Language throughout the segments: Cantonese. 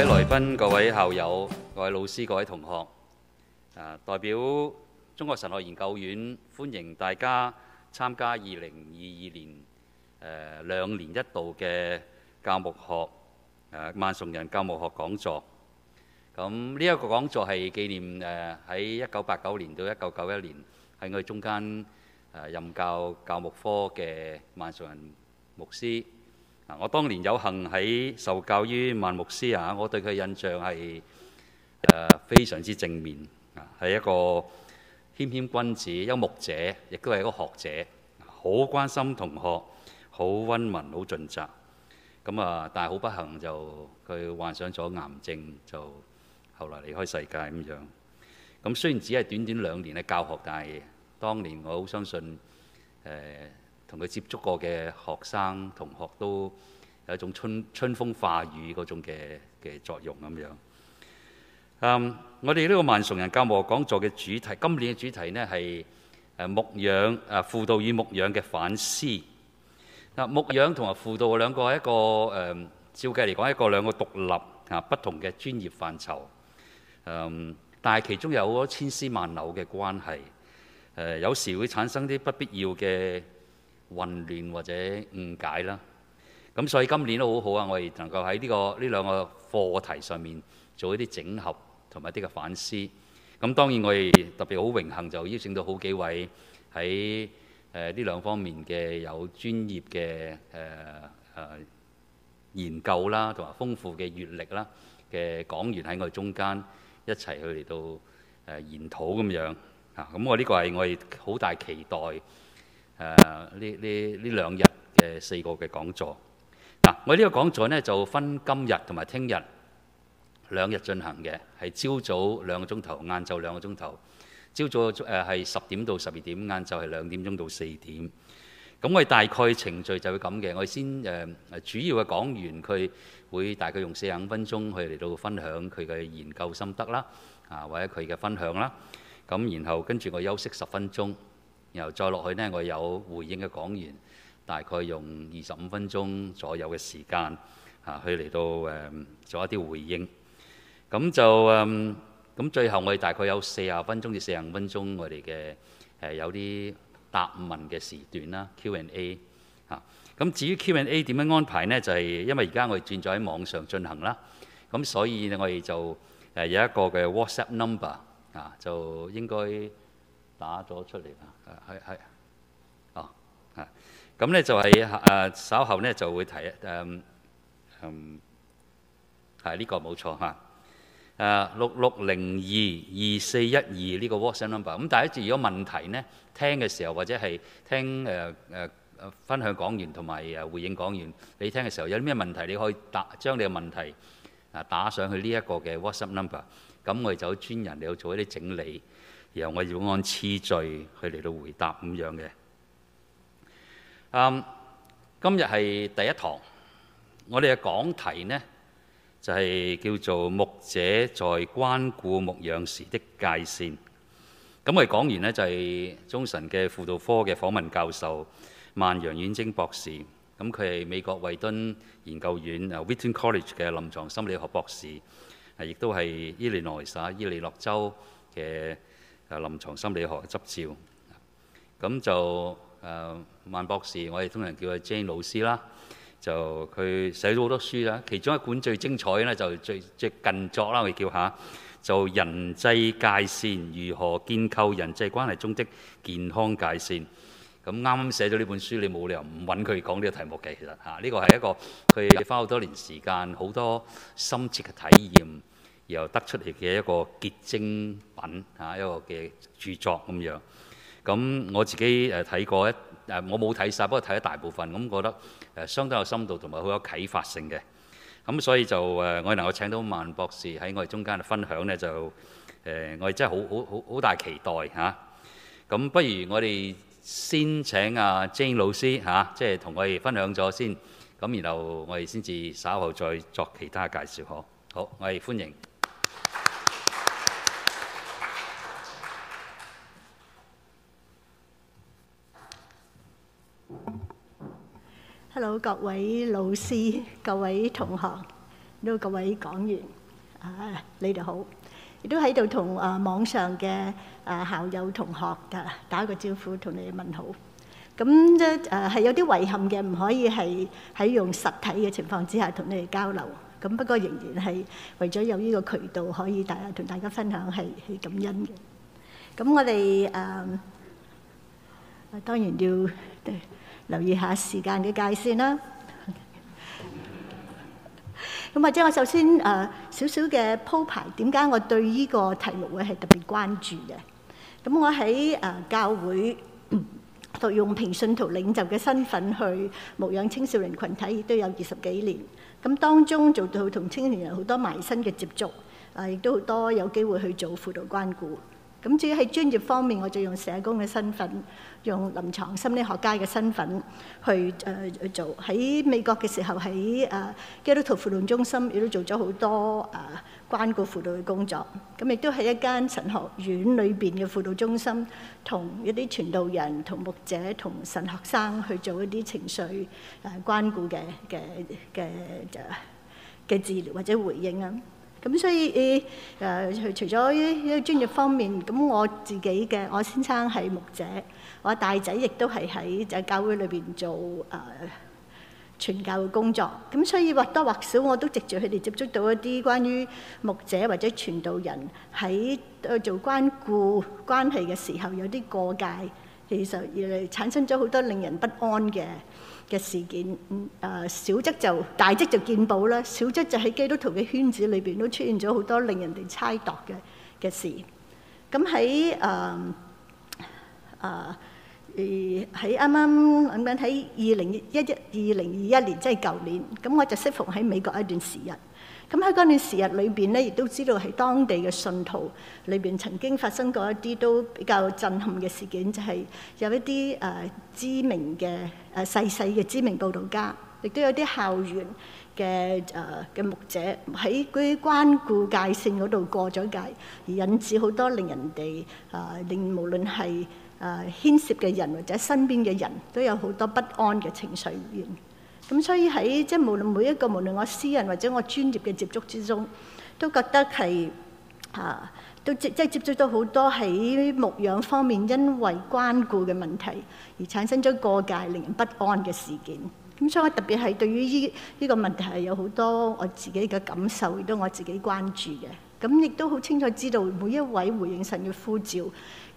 各位來賓、各位校友、各位老師、各位同學，啊，代表中國神學研究院歡迎大家參加二零二二年誒兩年一度嘅教牧學誒萬崇仁教牧學講座。咁呢一個講座係紀念誒喺一九八九年到一九九一年喺我哋中間誒任教教牧科嘅萬崇仁牧師。我當年有幸喺受教於萬牧師啊，我對佢印象係非常之正面啊，係一個謙謙君子、一個牧者，亦都係一個學者，好關心同學，好溫文，好盡責。咁啊，但係好不幸就佢患上咗癌症，就後來離開世界咁樣。咁雖然只係短短兩年嘅教學，但係當年我好相信誒、呃同佢接觸過嘅學生同學都有一種春春風化雨嗰種嘅嘅作用咁樣。誒、um, 這個，我哋呢個萬崇仁教牧學講座嘅主題，今年嘅主題呢係誒牧養誒輔導與牧養嘅反思。嗱、呃，牧養同埋輔導兩個係一個誒、呃，照計嚟講一個兩個獨立啊、呃、不同嘅專業範疇。誒、呃，但係其中有千絲萬縷嘅關係。誒、呃，有時會產生啲不必要嘅。混亂或者誤解啦，咁所以今年都好好啊！我哋能夠喺呢個呢兩個課題上面做一啲整合同埋一啲嘅反思。咁當然我哋特別好榮幸，就邀請到好幾位喺誒呢兩方面嘅有專業嘅誒誒研究啦，同埋豐富嘅閱歷啦嘅講員喺我哋中間一齊去嚟到誒、呃、研討咁樣吓。咁、啊嗯這個、我呢個係我哋好大期待。誒呢呢呢兩日嘅四個嘅講座，嗱、啊、我呢個講座呢就分今日同埋聽日兩日進行嘅，係朝早兩個鐘頭，晏晝兩個鐘頭。朝早誒係、呃、十點到十二點，晏晝係兩點鐘到四點。咁我哋大概程序就會咁嘅，我哋先誒、呃、主要嘅講員，佢會大概用四十五分鐘去嚟到分享佢嘅研究心得啦，啊或者佢嘅分享啦。咁然後跟住我休息十分鐘。然後再落去呢，我有回應嘅講員，大概用二十五分鐘左右嘅時間嚇、啊、去嚟到誒、嗯、做一啲回應。咁就誒咁、嗯、最後我哋大概有四十分鐘至四十五分鐘，我哋嘅誒有啲答問嘅時段啦，Q and A 嚇、啊。咁至於 Q and A 點樣安排呢？就係、是、因為而家我哋轉咗喺網上進行啦，咁所以我哋就誒、啊、有一個嘅 WhatsApp number 啊，就應該打咗出嚟啦。係係，哦嚇，咁咧就係誒稍後咧就會提誒嗯，係呢個冇錯嚇，誒六六零二二四一二呢個 WhatsApp number。咁大家如果有問題咧，聽嘅時候或者係聽誒誒誒分享講完同埋誒回應講完，你聽嘅時候有啲咩問題，你可以打將你嘅問題啊打上去呢一個嘅 WhatsApp number。咁我哋就專人嚟做一啲整理。然後我要按次序去嚟到回答咁樣嘅。嗯、um，今日係第一堂，我哋嘅講題呢就係、是、叫做牧者在關顧牧養時的界線。咁、嗯、我哋講完呢，就係、是、中神嘅輔導科嘅訪問教授萬楊婉貞博士。咁佢係美國惠敦研究院啊 （Wheaton College） 嘅臨床心理學博士，亦都係伊利內亞伊利諾州嘅。誒臨牀心理學執照，咁就誒萬博士，我哋通常叫阿 Jane 老師啦。就佢寫咗好多書啦，其中一本最精彩咧就最即近作啦，我哋叫下就人際界線如何建構人際關係中的健康界線。咁啱啱寫咗呢本書，你冇理由唔揾佢講呢個題目嘅。其實嚇呢個係一個佢花好多年時間、好多深切嘅體驗。又得出嚟嘅一個結晶品嚇，一個嘅著作咁樣。咁我自己誒睇過一誒，我冇睇晒，不過睇咗大部分，咁覺得誒相當有深度，同埋好有啟發性嘅。咁所以就誒，我哋能夠請到萬博士喺我哋中間嚟分享呢，就誒，我哋真係好好好好大期待嚇。咁不如我哋先請阿貞老師嚇，即係同我哋分享咗先。咁然後我哋先至稍後再作其他介紹呵。好，我哋歡迎。Hello，各位老師、各位同學，都各位講員，唉，你哋好，亦都喺度同啊網上嘅啊校友同學啊打個招呼，同你哋問好。咁即係係有啲遺憾嘅，唔可以係喺用實體嘅情況之下同你哋交流。咁不過仍然係為咗有呢個渠道可以大家同大家分享，係係感恩嘅。咁我哋啊，當然要對。留意下時間嘅界線啦。咁或者我首先誒少少嘅鋪排，點解我對呢個題目會係特別關注嘅？咁我喺誒教會就用平信徒領袖嘅身份去牧養青少年群體，亦都有二十幾年。咁當中做到同青年人好多埋身嘅接觸，誒亦都好多有機會去做輔導關顧。咁至於喺專業方面，我就用社工嘅身份，用臨牀心理學家嘅身份去誒去做。喺美國嘅時候，喺誒基督徒輔導中心亦都做咗好多誒關顧輔導嘅工作。咁亦都係一間神學院裏邊嘅輔導中心，同一啲傳道人、同牧者、同神學生去做一啲情緒誒關顧嘅嘅嘅嘅治療或者回應啊。咁所以誒誒，除除咗呢啲專業方面，咁我自己嘅，我先生係牧者，我大仔亦都係喺就教會裏邊做誒傳教嘅工作，咁所以或多或少我都藉住佢哋接觸到一啲關於牧者或者傳道人喺去做關顧關係嘅時候有啲過界，其實誒產生咗好多令人不安嘅嘅事件，誒小則就大則就見報啦，小則就喺基督徒嘅圈子裏邊都出現咗好多令人哋猜度嘅嘅事。咁喺誒誒，而喺啱啱諗緊喺二零一一二零二一年，即係舊年，咁我就適逢喺美國一段時日。咁喺嗰段時日裏邊咧，亦都知道喺當地嘅信徒裏邊曾經發生過一啲都比較震撼嘅事件，就係有一啲誒知名嘅誒細細嘅知名報道家，亦都有啲校園嘅誒嘅牧者喺嗰啲關顧界線嗰度過咗界，而引致好多令人哋誒令無論係誒牽涉嘅人或者身邊嘅人，都有好多不安嘅情緒出現。咁所以喺即係無論每一個，無論我私人或者我專業嘅接觸之中，都覺得係啊，都即即係接觸到好多喺牧養方面因為關顧嘅問題而產生咗過界令人不安嘅事件。咁所以我特別係對於呢呢個問題係有好多我自己嘅感受，亦都我自己關注嘅。咁亦都好清楚知道每一位回應神嘅呼召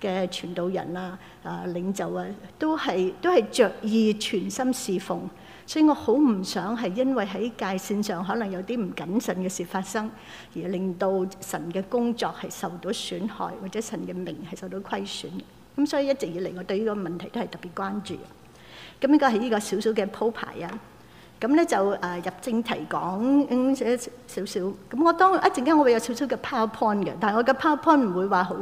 嘅傳道人啊、啊領袖啊，都係都係著意全心侍奉。所以我好唔想係因為喺界線上可能有啲唔謹慎嘅事發生，而令到神嘅工作係受到損害，或者神嘅名係受到虧損，咁所以一直以嚟，我對呢個問題都係特別關注。咁應該係呢個小小嘅鋪排啊。咁咧就誒入正題講少、嗯、少，咁我當一陣間我會有少少嘅 PowerPoint 嘅，但係我嘅 PowerPoint 唔會話好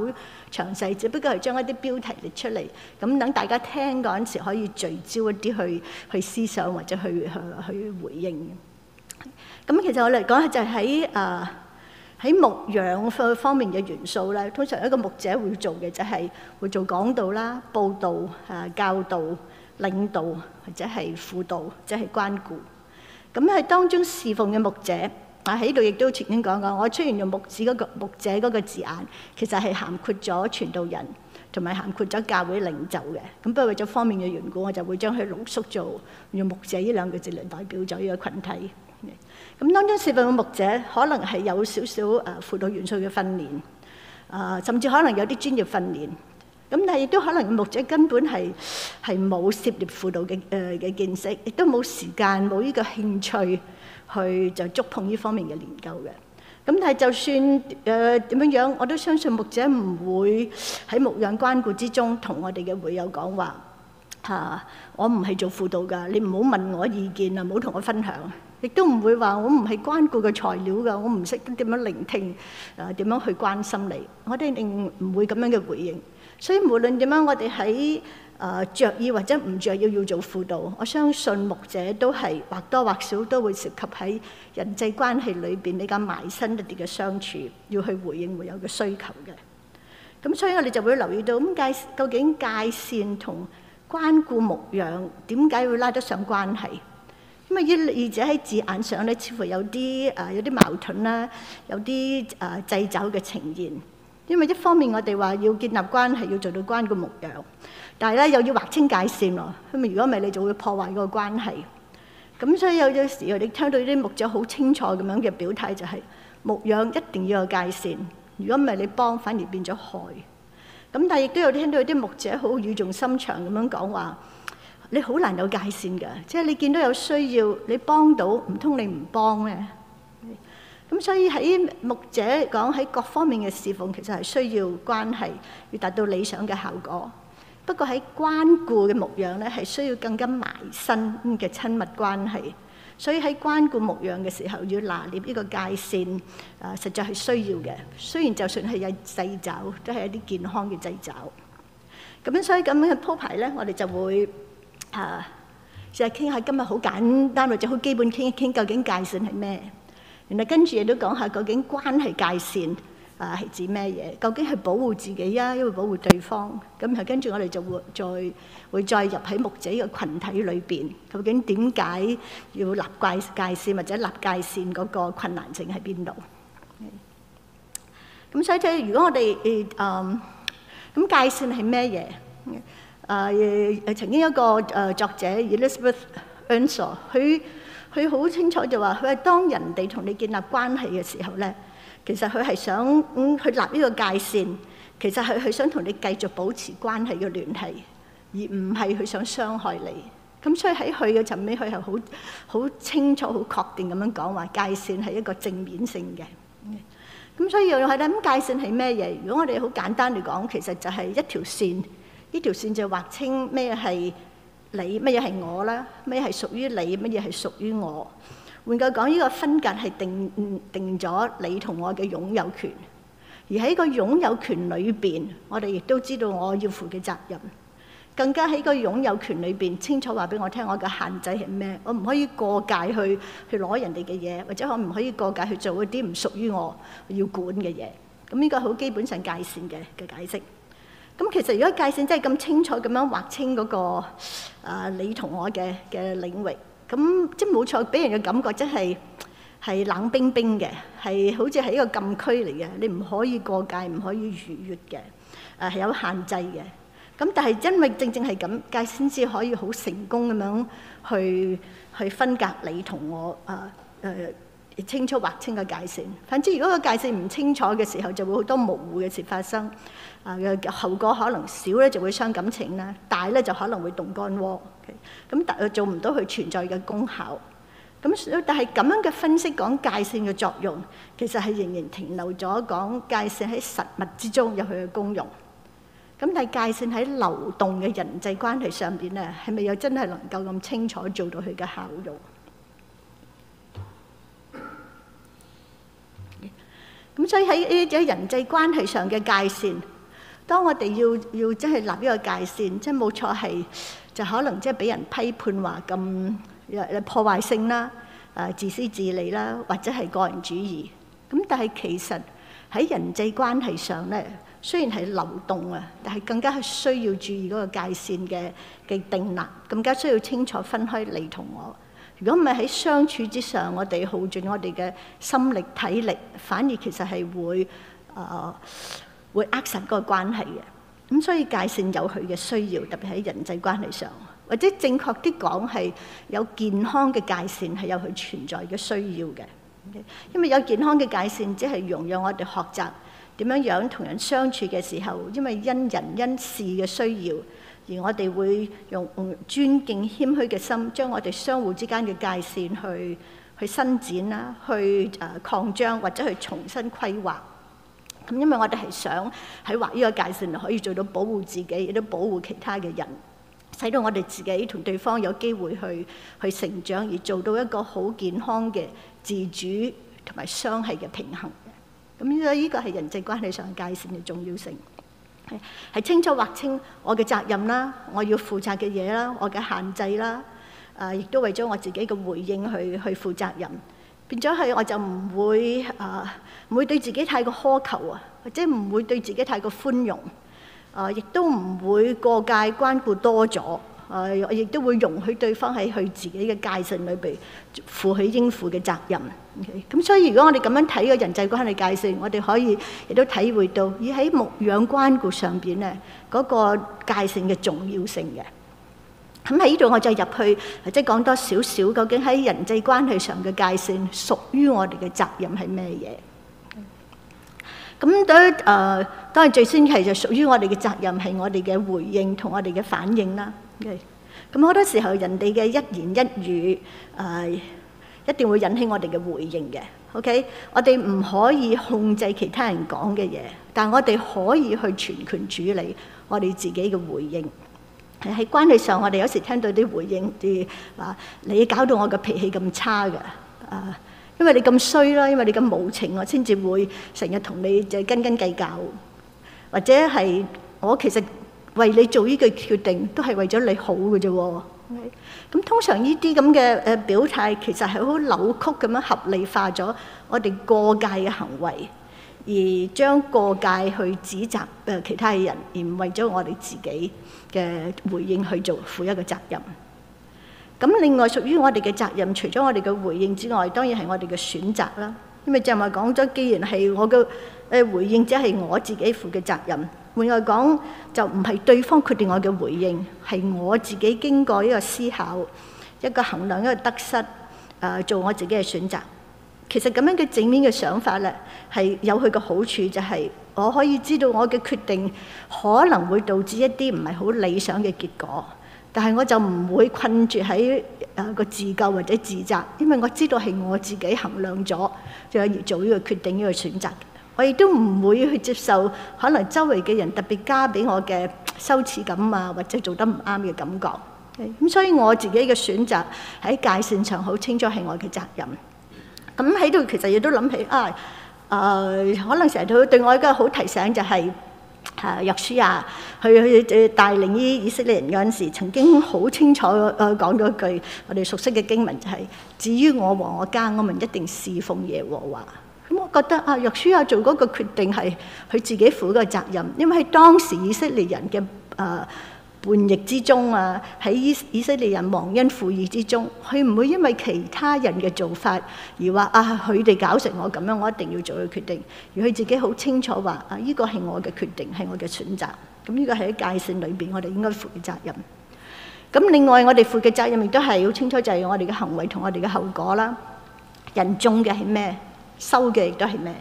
詳細，只不過係將一啲標題列出嚟，咁等大家聽嗰陣時可以聚焦一啲去去思想或者去去去回應。咁其實我嚟講就係喺誒喺牧養方面嘅元素咧，通常一個牧者會做嘅就係會做講道啦、佈道、誒、呃、教導。領導或者係輔導，即係關顧。咁喺當中侍奉嘅牧者，啊喺度亦都曾經講過，我出現用牧子嗰個牧者嗰個字眼，其實係涵括咗傳道人，同埋涵括咗教會領袖嘅。咁不過為咗方便嘅緣故，我就會將佢濃縮做用牧者呢兩個字嚟代表咗呢個羣體。咁當中侍奉嘅牧者，可能係有少少誒輔導元素嘅訓練，啊甚至可能有啲專業訓練。咁但係亦都可能牧者根本係係冇涉獵輔導嘅誒嘅見識，亦都冇時間冇呢個興趣去就觸碰呢方面嘅研究嘅。咁但係就算誒點樣樣，我都相信牧者唔會喺牧養關顧之中同我哋嘅會友講話啊！我唔係做輔導㗎，你唔好問我意見啊，唔好同我分享。亦都唔會話我唔係關顧嘅材料㗎，我唔識點樣聆聽誒點樣去關心你，我哋定唔會咁樣嘅回應。所以無論點樣，我哋喺誒著意或者唔着意要做輔導，我相信牧者都係或多或少都會涉及喺人際關係裏邊比較埋身一啲嘅相處，要去回應會有嘅需求嘅。咁所以我哋就會留意到，咁界究竟界線同關顧牧養點解會拉得上關係？咁啊，呢二者喺字眼上咧，似乎有啲誒有啲矛盾啦，有啲誒掣肘嘅呈現。因為一方面我哋話要建立關係，要做到關顧牧養，但係咧又要劃清界線咯。咁如果唔係，你就會破壞個關係。咁所以有陣時，你聽到啲牧者好清楚咁樣嘅表態，就係牧養一定要有界線。如果唔係，你幫反而變咗害。咁但係亦都有聽到有啲牧者好語重心長咁樣講話，你好難有界線㗎。即係你見到有需要，你幫到，唔通你唔幫呢？咁所以喺牧者嚟講，喺各方面嘅侍奉其實係需要關係，要達到理想嘅效果。不過喺關顧嘅牧養咧，係需要更加埋身嘅親密關係。所以喺關顧牧養嘅時候，要拿捏呢個界線，啊，實在係需要嘅。雖然就算係有掣肘，都係一啲健康嘅掣肘。咁樣所以咁樣嘅鋪排咧，我哋就會啊，就係傾下今日好簡單或者好基本傾一傾，究竟界線係咩？然後跟住亦都講下究竟關係界線啊係指咩嘢？究竟係保護自己啊，因為保護對方。咁係跟住我哋就會再會再入喺牧者嘅羣體裏邊。究竟點解要立界界線，或者立界線嗰個困難性喺邊度？咁所以即係如果我哋誒誒咁界線係咩嘢？誒曾經一個誒作者 Elizabeth Ensor，佢。佢好清楚就話，佢係當人哋同你建立關係嘅時候咧，其實佢係想去、嗯、立呢個界線。其實佢佢想同你繼續保持關係嘅聯繫，而唔係佢想傷害你。咁所以喺佢嘅尋尾，佢係好好清楚、好確定咁樣講話界線係一個正面性嘅。咁所以又係咧，咁界線係咩嘢？如果我哋好簡單嚟講，其實就係一條線。呢條線就劃清咩係？你乜嘢係我啦？乜嘢係屬於你？乜嘢係屬於我？換句講，呢、這個分隔係定定咗你同我嘅擁有權。而喺個擁有權裏邊，我哋亦都知道我要負嘅責任。更加喺個擁有權裏邊，清楚話俾我聽我，我嘅限制係咩？我唔可以過界去去攞人哋嘅嘢，或者我唔可以過界去做一啲唔屬於我要管嘅嘢。咁呢個好基本上界線嘅嘅解釋。咁其實如果界線真係咁清楚咁樣劃清嗰、嗰個、呃、你同我嘅嘅領域，咁即係冇錯，俾人嘅感覺真係係冷冰冰嘅，係好似係一個禁區嚟嘅，你唔可以過界，唔可以逾越嘅，誒、呃、係有限制嘅。咁但係因為正正係咁界先至可以好成功咁樣去去分隔你同我啊誒。呃呃清楚劃清嘅界線，反之，如果個界線唔清楚嘅時候，就會好多模糊嘅事發生。啊嘅後果可能小咧，就會傷感情啦；大咧就可能會動肝鍋。咁但係做唔到佢存在嘅功效。咁但係咁樣嘅分析講界線嘅作用，其實係仍然停留咗講界線喺實物之中有佢嘅功用。咁但係界線喺流動嘅人際關係上邊咧，係咪又真係能夠咁清楚做到佢嘅效用？咁所以喺喺人際關係上嘅界線，當我哋要要即係立呢個界線，即係冇錯，係就可能即係俾人批判話咁誒誒破壞性啦，誒、呃、自私自利啦，或者係個人主義。咁但係其實喺人際關係上咧，雖然係流動啊，但係更加係需要注意嗰個界線嘅嘅定立，更加需要清楚分開你同我。如果唔係喺相處之上，我哋耗盡我哋嘅心力體力，反而其實係會誒、呃、會扼殺個關係嘅。咁所以界線有佢嘅需要，特別喺人際關係上，或者正確啲講係有健康嘅界線係有佢存在嘅需要嘅。因為有健康嘅界線，即係容讓我哋學習點樣樣同人相處嘅時候，因為因人因事嘅需要。而我哋會用尊敬謙虛嘅心，將我哋相互之間嘅界線去去伸展啦，去誒擴張或者去重新規劃。咁因為我哋係想喺劃呢個界線，可以做到保護自己，亦都保護其他嘅人，使到我哋自己同對方有機會去去成長，而做到一個好健康嘅自主同埋相繫嘅平衡。咁所以呢個係人際關係上界線嘅重要性。係，係清楚劃清我嘅責任啦，我要負責嘅嘢啦，我嘅限制啦，誒，亦都為咗我自己嘅回應去去負責任，變咗係我就唔會誒，唔會對自己太過苛求啊，或者唔會對自己太過寬容，誒，亦都唔會過界關顧多咗。誒，我亦都會容許對方喺佢自己嘅界線裏邊負起應負嘅責任。OK，咁所以如果我哋咁樣睇個人際關係界線，我哋可以亦都體會到以喺牧養關顧上邊咧嗰個界線嘅重要性嘅。咁喺呢度我就入去，即係講多少少究竟喺人際關係上嘅界線屬於我哋嘅責任係咩嘢？咁對於誒，當然最先係就屬於我哋嘅責任係我哋嘅回應同我哋嘅反應啦。咁好多時候，人哋嘅一言一語，誒，一定會引起我哋嘅回應嘅。OK，我哋唔可以控制其他人講嘅嘢，但我哋可以去全權處理我哋自己嘅回應。喺關係上，我哋有時聽到啲回應，啲話你搞到我嘅脾氣咁差㗎，啊，因為你咁衰啦，因為你咁無情，我先至會成日同你就係斤斤計較，或者係我其實，為你做呢個決定，都係為咗你好嘅啫。咁的通常呢啲咁嘅誒，表態，其實係好扭曲咁樣合理化咗我哋過界嘅行為，而將過界去指責誒，其他嘅人，而唔為咗我哋自己嘅回應去做負一個責任。咁另外屬於我哋嘅責任，除咗我哋嘅回應之外，當然係我哋嘅選擇啦。因為正話講咗，既然係我嘅誒，回應，即係我自己負嘅責任。換句講，就唔係對方決定我嘅回應，係我自己經過一個思考、一個衡量、一個得失，誒、呃、做我自己嘅選擇。其實咁樣嘅正面嘅想法咧，係有佢嘅好處，就是，就係我可以知道我嘅決定可能會導致一啲唔係好理想嘅結果，但係我就唔會困住喺誒個自咎或者自責，因為我知道係我自己衡量咗，就係做呢個決定，呢、呢個選擇。我亦都唔會去接受可能周圍嘅人特別加俾我嘅羞恥感啊，或者做得唔啱嘅感覺。咁所以我自己嘅選擇喺界線上好清楚係我嘅責任。咁喺度其實亦都諗起啊，誒、呃，可能成日都對我一個好提醒就係誒約書亞、啊、去去帶領啲以色列人嗰陣時，曾經好清楚誒講咗一句我哋熟悉嘅經文，就是，就係至於我和我家，我們一定侍奉耶和華。咁我覺得啊，約書亞做嗰個決定係佢自己負嘅責任，因為喺當時以色列人嘅誒叛逆之中啊，喺以以色列人忘恩負義之中，佢唔會因為其他人嘅做法而話啊，佢哋搞成我咁樣，我一定要做嘅決定。而佢自己好清楚話啊，呢個係我嘅決定，係我嘅選擇。咁呢個係喺界線裏邊，我哋應該負嘅責任。咁另外，我哋負嘅責任亦都係好清楚，就係我哋嘅行為同我哋嘅後果啦。人中嘅係咩？收嘅亦都係咩？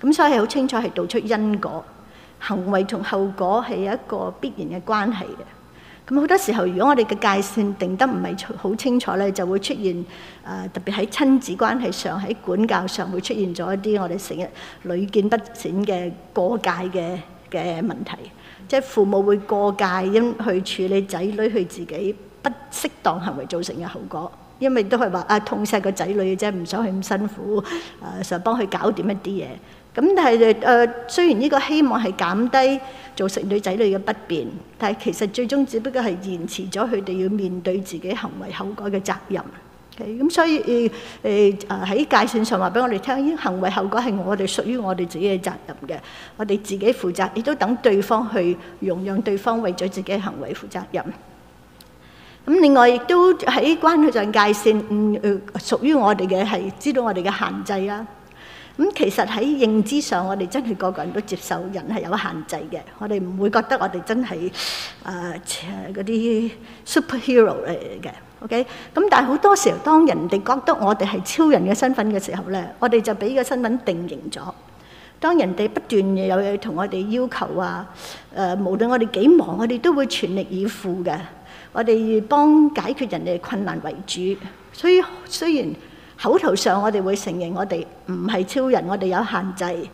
咁所以係好清楚係道出因果，行為同後果係一個必然嘅關係嘅。咁好多時候，如果我哋嘅界線定得唔係好清楚呢，就會出現誒特別喺親子關係上、喺管教上會出現咗一啲我哋成日屢見不鮮嘅過界嘅嘅問題，即係父母會過界因去處理仔女佢自己不適當行為造成嘅後果。因為都係話啊，痛錫個仔女嘅啫，唔想佢咁辛苦，誒想幫佢搞掂一啲嘢。咁但係誒雖然呢個希望係減低造成對仔女嘅不便，但係其實最終只不過係延遲咗佢哋要面對自己行為後果嘅責任。咁所以誒誒喺界線上話俾我哋聽，呢行為後果係我哋屬於我哋自己嘅責任嘅，我哋自己負責，亦都等對方去容讓對方為咗自己行為負責任。咁另外亦都喺關於上界線，嗯，屬於我哋嘅係知道我哋嘅限制啦。咁其實喺認知上，我哋真係個個人都接受人係有限制嘅，我哋唔會覺得我哋真係誒嗰啲 superhero 嚟嘅。OK，咁但係好多時候，當人哋覺得我哋係超人嘅身份嘅時候咧，我哋就俾個身份定型咗。當人哋不斷有嘢同我哋要求啊，誒，無論我哋幾忙，我哋都會全力以赴嘅。我哋以幫解決人哋困難為主，所以雖然口頭上我哋會承認我哋唔係超人，我哋有限制，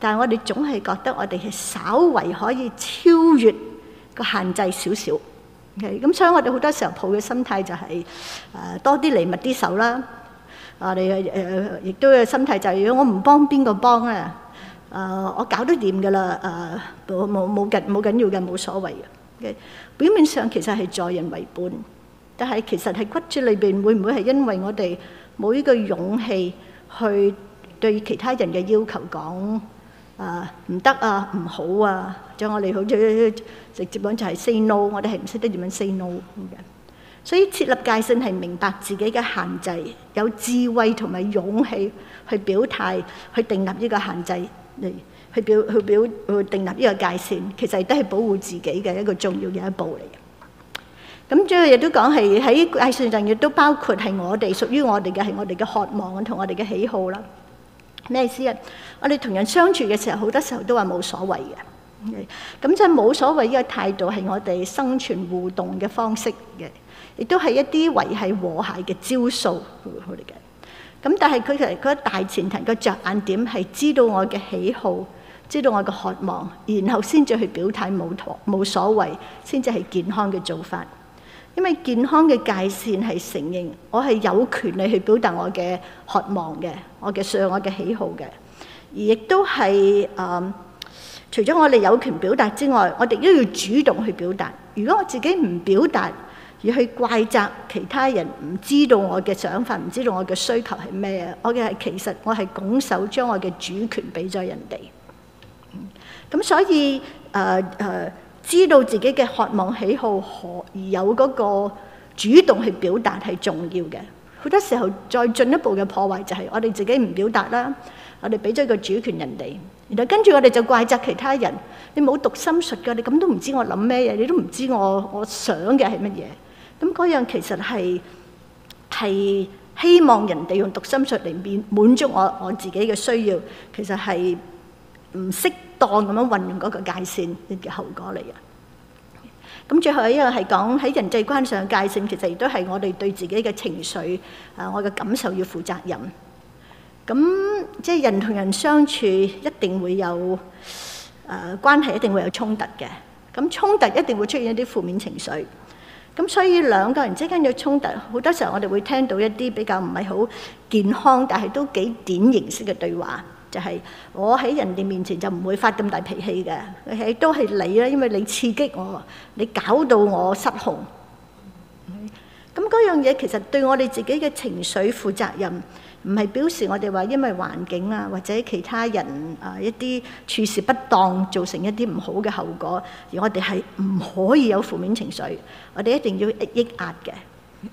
但係我哋總係覺得我哋係稍為可以超越個限制少少。OK，咁所以我哋好多時候抱嘅心態就係誒多啲嚟物啲手啦。我哋誒亦都有心態就係，如果我唔幫邊個幫啊？誒，我搞得掂㗎啦。誒，冇冇冇緊冇緊要嘅，冇所謂嘅。表面上其實係在人為本，但係其實係骨子裏邊會唔會係因為我哋冇依個勇氣去對其他人嘅要求講啊唔得啊唔好啊，將我哋好似直接講就係 say no，我哋係唔識得點樣 say no 嘅。所以設立界線係明白自己嘅限制，有智慧同埋勇氣去表態，去定立依個限制嚟。去表去表去定立呢個界線，其實亦都係保護自己嘅一個重要嘅一步嚟。咁最後亦都講係喺界線上嘅，都包括係我哋屬於我哋嘅，係我哋嘅渴望同我哋嘅喜好啦。咩意思啊？我哋同人相處嘅時候，好多時候都話冇所謂嘅。咁即係冇所謂呢個態度，係我哋生存互動嘅方式嘅，亦都係一啲維繫和諧嘅招數嚟嘅。咁但係佢其實佢大前提個着眼點係知道我嘅喜好。知道我嘅渴望，然後先至去表態冇同冇所謂，先至係健康嘅做法。因為健康嘅界線係承認我係有權利去表達我嘅渴望嘅，我嘅上我嘅喜好嘅，而亦都係誒、呃。除咗我哋有權表達之外，我哋都要主動去表達。如果我自己唔表達，而去怪責其他人唔知道我嘅想法，唔知道我嘅需求係咩，我嘅係其實我係拱手將我嘅主權俾咗人哋。咁所以誒誒知道自己嘅渴望喜好，而有嗰個主動去表達係重要嘅。好多時候再進一步嘅破壞就係我哋自己唔表達啦，我哋俾咗個主權人哋，然後跟住我哋就怪責其他人。你冇讀心術㗎，你咁都唔知我諗咩嘢，你都唔知我我想嘅係乜嘢。咁嗰樣其實係係希望人哋用讀心術嚟滿滿足我我自己嘅需要，其實係唔識。當咁樣運用嗰個界線嘅後果嚟啊！咁最後一個係講喺人際關上嘅界線，其實亦都係我哋對自己嘅情緒啊、我嘅感受要負責任。咁即係人同人相處一定會有誒關係，一定會有衝突嘅。咁衝突一定會出現一啲負面情緒。咁所以兩個人之間嘅衝突，好多時候我哋會聽到一啲比較唔係好健康，但係都幾典型式嘅對話。就係我喺人哋面前就唔會發咁大脾氣嘅，係都係你啦，因為你刺激我，你搞到我失控。咁嗰樣嘢其實對我哋自己嘅情緒負責任，唔係表示我哋話因為環境啊或者其他人啊一啲處事不當造成一啲唔好嘅後果，而我哋係唔可以有負面情緒，我哋一定要抑壓嘅。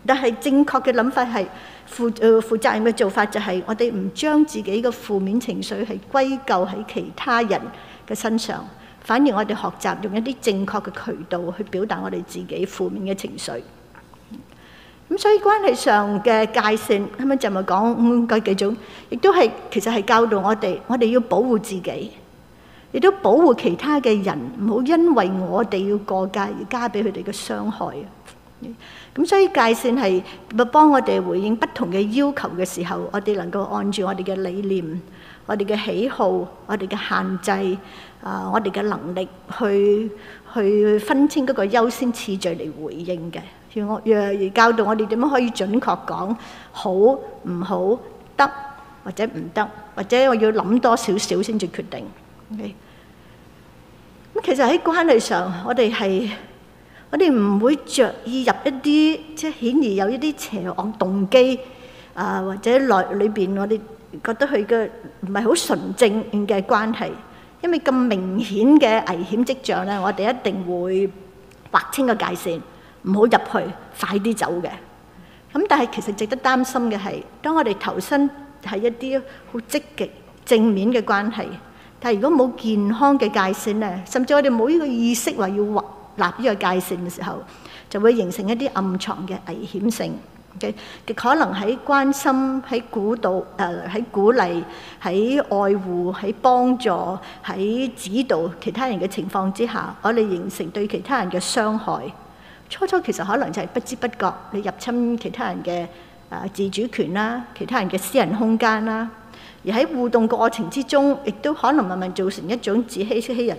但係正確嘅諗法係負誒負責任嘅做法，就係我哋唔將自己嘅負面情緒係歸咎喺其他人嘅身上，反而我哋學習用一啲正確嘅渠道去表達我哋自己負面嘅情緒。咁所以關係上嘅界線，啱啱就係講五個幾種，亦都係其實係教導我哋，我哋要保護自己，亦都保護其他嘅人，唔好因為我哋要過界而加俾佢哋嘅傷害。咁所以界線係咪幫我哋回應不同嘅要求嘅時候，我哋能夠按照我哋嘅理念、我哋嘅喜好、我哋嘅限制、啊我哋嘅能力去去分清嗰個優先次序嚟回應嘅。要我約而教導我哋點樣可以準確講好唔好得，或者唔得，或者我要諗多少少先至決定。OK，咁其實喺關係上，我哋係。我哋唔會著意入一啲即係顯而有一啲邪惡動機啊，或者內裏邊我哋覺得佢嘅唔係好純正嘅關係，因為咁明顯嘅危險跡象咧，我哋一定會劃清個界線，唔好入去，快啲走嘅。咁但係其實值得擔心嘅係，當我哋投身係一啲好積極正面嘅關係，但係如果冇健康嘅界線咧，甚至我哋冇依個意識話要劃立呢個界線嘅時候，就會形成一啲暗藏嘅危險性。佢可能喺關心、喺鼓導、誒喺鼓勵、喺愛護、喺幫助、喺指導其他人嘅情況之下，我哋形成對其他人嘅傷害。初初其實可能就係不知不覺，你入侵其他人嘅誒自主權啦，其他人嘅私人空間啦。而喺互動過程之中，亦都可能慢慢造成一種自欺欺人。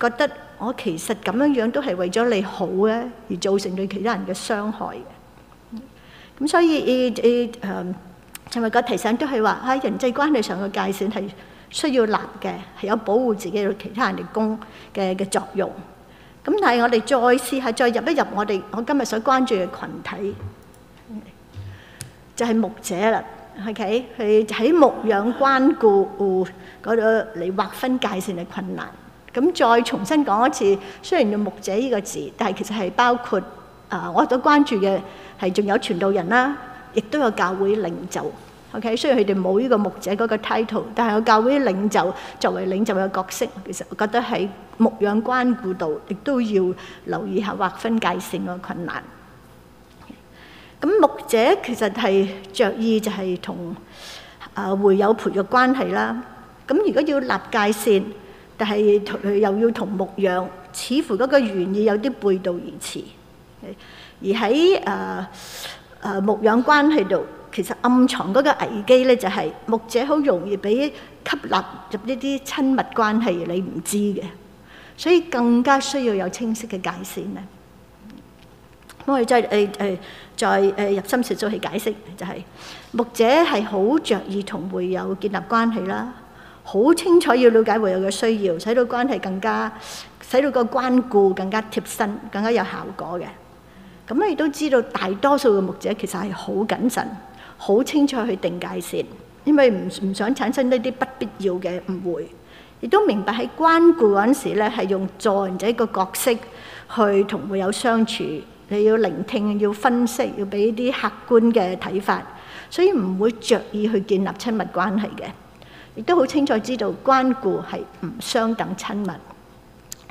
覺得我其實咁樣樣都係為咗你好咧，而造成對其他人嘅傷害嘅。咁所以誒誒，誒，今日個提醒都係話喺人際關係上嘅界線係需要立嘅，係有保護自己對其他人嘅功嘅嘅作用。咁但係我哋再次係再入一入我哋我今日所關注嘅羣體，就係牧者啦，okay？佢喺牧養關顧嗰度嚟劃分界線嘅困難。咁再重新講一次，雖然用牧者呢個字，但係其實係包括啊，我哋都關注嘅係仲有傳道人啦，亦都有教會領袖。OK，雖然佢哋冇呢個牧者嗰個 title，但係有教會領袖作為領袖嘅角色，其實我覺得喺牧養關顧度，亦都要留意下劃分界線嘅困難。咁牧者其實係著意就係同啊會友培育嘅關係啦。咁如果要立界線，但係佢又要同牧養，似乎嗰個原意有啲背道而馳。而喺誒誒牧養關係度，其實暗藏嗰個危機咧，就係牧者好容易俾吸納入呢啲親密關係，你唔知嘅，所以更加需要有清晰嘅界線咧。咁我哋再誒誒再誒入深處再去解釋，就係牧者係好著意同會友建立關係啦。好清楚要了解會友嘅需要，使到關係更加，使到個關顧更加貼身，更加有效果嘅。咁你都知道大多數嘅牧者其實係好謹慎，好清楚去定界線，因為唔唔想產生呢啲不必要嘅誤會。亦都明白喺關顧嗰陣時咧，係用助人者個角色去同會友相處，你要聆聽，要分析，要俾啲客觀嘅睇法，所以唔會著意去建立親密關係嘅。亦都好清楚知道關顧係唔相等親密，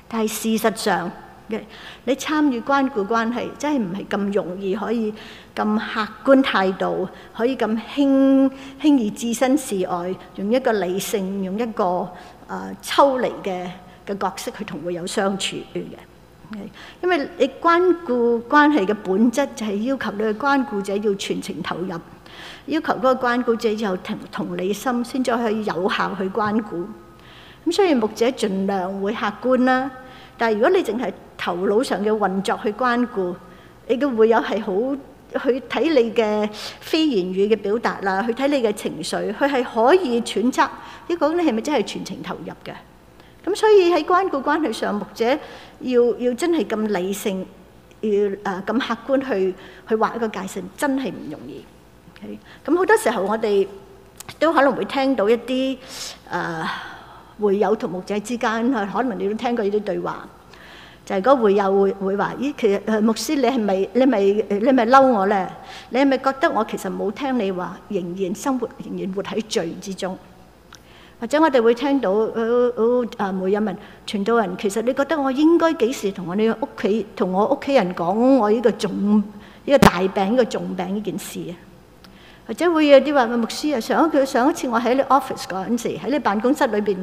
但係事實上嘅你參與關顧關係真係唔係咁容易可以咁客觀態度，可以咁輕輕易置身事外，用一個理性、用一個啊抽離嘅嘅角色去同佢有相處嘅。因為你關顧關係嘅本質就係要求你嘅關顧者要全情投入。要求嗰個關顧者有同理心，先至可以有效去關顧。咁所以牧者盡量會客觀啦。但係如果你淨係頭腦上嘅運作去關顧，你嘅會友係好去睇你嘅非言語嘅表達啦，去睇你嘅情緒，佢係可以揣測一個你係咪真係全情投入嘅。咁所以喺關顧關係上，牧者要要真係咁理性，要誒咁客觀去去畫一個界線，真係唔容易。咁好多時候，我哋都可能會聽到一啲誒會友同牧者之間，可能你都聽過呢啲對話，就係嗰會友會會話咦，其實誒牧師，你係咪你咪你咪嬲我咧？你係咪覺得我其實冇聽你話，仍然生活仍然活喺罪之中？或者我哋會聽到誒誒誒，每一名傳道人，其實你覺得我應該幾時同我呢個屋企同我屋企人講我呢個重呢個大病呢個重病呢件事啊？或者會有啲話牧師啊，上一佢上一次我喺你 office 嗰陣時，喺你辦公室裏邊，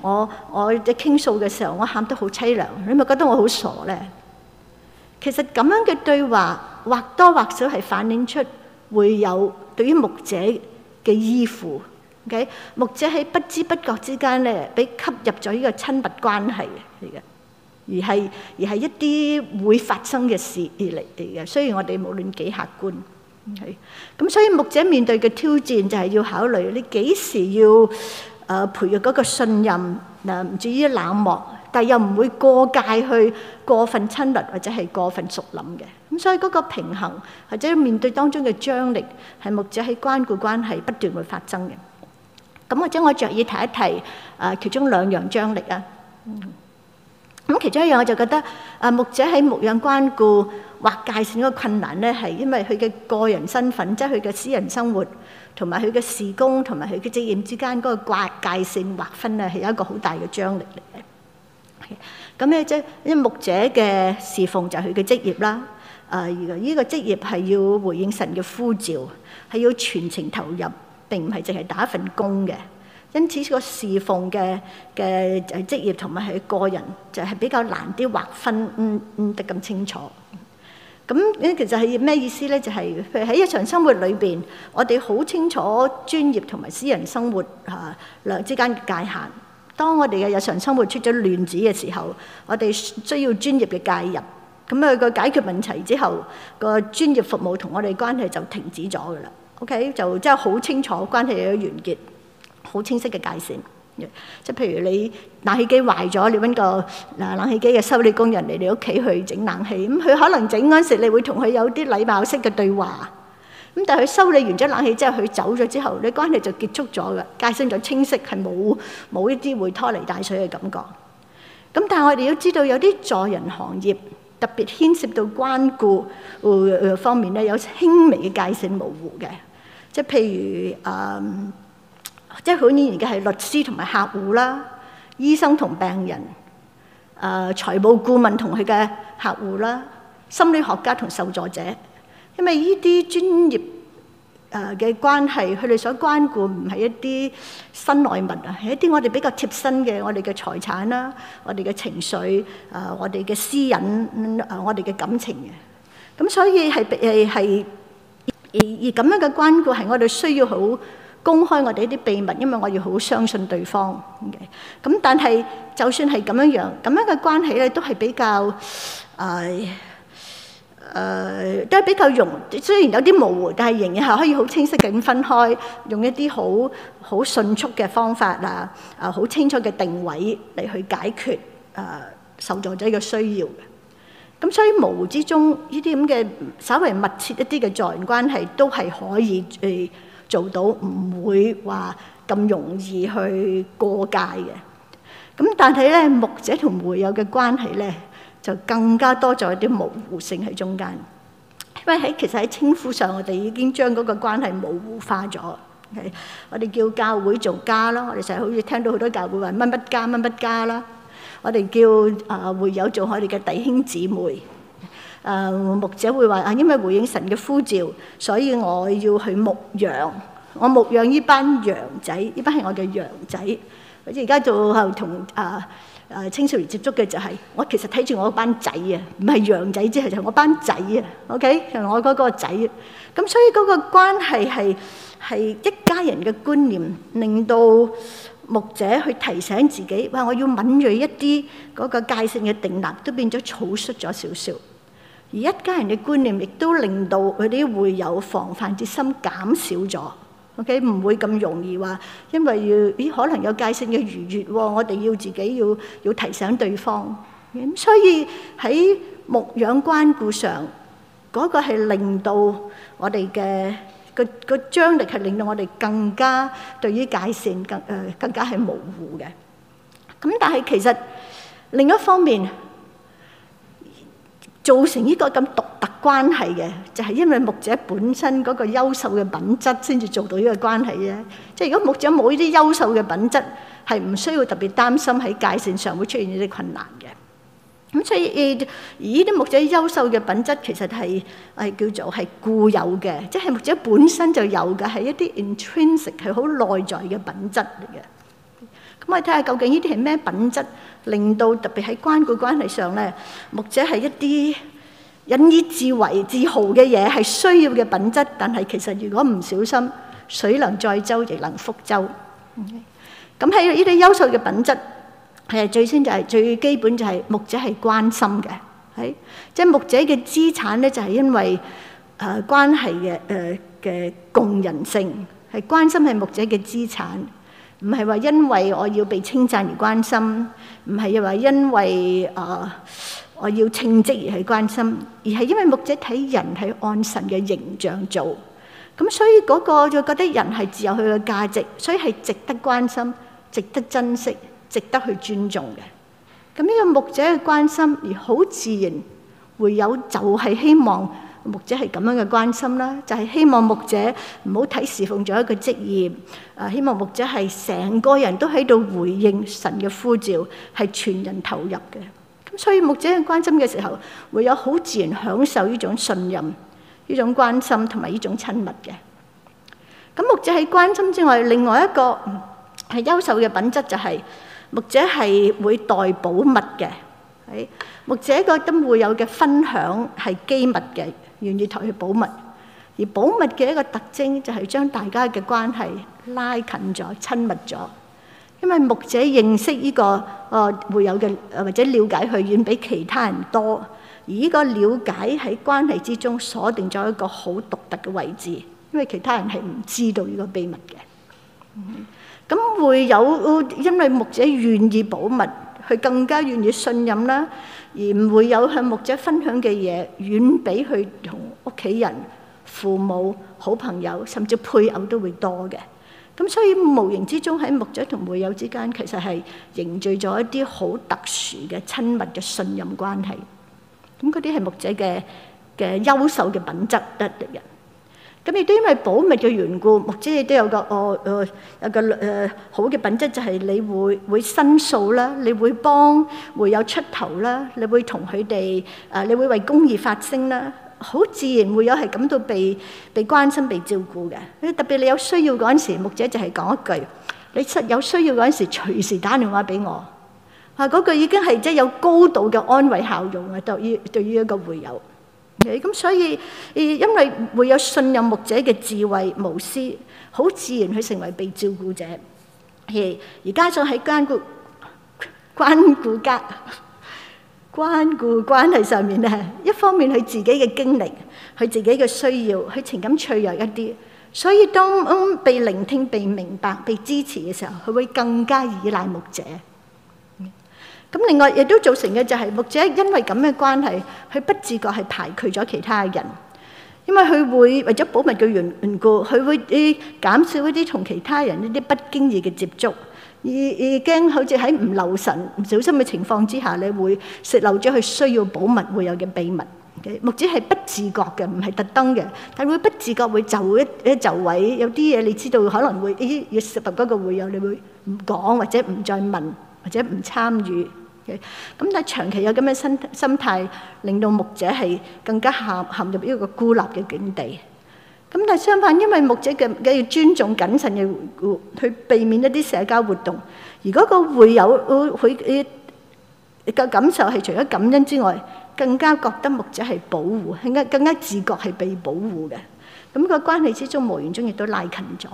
我我嘅傾訴嘅時候，我喊得好淒涼，你咪覺得我好傻咧？其實咁樣嘅對話，或多或少係反映出會有對於牧者嘅依附。OK，牧者喺不知不覺之間咧，俾吸入咗呢個親密關係嚟嘅，而係而係一啲會發生嘅事嚟嚟嘅。雖然我哋無論幾客觀。係，咁所以牧者面對嘅挑戰就係要考慮你幾時要誒，培育嗰個信任，嗱，唔至於冷漠，但係又唔會過界去過分親昵或者係過分熟稔嘅。咁所以嗰個平衡或者面對當中嘅張力，係牧者喺關顧關係不斷會發生嘅。咁或者我著意提一提誒，其中兩樣張力啊。嗯。咁其中一樣我就覺得，啊牧者喺牧養關顧劃界線嗰個困難咧，係因為佢嘅個人身份，即係佢嘅私人生活，同埋佢嘅事工，同埋佢嘅職業之間嗰個劃界線劃分咧，係有一個好大嘅張力嚟嘅。咁咧即係因為牧者嘅侍奉就係佢嘅職業啦，啊依個職業係要回應神嘅呼召，係要全程投入，並唔係淨係打一份工嘅。因此個侍奉嘅嘅誒職業同埋係個人就係比較難啲劃分，唔唔得咁清楚。咁其實係咩意思咧？就係喺日常生活裏邊，我哋好清楚專業同埋私人生活嚇兩，啊、之間嘅界限。當我哋嘅日常生活出咗亂子嘅時候，我哋需要專業嘅介入。咁、那、啊，個解決問題之後，嗰個專業服務同我哋關係就停止咗噶啦。OK，就真係好清楚關係嘅完結。好清晰嘅界線，即係譬如你冷氣機壞咗，你揾個冷冷氣機嘅修理工人嚟你屋企去整冷氣，咁佢可能整嗰陣時，你會同佢有啲禮貌式嘅對話，咁但係佢修理完咗冷氣之後，佢走咗之後，你關係就結束咗嘅，界線就清晰，係冇冇一啲會拖泥帶水嘅感覺。咁但係我哋要知道有啲助人行業，特別牽涉到關顧方面咧，有輕微嘅界線模糊嘅，即係譬如誒。即係好明顯嘅係律師同埋客戶啦，醫生同病人，誒財務顧問同佢嘅客戶啦，心理學家同受助者，因為呢啲專業誒嘅關係，佢哋所關顧唔係一啲身外物啊，係一啲我哋比較貼身嘅我哋嘅財產啦，我哋嘅情緒，誒我哋嘅私隱，誒我哋嘅感情嘅。咁所以係係係而而咁樣嘅關顧係我哋需要好。公開我哋一啲秘密，因為我要好相信對方嘅。咁但係就算係咁樣樣，咁樣嘅關係咧，都係比較誒誒，都係比較融。雖然有啲模糊，但係仍然係可以好清晰嘅咁分開，用一啲好好迅速嘅方法啊，啊好清楚嘅定位嚟去解決誒受助者嘅需要嘅。咁所以模糊之中，呢啲咁嘅稍微密切一啲嘅助人關係，都係可以誒。做到唔會話咁容易去過界嘅。咁但係咧，牧者同會友嘅關係咧，就更加多咗一啲模糊性喺中間，因為喺其實喺稱呼上，我哋已經將嗰個關係模糊化咗。係，我哋叫教會做家啦，我哋成日好似聽到好多教會話乜乜家乜乜家啦，我哋叫啊會友做我哋嘅弟兄姊妹。誒牧者會話啊，因為回應神嘅呼召，所以我要去牧羊。我牧羊呢班羊仔，呢班係我嘅羊仔。好似而家做後同誒誒青少年接觸嘅就係，我其實睇住我嗰班仔啊，唔係羊仔之係就我班仔啊。OK，我嗰個仔。咁所以嗰個關係係係一家人嘅觀念，令到牧者去提醒自己，哇！我要敏鋭一啲嗰個界線嘅定立，都變咗草率咗少少。而一家人嘅觀念亦都令到佢哋會有防範之心減少咗，OK 唔會咁容易話，因為要咦可能有界線嘅逾越，我哋要自己要要提醒對方。咁所以喺牧養關顧上，嗰個係令到我哋嘅個個張力係令到我哋更加對於界線更誒更加係模糊嘅。咁但係其實另一方面。造成呢個咁獨特關係嘅，就係因為牧者本身嗰個優秀嘅品質，先至做到呢個關係咧。即係如果牧者冇呢啲優秀嘅品質，係唔需要特別擔心喺界線上會出現呢啲困難嘅。咁所以而呢啲牧者優秀嘅品質，其實係係叫做係固有嘅，即係牧者本身就有嘅，係一啲 intrinsic 係好內在嘅品質嚟嘅。咁我睇下究竟呢啲係咩品質，令到特別喺關顧關係上咧，牧者係一啲引以自為自豪嘅嘢，係需要嘅品質。但係其實如果唔小心，水能載舟亦能覆舟。咁喺呢啲優秀嘅品質，係最先就係最基本就係牧者係關心嘅。喺即係牧者嘅資產咧，就係因為誒關係嘅誒嘅共人性，係關心係牧者嘅資產。唔係話因為我要被稱讚而關心，唔係又話因為啊我要稱職而去關心，而係因為牧者睇人係按神嘅形象做，咁所以嗰個就覺得人係自有佢嘅價值，所以係值得關心、值得珍惜、值得去尊重嘅。咁呢個牧者嘅關心而好自然會有，就係希望。牧者係咁樣嘅關心啦，就係希望牧者唔好睇侍奉咗一個職業，誒希望牧者係成個人都喺度回應神嘅呼召，係全人投入嘅。咁所以牧者喺關心嘅時候，會有好自然享受呢種信任、呢種關心同埋呢種親密嘅。咁牧者喺關心之外，另外一個係優秀嘅品質就係牧者係會代保密嘅。誒，牧者覺得會有嘅分享係機密嘅。願意同佢保密，而保密嘅一個特徵就係將大家嘅關係拉近咗，親密咗。因為牧者認識呢個誒會友嘅，或者了解佢遠比其他人多，而呢個了解喺關係之中鎖定咗一個好獨特嘅位置，因為其他人係唔知道呢個秘密嘅。咁會友，因為牧者願意保密。佢更加願意信任啦，而唔會有向牧者分享嘅嘢，遠比佢同屋企人、父母、好朋友甚至配偶都會多嘅。咁所以無形之中喺牧者同會友之間，其實係凝聚咗一啲好特殊嘅親密嘅信任關係。咁嗰啲係牧者嘅嘅優秀嘅品質得嚟嘅。咁亦都因為保密嘅緣故，牧者亦都有個哦哦有個誒好嘅品質，就係你會會申訴啦，你會幫會友出頭啦，你會同佢哋誒，你會為公義發聲啦，好自然會友係感到被被關心、被照顧嘅。特別你有需要嗰陣時，牧者就係講一句：你實有需要嗰陣時，隨時打電話俾我。啊，嗰句已經係即係有高度嘅安慰效用啊！對於對於一個會友。咁所以，誒因為會有信任牧者嘅智慧無私，好自然去成為被照顧者，而而加上喺關顧關顧家關顧關係上面咧，一方面佢自己嘅經歷，佢自己嘅需要，佢情感脆弱一啲，所以當被聆聽、被明白、被支持嘅時候，佢會更加依賴牧者。咁另外亦都造成嘅就係牧者，因為咁嘅關係，佢不自覺係排除咗其他人，因為佢會為咗保密嘅緣緣故，佢會啲減少一啲同其他人一啲不經意嘅接觸，而而驚好似喺唔留神、唔小心嘅情況之下，你會泄漏咗佢需要保密會有嘅秘密嘅牧者係不自覺嘅，唔係特登嘅，但會不自覺會就一啲就位，有啲嘢你知道可能會咦，要涉及個會友，你會唔講或者唔再問。或者唔參與嘅，咁但係長期有咁嘅心心態，令到牧者係更加陷陷入於一個孤立嘅境地。咁但係相反，因為牧者嘅梗要尊重謹慎嘅，去避免一啲社交活動。如果個會友會佢嘅感受係除咗感恩之外，更加覺得牧者係保護，更加更加自覺係被保護嘅。咁個關係之中，無緣中亦都拉近咗。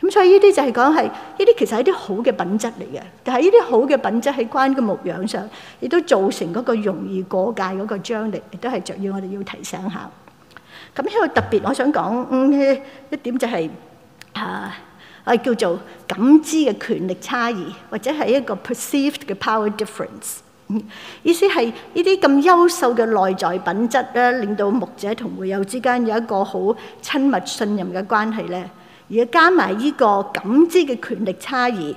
咁所以呢啲就係講係，呢啲其實係啲好嘅品質嚟嘅，但係呢啲好嘅品質喺關顧牧養上，亦都造成嗰個容易過界嗰個張力，亦都係著要我哋要提醒下。咁呢個特別我想講嗯一點就係啊，係叫做感知嘅權力差異，或者係一個 perceived 嘅 power difference。意思係呢啲咁優秀嘅內在品質咧，令到牧者同會友之間有一個好親密信任嘅關係咧。而家加埋呢個感知嘅權力差異，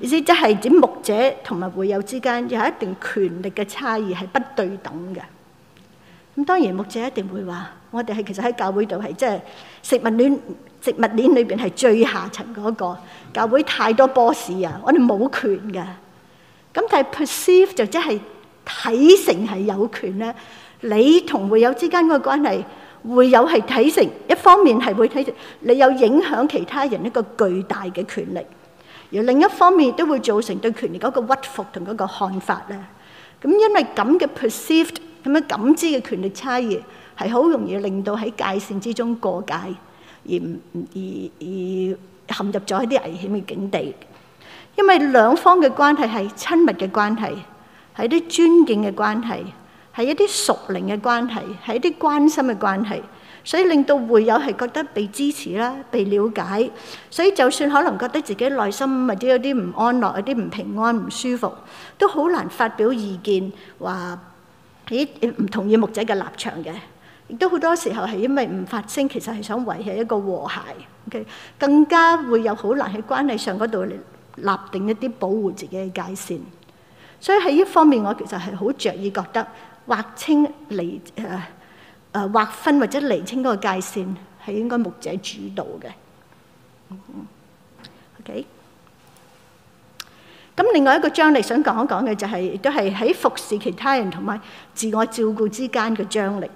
意思即係指牧者同埋會友之間有一定權力嘅差異係不對等嘅。咁當然牧者一定會話：我哋係其實喺教會度係即係食物鏈，食物鏈裏面係最下層嗰個。教會太多 boss 啊，我哋冇權㗎。咁但係 perceive 就即係睇成係有權咧，你同會友之間個關係。會有係睇成，一方面係會睇成你有影響其他人一個巨大嘅權力，而另一方面都會造成對權力嗰個屈服同嗰個看法咧。咁因為咁嘅 perceived 咁樣感知嘅權力差異，係好容易令到喺界線之中過界，而唔而而陷入咗一啲危險嘅境地。因為兩方嘅關係係親密嘅關係，係啲尊敬嘅關係。係一啲熟齡嘅關係，係一啲關心嘅關係，所以令到會友係覺得被支持啦，被瞭解，所以就算可能覺得自己內心或者有啲唔安樂、有啲唔平安、唔舒服，都好難發表意見，話咦唔同意牧者嘅立場嘅，亦都好多時候係因為唔發聲，其實係想維係一個和諧。OK，更加會有好難喺關係上嗰度嚟立定一啲保護自己嘅界線。所以喺呢方面，我其實係好著意覺得。劃清離，誒誒，劃分或者釐清嗰個界線，係應該牧者主導嘅。OK，咁另外一個張力想講一講嘅就係，亦都係喺服侍其他人同埋自我照顧之間嘅張力。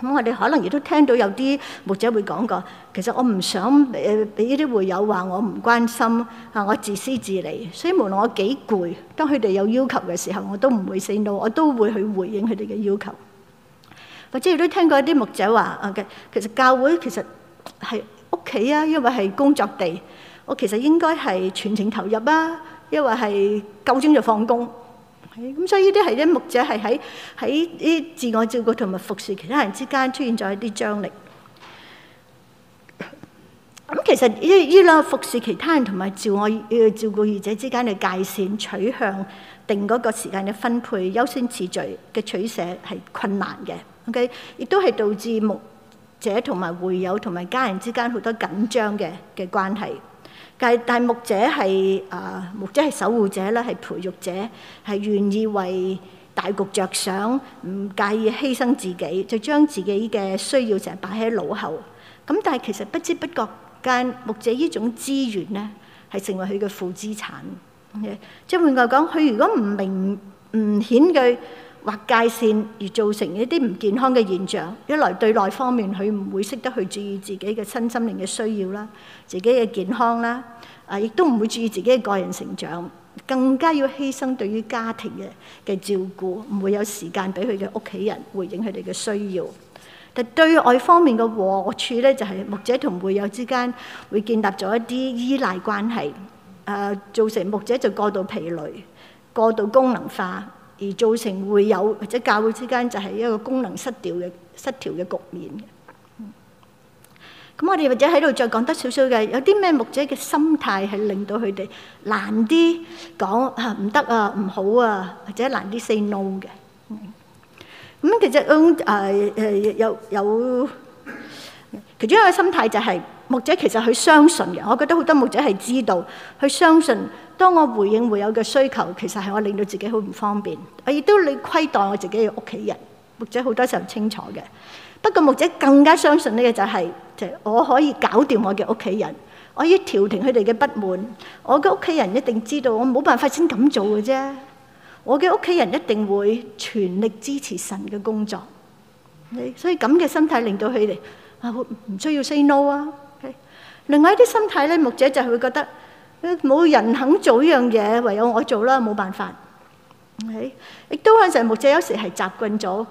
咁我哋可能亦都聽到有啲牧者會講過，其實我唔想誒俾啲會友話我唔關心啊，我自私自利。所以無論我幾攰，當佢哋有要求嘅時候，我都唔會死腦，我都會去回應佢哋嘅要求。或者亦都聽過一啲牧者話啊嘅，其實教會其實係屋企啊，因為係工作地，我其實應該係全情投入啊，因為係夠鐘就放工。咁、嗯、所以呢啲係啲牧者係喺喺啲自我照顧同埋服侍其他人之間出現咗一啲張力。咁、嗯、其實呢依兩個服侍其他人同埋自我照顧弱者之間嘅界線取向、定嗰個時間嘅分配、優先次序嘅取捨係困難嘅。OK，亦都係導致牧者同埋會友同埋家人之間好多緊張嘅嘅關係。但係，但係牧者係啊，牧者係守護者咧，係培育者，係願意為大局着想，唔介意犧牲自己，就將自己嘅需要就擺喺腦後。咁但係其實不知不覺間，牧者呢種資源咧，係成為佢嘅負資產。即係換句講，佢如果唔明唔顯佢。劃界線而造成一啲唔健康嘅現象，一來對內方面，佢唔會識得去注意自己嘅身心靈嘅需要啦，自己嘅健康啦，啊，亦都唔會注意自己嘅個人成長，更加要犧牲對於家庭嘅嘅照顧，唔會有時間俾佢嘅屋企人回應佢哋嘅需要。但對外方面嘅壞處呢，就係牧者同會友之間會建立咗一啲依賴關係，啊，造成牧者就過度疲累、過度功能化。而造成會有或者教會之間就係一個功能失調嘅失調嘅局面嘅。咁我哋或者喺度再講多少少嘅，有啲咩牧者嘅心態係令到佢哋難啲講啊唔得啊唔好啊，或者難啲 Say No 嘅。咁其實咁誒誒有有其中一個心態就係牧者其實佢相信嘅，我覺得好多牧者係知道佢相信。當我回應會友嘅需求，其實係我令到自己好唔方便。我亦都你虧待我自己嘅屋企人，牧者好多時候清楚嘅。不過牧者更加相信呢個就係，就我可以搞掂我嘅屋企人，我可以調停佢哋嘅不滿。我嘅屋企人一定知道，我冇辦法先咁做嘅啫。我嘅屋企人一定會全力支持神嘅工作。你所以咁嘅心態令到佢哋啊，唔需要 say no 啊。另外一啲心態咧，牧者就會覺得。冇人肯做呢樣嘢，唯有我做啦，冇辦法。Okay。亦都係成日牧者，有時係習慣咗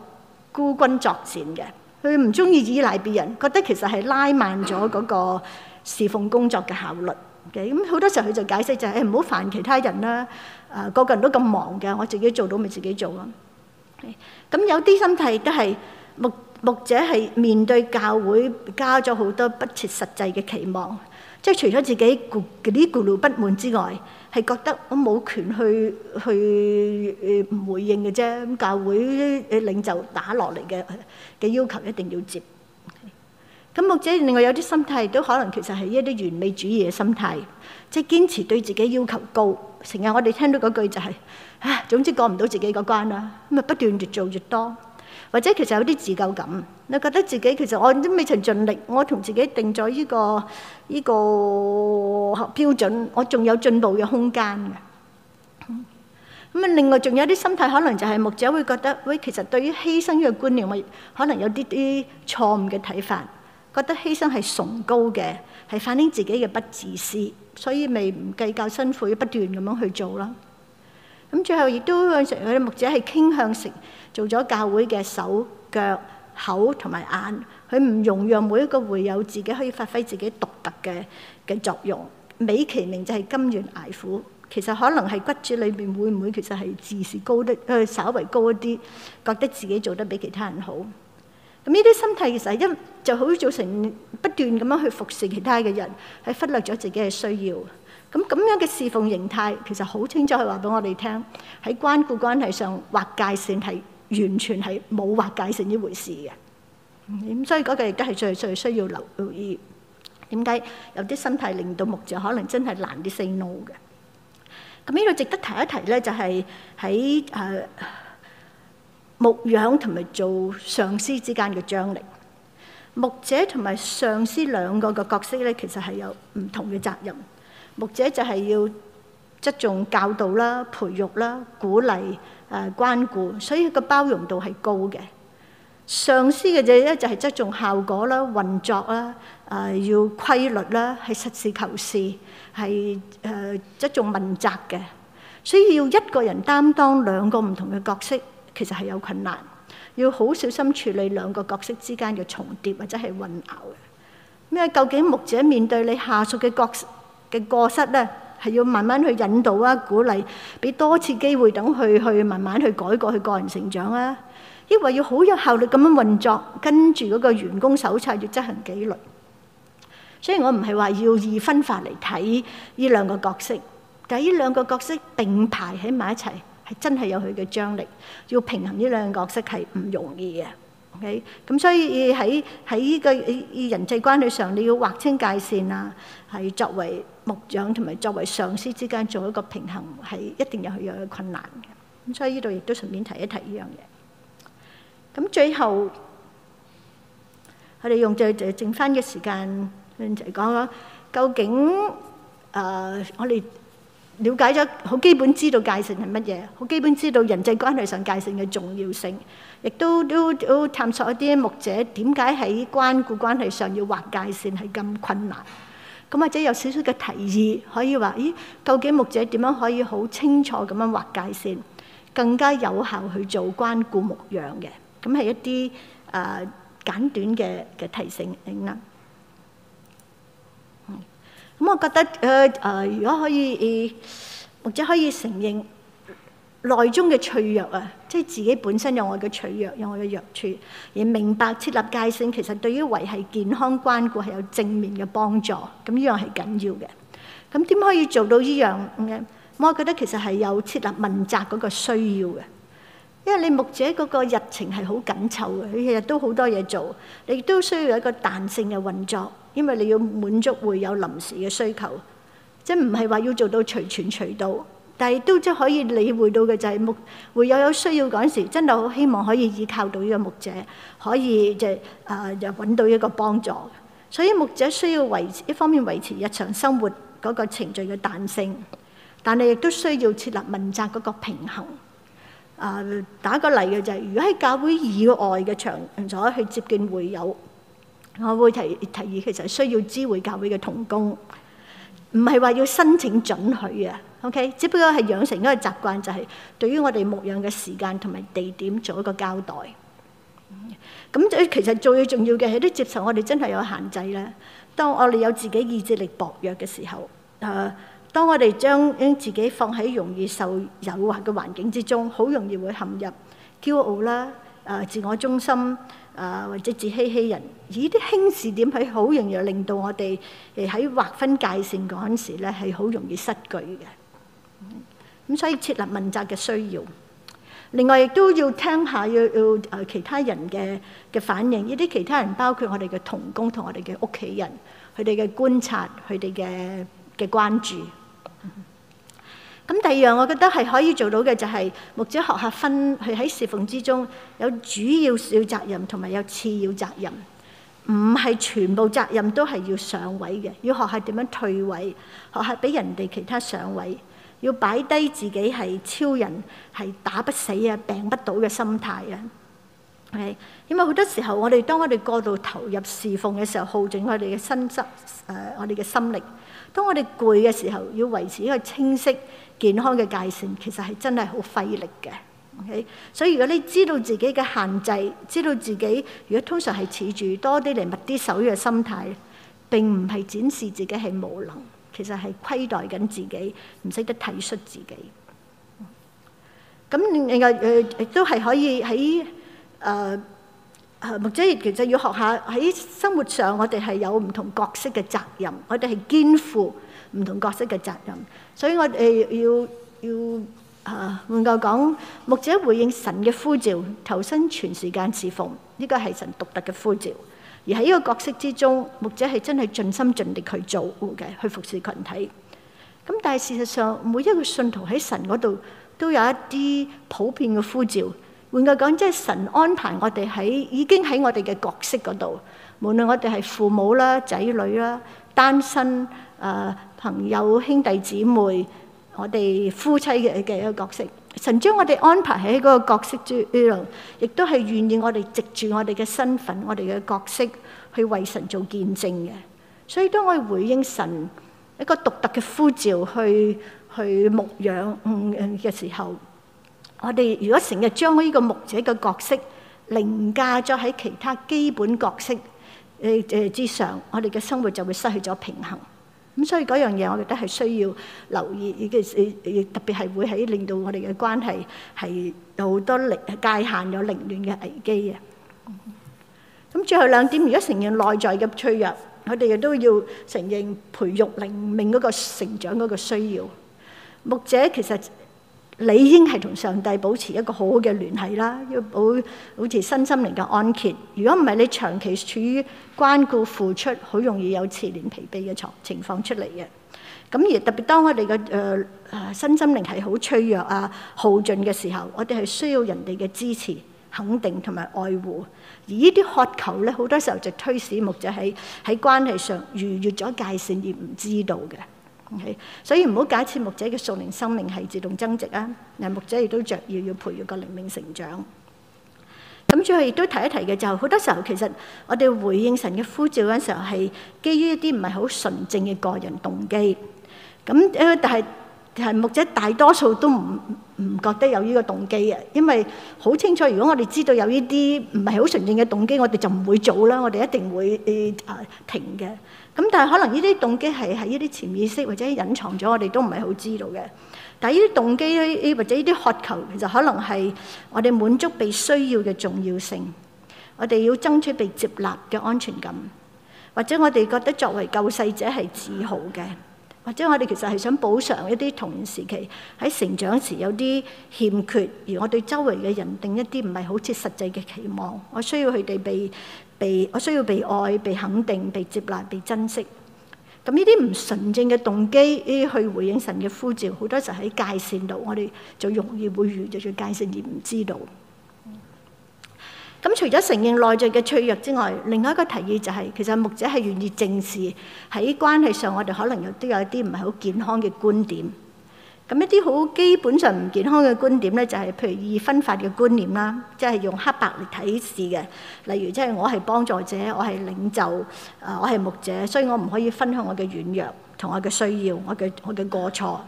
孤軍作戰嘅。佢唔中意依賴別人，覺得其實係拉慢咗嗰個侍奉工作嘅效率。咁好多時候佢就解釋就係：唔好煩其他人啦。啊，個個人都咁忙嘅，我自己做到咪自己做咯。咁有啲心態都係牧、牧者係面對教會加咗好多不切實際嘅期望。即係除咗自己嗰啲攪怒不滿之外，係覺得我冇權去去呃唔回應嘅啫。咁教會嘅領袖打落嚟嘅嘅要求一定要接。咁或者另外有啲心態都可能其實係一啲完美主義嘅心態，即係堅持對自己要求高，成日我哋聽到嗰句就係啊，總之過唔到自己嗰關啦，咁啊不斷越做越多。或者其實有啲自疚感，你覺得自己其實我都未曾盡力，我同自己定咗呢個呢個標準，我仲有進步嘅空間嘅。咁啊，另外仲有啲心態，可能就係牧者會覺得，喂，其實對於犧牲嘅觀念，我可能有啲啲錯誤嘅睇法，覺得犧牲係崇高嘅，係反映自己嘅不自私，所以咪唔計較辛苦，不斷咁樣去做啦。咁最後亦都向成嗰啲牧者係傾向成。做咗教會嘅手、腳、口同埋眼，佢唔容讓每一個會友自己可以發揮自己獨特嘅嘅作用。美其名就係甘願捱苦，其實可能係骨子裏邊會唔會其實係自視高啲，佢稍微高一啲，覺得自己做得比其他人好。咁呢啲心態其實一就好造成不斷咁樣去服侍其他嘅人，係忽略咗自己嘅需要。咁咁樣嘅侍奉形態其實好清楚，佢話俾我哋聽喺關顧關係上劃界線係。完全係冇劃界線呢回事嘅，咁所以嗰個亦都係最最需要留意。點解有啲心態令到牧者可能真係難啲 say no 嘅？咁呢度值得提一提咧，就係喺誒牧養同埋做上司之間嘅張力。牧者同埋上司兩個嘅角色咧，其實係有唔同嘅責任。牧者就係要側重教導啦、培育啦、鼓勵、誒關顧，所以個包容度係高嘅。上司嘅嘢咧就係側重效果啦、運作啦、誒要規律啦，係實事求是，係誒側重問責嘅。所以要一個人擔當兩個唔同嘅角色，其實係有困難。要好小心處理兩個角色之間嘅重疊或者係混淆嘅。咩？究竟牧者面對你下屬嘅角色嘅過失咧？係要慢慢去引導啊，鼓勵，俾多次機會等佢去慢慢去改過，去個人成長啊。抑或要好有效率咁樣運作，跟住嗰個員工手冊要執行紀律。所以我唔係話要二分法嚟睇呢兩個角色，但係呢兩個角色並排喺埋一齊，係真係有佢嘅張力。要平衡呢兩個角色係唔容易嘅。OK，咁所以喺喺呢個人際關係上，你要劃清界線啊，係作為。牧長同埋作為上司之間做一個平衡，係一定有佢有困難嘅。咁所以呢度亦都順便提一提呢樣嘢。咁最後，我哋用最最剩翻嘅時間嚟講講，究竟誒我哋了解咗好基本知道界線係乜嘢，好基本知道人際關係上界線嘅重要性，亦都都都探索一啲牧者點解喺關顧關係上要劃界線係咁困難。咁或者有少少嘅提議，可以話，咦，究竟牧者點樣可以好清楚咁樣劃界線，更加有效去做關顧牧養嘅？咁係一啲誒簡短嘅嘅提醒啦。嗯，咁我覺得誒誒，如果可以，牧者可以承認。內中嘅脆弱啊，即係自己本身有我嘅脆弱，有我嘅弱處，而明白設立界線，其實對於維係健康關顧係有正面嘅幫助，咁呢樣係緊要嘅。咁點可以做到呢樣嘅？我覺得其實係有設立問責嗰個需要嘅，因為你牧者嗰個日程係好緊湊嘅，佢日日都好多嘢做，你亦都需要一個彈性嘅運作，因為你要滿足會有臨時嘅需求，即係唔係話要做到隨傳隨到。但係都即係可以理會到嘅就係牧會有有需要嗰陣時，真係好希望可以依靠到呢個牧者，可以就誒就揾到一個幫助。所以牧者需要維持，一方面維持日常生活嗰個程序嘅彈性，但係亦都需要設立問責嗰個平衡。誒打個例嘅就係，如果喺教會以外嘅場所去接見會友，我會提提議，其實需要知會教會嘅同工，唔係話要申請准許啊。OK，只不過係養成一個習慣，就係對於我哋牧養嘅時間同埋地點做一個交代。咁所以其實最重要嘅係都接受我哋真係有限制啦。當我哋有自己意志力薄弱嘅時候，啊，當我哋將自己放喺容易受誘惑嘅環境之中，好容易會陷入驕傲啦、啊自我中心啊或者自欺欺人。以啲輕視點喺好容易令到我哋誒喺劃分界線嗰陣時咧係好容易失據嘅。咁所以設立問責嘅需要，另外亦都要聽下要要誒、呃、其他人嘅嘅反應。呢啲其他人包括我哋嘅同工同我哋嘅屋企人，佢哋嘅觀察，佢哋嘅嘅關注。咁第二樣，我覺得係可以做到嘅就係，或者學下分，佢喺侍奉之中有主要小責任同埋有次要責任，唔係全部責任都係要上位嘅，要學下點樣退位，學下俾人哋其他上位。要擺低自己係超人，係打不死啊、病不倒嘅心態啊，係因為好多時候我哋，當我哋過度投入侍奉嘅時候，耗盡我哋嘅身質，誒、我哋嘅心力。當我哋攰嘅時候，要維持一個清晰健康嘅界線，其實係真係好費力嘅。OK，所以如果你知道自己嘅限制，知道自己如果通常係持住多啲嚟握啲手嘅心態，並唔係展示自己係無能。其實係虧待緊自己，唔識得體恤自己。咁另外誒，亦都係可以喺誒誒牧者，其實要學下喺生活上，我哋係有唔同角色嘅責任，我哋係肩負唔同角色嘅責任。所以我哋要要誒換句講，牧者回應神嘅呼召，投身全時間侍奉，呢個係神獨特嘅呼召。而喺呢個角色之中，牧者係真係盡心盡力去做嘅，去服侍羣體。咁但係事實上，每一個信徒喺神嗰度都有一啲普遍嘅呼召。換句講，即係神安排我哋喺已經喺我哋嘅角色嗰度，無論我哋係父母啦、仔女啦、單身、誒、朋友、兄弟姊妹，我哋夫妻嘅嘅一個角色。神將我哋安排喺嗰個角色之度，亦都係願意我哋藉住我哋嘅身份、我哋嘅角色去為神做見證嘅。所以當我哋回應神一個獨特嘅呼召，去去牧養嘅時候，我哋如果成日將呢個牧者嘅角色凌駕咗喺其他基本角色誒誒之上，我哋嘅生活就會失去咗平衡。咁所以嗰樣嘢我覺得係需要留意，尤其特別係會喺令到我哋嘅關係係有好多力界限有凌亂嘅危機嘅。咁最後兩點，如果承認內在嘅脆弱，我哋亦都要承認培育靈命嗰個成長嗰個需要。牧者其實。理應係同上帝保持一個好好嘅聯繫啦，要保持身心靈嘅安歇。如果唔係，你長期處於關顧付出，好容易有遲年疲憊嘅情況出嚟嘅。咁而特別當我哋嘅誒身心靈係好脆弱啊、耗盡嘅時候，我哋係需要人哋嘅支持、肯定同埋愛護。而呢啲渴求咧，好多時候就推使牧者喺喺關係上逾越咗界線而唔知道嘅。所以唔好假設牧者嘅屬靈生命係自動增值啊！嗱，牧者亦都著意要培育個靈命成長。咁最後亦都提一提嘅就，好多時候其實我哋回應神嘅呼召嗰時候係基於一啲唔係好純正嘅個人動機。咁誒，但係但係牧者大多數都唔唔覺得有呢個動機啊，因為好清楚，如果我哋知道有呢啲唔係好純正嘅動機，我哋就唔會做啦，我哋一定會誒啊停嘅。咁但係可能呢啲動機係喺呢啲潛意識或者隱藏咗，我哋都唔係好知道嘅。但係呢啲動機呢，或者呢啲渴求，其實可能係我哋滿足被需要嘅重要性，我哋要爭取被接納嘅安全感，或者我哋覺得作為救世者係自豪嘅，或者我哋其實係想補償一啲童年時期喺成長時有啲欠缺，而我對周圍嘅人定一啲唔係好似實際嘅期望，我需要佢哋被。被我需要被愛、被肯定、被接納、被珍惜，咁呢啲唔純正嘅動機去回應神嘅呼召，好多時喺界線度，我哋就容易會越著住界線而唔知道。咁除咗承認內在嘅脆弱之外，另外一個提議就係，其實牧者係願意正視喺關係上，我哋可能亦都有一啲唔係好健康嘅觀點。咁一啲好基本上唔健康嘅觀點咧，就係譬如二分法嘅觀念啦，即、就、係、是、用黑白嚟睇事嘅。例如即係我係幫助者，我係領袖，誒我係牧者，所以我唔可以分享我嘅軟弱同我嘅需要，我嘅我嘅過錯。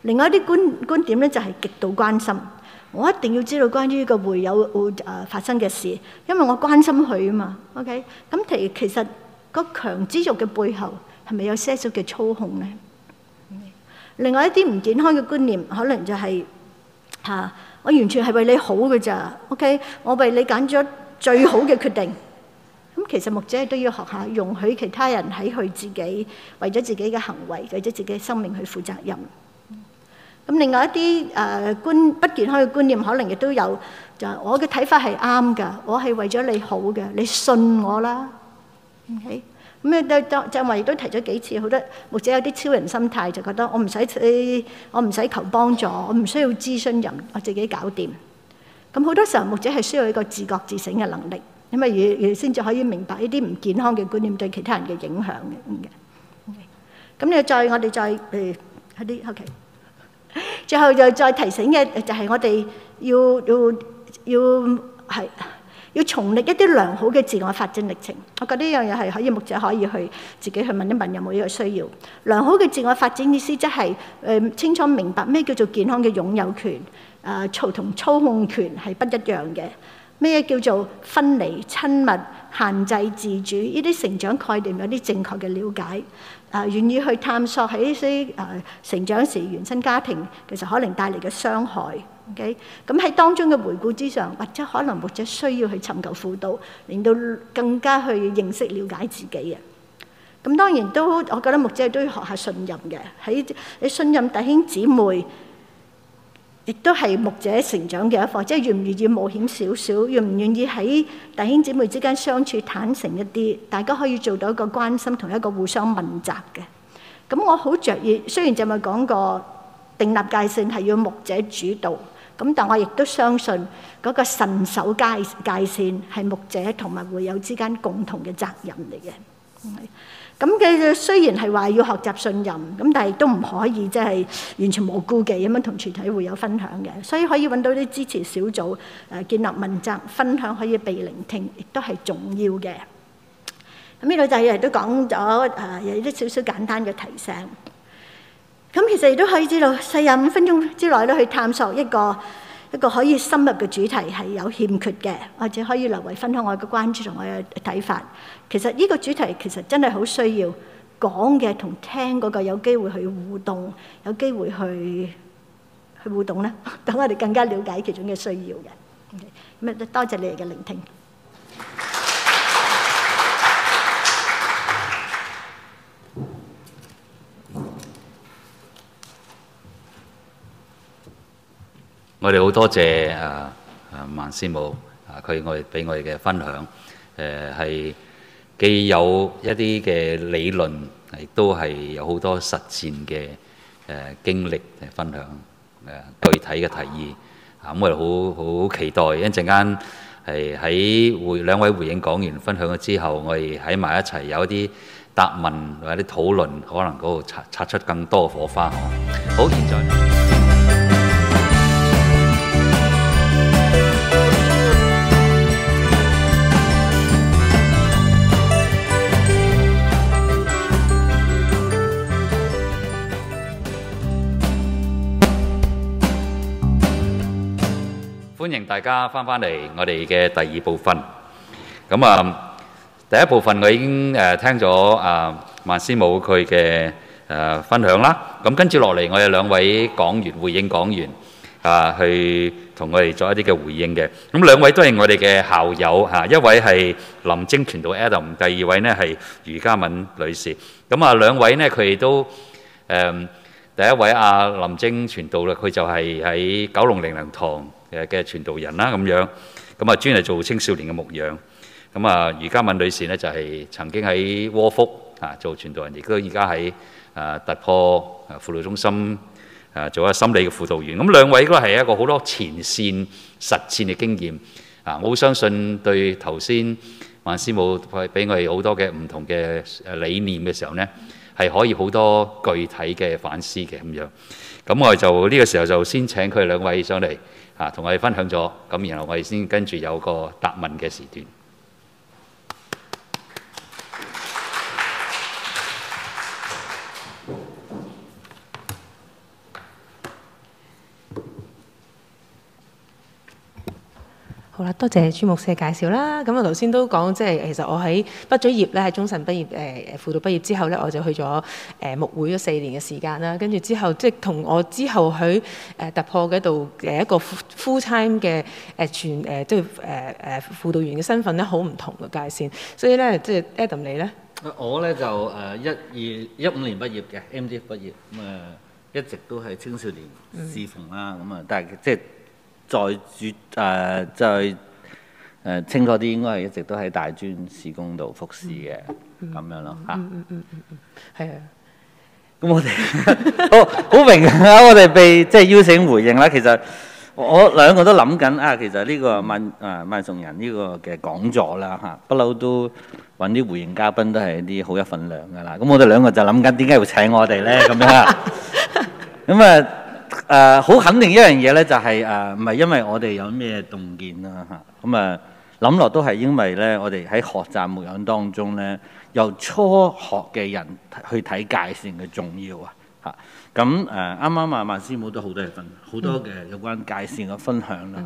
另外一啲觀觀點咧，就係極度關心，我一定要知道關於個會友會誒、呃、發生嘅事，因為我關心佢啊嘛。OK，咁其其實個求知慾嘅背後係咪有些少嘅操控咧？另外一啲唔健康嘅觀念，可能就係吓，我完全係為你好㗎咋，OK？我為你揀咗最好嘅決定。咁其實牧者都要學下容許其他人喺佢自己為咗自己嘅行為，為咗自己嘅生命去負責任。咁另外一啲誒觀不健康嘅觀念，可能亦都有就係我嘅睇法係啱㗎，我係為咗你好嘅，你信我啦，OK？咁咧，當振華亦都提咗幾次，好多牧者有啲超人心態，就覺得我唔使你，我唔使求幫助，我唔需要諮詢人，我自己搞掂。咁好多時候，牧者係需要一個自覺自省嘅能力，因為亦亦先至可以明白呢啲唔健康嘅觀念對其他人嘅影響嘅。咁你再我哋再誒，啲 OK。最後又再提醒嘅就係我哋要要要係。要重力一啲良好嘅自我發展歷程，我覺得呢樣嘢係可以，牧者可以去自己去問一問有冇呢個需要。良好嘅自我發展意思即係誒清楚明白咩叫做健康嘅擁有權，誒操同操控權係不一樣嘅。咩叫做分離親密、限制自主？呢啲成長概念有啲正確嘅了解，誒願意去探索喺呢啲誒成長時原生家庭其實可能帶嚟嘅傷害。OK，咁喺當中嘅回顧之上，或者可能牧者需要去尋求輔導，令到更加去認識、了解自己嘅。咁當然都，我覺得牧者都要學下信任嘅。喺你信任弟兄姊妹，亦都係牧者成長嘅一課。即係願唔願意冒險少少，願唔願意喺弟兄姊妹之間相處坦誠一啲，大家可以做到一個關心同一個互相問責嘅。咁我好著意，雖然就咪講過，訂立界線係要牧者主導。咁但我亦都相信嗰個慎守界界線係牧者同埋會友之間共同嘅責任嚟嘅。咁佢雖然係話要學習信任，咁但係都唔可以即係完全冇顧忌咁樣同全體會友分享嘅。所以可以搵到啲支持小組，誒建立問責分享可以被聆聽，亦都係重要嘅。咁呢個就係亦都講咗誒有啲少少簡單嘅提醒。咁其實亦都可以知道，四十五分鐘之內咧，去探索一個一個可以深入嘅主題係有欠缺嘅，或者可以留為分享我嘅關注同我嘅睇法。其實呢個主題其實真係好需要講嘅同聽嗰個有機會去互動，有機會去去互動咧，等我哋更加瞭解其中嘅需要嘅。咁啊，多謝你哋嘅聆聽。音音我哋好多謝啊啊萬師母啊，佢我哋俾我哋嘅分享，誒係既有一啲嘅理論，亦都係有好多實踐嘅誒經歷分享，具體嘅提議啊，咁我哋好好，好期待一陣間係喺會兩位回應講完分享咗之後，我哋喺埋一齊有一啲答問或者啲討論，可能嗰度擦擦出更多火花、SaaS。好，現在。歡迎大家翻返嚟我哋嘅第二部分。咁啊，第一部分我已經誒聽咗啊萬師母佢嘅誒分享啦。咁跟住落嚟，我有兩位講員回應講員啊，去同我哋做一啲嘅回應嘅。咁兩位都係我哋嘅校友嚇，一位係林晶傳道 Adam，第二位咧係余嘉敏女士。咁啊，兩位咧佢哋都誒，第一位阿林晶傳道咧，佢就係喺九龍靈糧堂。嘅嘅傳道人啦，咁樣咁啊，專係做青少年嘅牧養咁啊。余家敏女士呢，就係、是、曾經喺窩福啊做傳道人，亦都而家喺啊突破啊輔導中心啊做啊心理嘅輔導員。咁、啊、兩位嗰個係一個好多前線實踐嘅經驗啊，我好相信對頭先萬師母俾我哋好多嘅唔同嘅理念嘅時候呢，係可以好多具體嘅反思嘅咁樣。咁、啊、我哋就呢、這個時候就先請佢兩位上嚟。啊，同我哋分享咗，咁然後我哋先跟住有個答問嘅時段。好啦，多謝朱牧師嘅介紹啦。咁啊，頭先都講即係其實我喺畢咗業咧，喺中神畢業誒誒輔導畢業之後咧，我就去咗誒牧會咗四年嘅時間啦。跟住之後，即係同我之後喺誒、呃、突破嘅一一個 full time 嘅誒全誒即係誒誒輔導員嘅身份咧，好唔同嘅界線。所以咧，即係 Adam 你咧？我咧就誒一二一五年畢業嘅 M. D. 畢業咁誒、嗯，一直都係青少年侍奉啦。咁啊、嗯，但係即係。再住誒，在、呃、誒、呃、清楚啲，應該係一直都喺大專事工度服侍嘅，咁 樣咯嚇。係 啊。咁我哋好好明啊！我哋被即係、就是、邀請回應啦。其實我，我兩個都諗緊啊，其實呢個萬誒萬崇仁呢個嘅講座啦嚇，不、啊、嬲都揾啲回應嘉賓都係啲好一份量噶啦。咁我哋兩個就諗緊點解會請我哋咧咁樣。咁啊。 嗯誒好、呃、肯定一樣嘢咧，就係誒唔係因為我哋有咩動見啦嚇，咁誒諗落都係因為咧，我哋喺學習模樣當中咧，由初學嘅人去睇界線嘅重要啊嚇。咁誒啱啱啊，萬、啊啊、師母都好多嘢分享，好多嘅有關界線嘅分享啦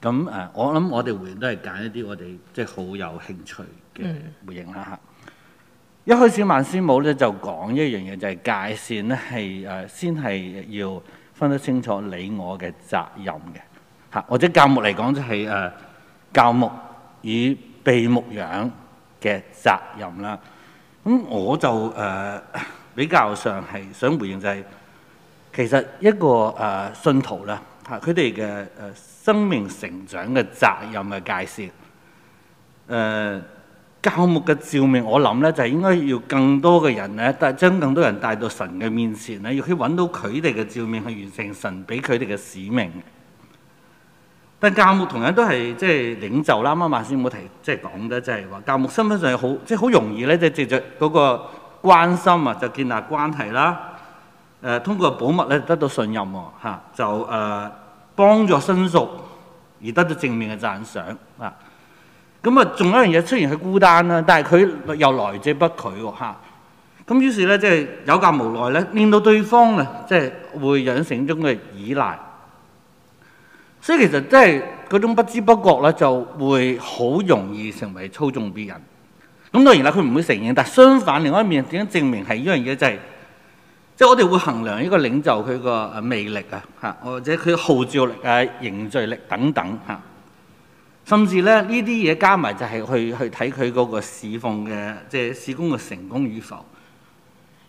嚇。咁誒、嗯啊啊，我諗我哋回應都係揀一啲我哋即係好有興趣嘅回應啦嚇。嗯、一開始萬師母咧就講一樣嘢，就係界線咧係誒先係要。分得清楚你我嘅責任嘅嚇，或者教牧嚟講就係、是、誒、呃、教牧與被牧養嘅責任啦。咁我就誒、呃、比較上係想回應就係，其實一個誒、呃、信徒啦嚇，佢哋嘅誒生命成長嘅責任嘅界線誒。呃教牧嘅召命，我諗咧就係應該要更多嘅人咧，但係將更多人帶到神嘅面前咧，要去揾到佢哋嘅召命，去完成神俾佢哋嘅使命。但係教牧同樣都係即係領袖啦，啱啱先冇提，即係講得即係話，教牧身份上係好，即係好容易咧，即係藉著嗰個關心啊，就建立關係啦。誒、呃，通過保密咧得到信任喎、啊，就誒幫、呃、助信徒而得到正面嘅讚賞啊。咁啊，仲有一樣嘢出現係孤單啦，但係佢又來者不拒喎嚇。咁於是咧，即係有夾無奈咧，令到對方咧，即係會隱性中嘅依賴。所以其實即係嗰種不知不覺咧，就會好容易成為操縱別人。咁當然啦，佢唔會承認，但係相反另外一面點樣證明係呢樣嘢就係，即係我哋會衡量呢個領袖佢個誒魅力啊嚇，或者佢號召力啊凝聚力等等嚇。啊。甚至咧，呢啲嘢加埋就係去去睇佢嗰個侍奉嘅，即係事工嘅成功與否。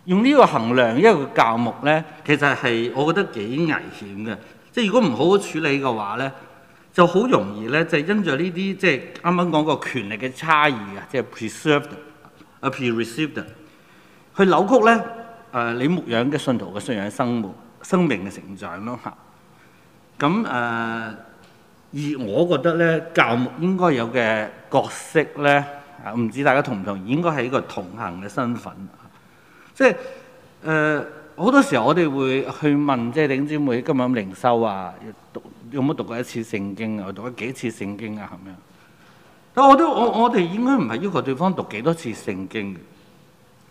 用呢個衡量一個教牧咧，其實係我覺得幾危險嘅。即係如果唔好好處理嘅話咧，就好容易咧，就是、因着呢啲即係啱啱講個權力嘅差異啊，即、就、係、是、preserved，appeal，received 去扭曲咧誒、呃、你牧養嘅信徒嘅信仰、生活、生命嘅成長咯嚇。咁誒。呃而我覺得咧，教牧應該有嘅角色咧，啊唔知大家同唔同意，應該係一個同行嘅身份，即係誒好多時候我哋會去問，即係弟兄姊妹今日咁靈修啊，讀有冇讀過一次聖經啊，讀咗幾次聖經啊咁樣。但我都我我哋應該唔係要求對方讀幾多次聖經，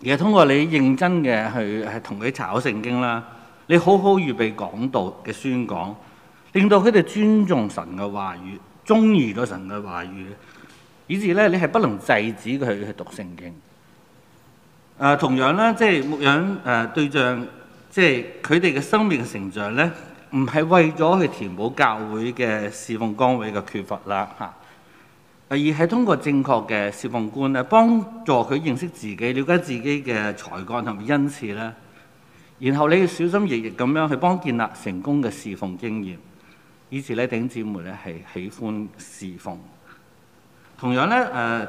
而係通過你認真嘅去係同佢查考聖經啦、啊，你好好預備講道嘅宣講。令到佢哋尊重神嘅話語，鍾意咗神嘅話語，以至咧你係不能制止佢去讀聖經。誒、呃，同樣咧，即係牧養誒對象，即係佢哋嘅生命成長咧，唔係為咗去填補教會嘅侍奉崗位嘅缺乏啦嚇、啊，而係通過正確嘅侍奉觀，咧，幫助佢認識自己、了解自己嘅才幹同埋恩賜咧，然後你要小心翼翼咁樣去幫建立成功嘅侍奉經驗。以前咧，弟兄姊妹咧係喜歡侍奉。同樣咧，誒、呃、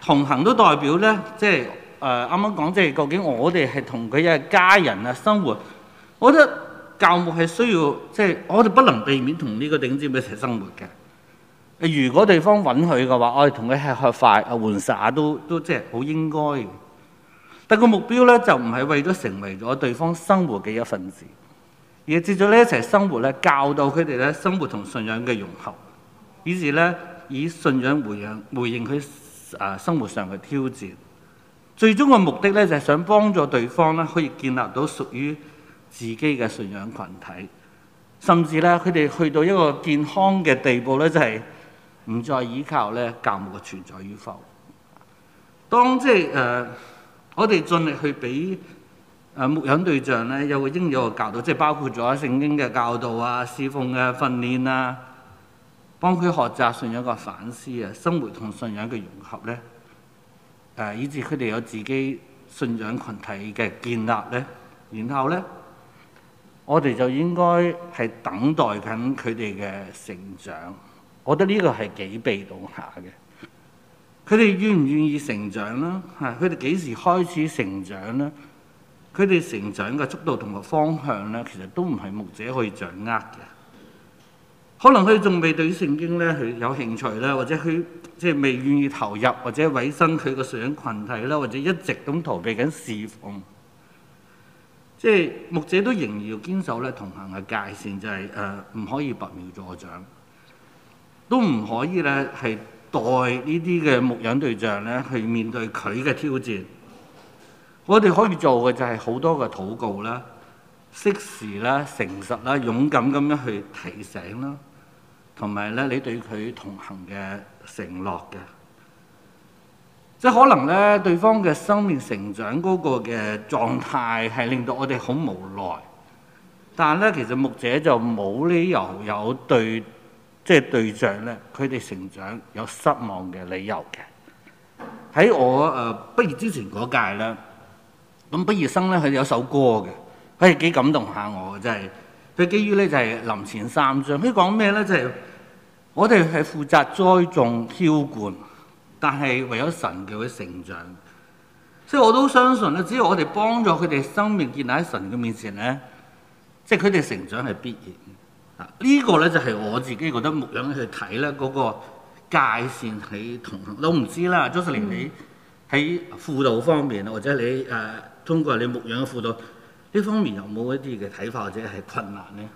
同行都代表咧，即係誒啱啱講，即係究竟我哋係同佢嘅家人啊，生活。我覺得教牧係需要，即係我哋不能避免同呢個弟兄姊妹一齊生活嘅。如果對方允許嘅話，我哋同佢吃喝飯啊，玩耍都都即係好應該嘅。但個目標咧，就唔係為咗成為咗對方生活嘅一份子。而接咗呢一齊生活咧，教導佢哋咧生活同信仰嘅融合，於是咧以信仰回應回應佢誒生活上嘅挑戰，最終嘅目的咧就係想幫助對方咧可以建立到屬於自己嘅信仰群體，甚至咧佢哋去到一個健康嘅地步咧，就係唔再依靠咧教牧嘅存在與服務。當即係誒、呃，我哋盡力去俾誒牧養對象咧有個應有嘅教導，即係包括咗聖經嘅教導啊、侍奉嘅訓練啊，幫佢學習，信仰嘅反思啊，生活同信仰嘅融合咧。誒、呃，以致佢哋有自己信仰群體嘅建立咧，然後咧，我哋就應該係等待緊佢哋嘅成長。我覺得呢個係幾被動下嘅，佢哋願唔願意成長啦？嚇，佢哋幾時開始成長咧？佢哋成長嘅速度同埋方向咧，其實都唔係牧者可以掌握嘅。可能佢仲未對聖經咧去有興趣咧，或者佢即係未願意投入，或者委身佢個牧養群體咧，或者一直咁逃避緊侍奉。即係牧者都仍然要堅守咧同行嘅界線，就係誒唔可以拔苗助長，都唔可以咧係代呢啲嘅牧養對象咧去面對佢嘅挑戰。我哋可以做嘅就係好多嘅禱告啦、適時啦、誠實啦、勇敢咁樣去提醒啦，同埋咧你對佢同行嘅承諾嘅，即係可能咧對方嘅生命成長嗰個嘅狀態係令到我哋好無奈，但係咧其實牧者就冇理由有對即係、就是、對象咧，佢哋成長有失望嘅理由嘅。喺我誒畢、呃、業之前嗰屆咧。咁畢業生咧，佢哋有首歌嘅，佢係幾感動下我真係。佢、就是、基於咧就係林前三章，佢講咩咧？就係、是、我哋係負責栽種澆灌，但係為咗神嘅成長。所以我都相信咧，只要我哋幫助佢哋生命建立喺神嘅面前咧，即係佢哋成長係必然。啊，呢個咧就係我自己覺得牧養去睇咧嗰個界線喺同都唔知啦，朱淑玲你喺輔導方面或者你誒？呃通過你牧養嘅輔導，呢方面有冇一啲嘅睇法或者係困難咧？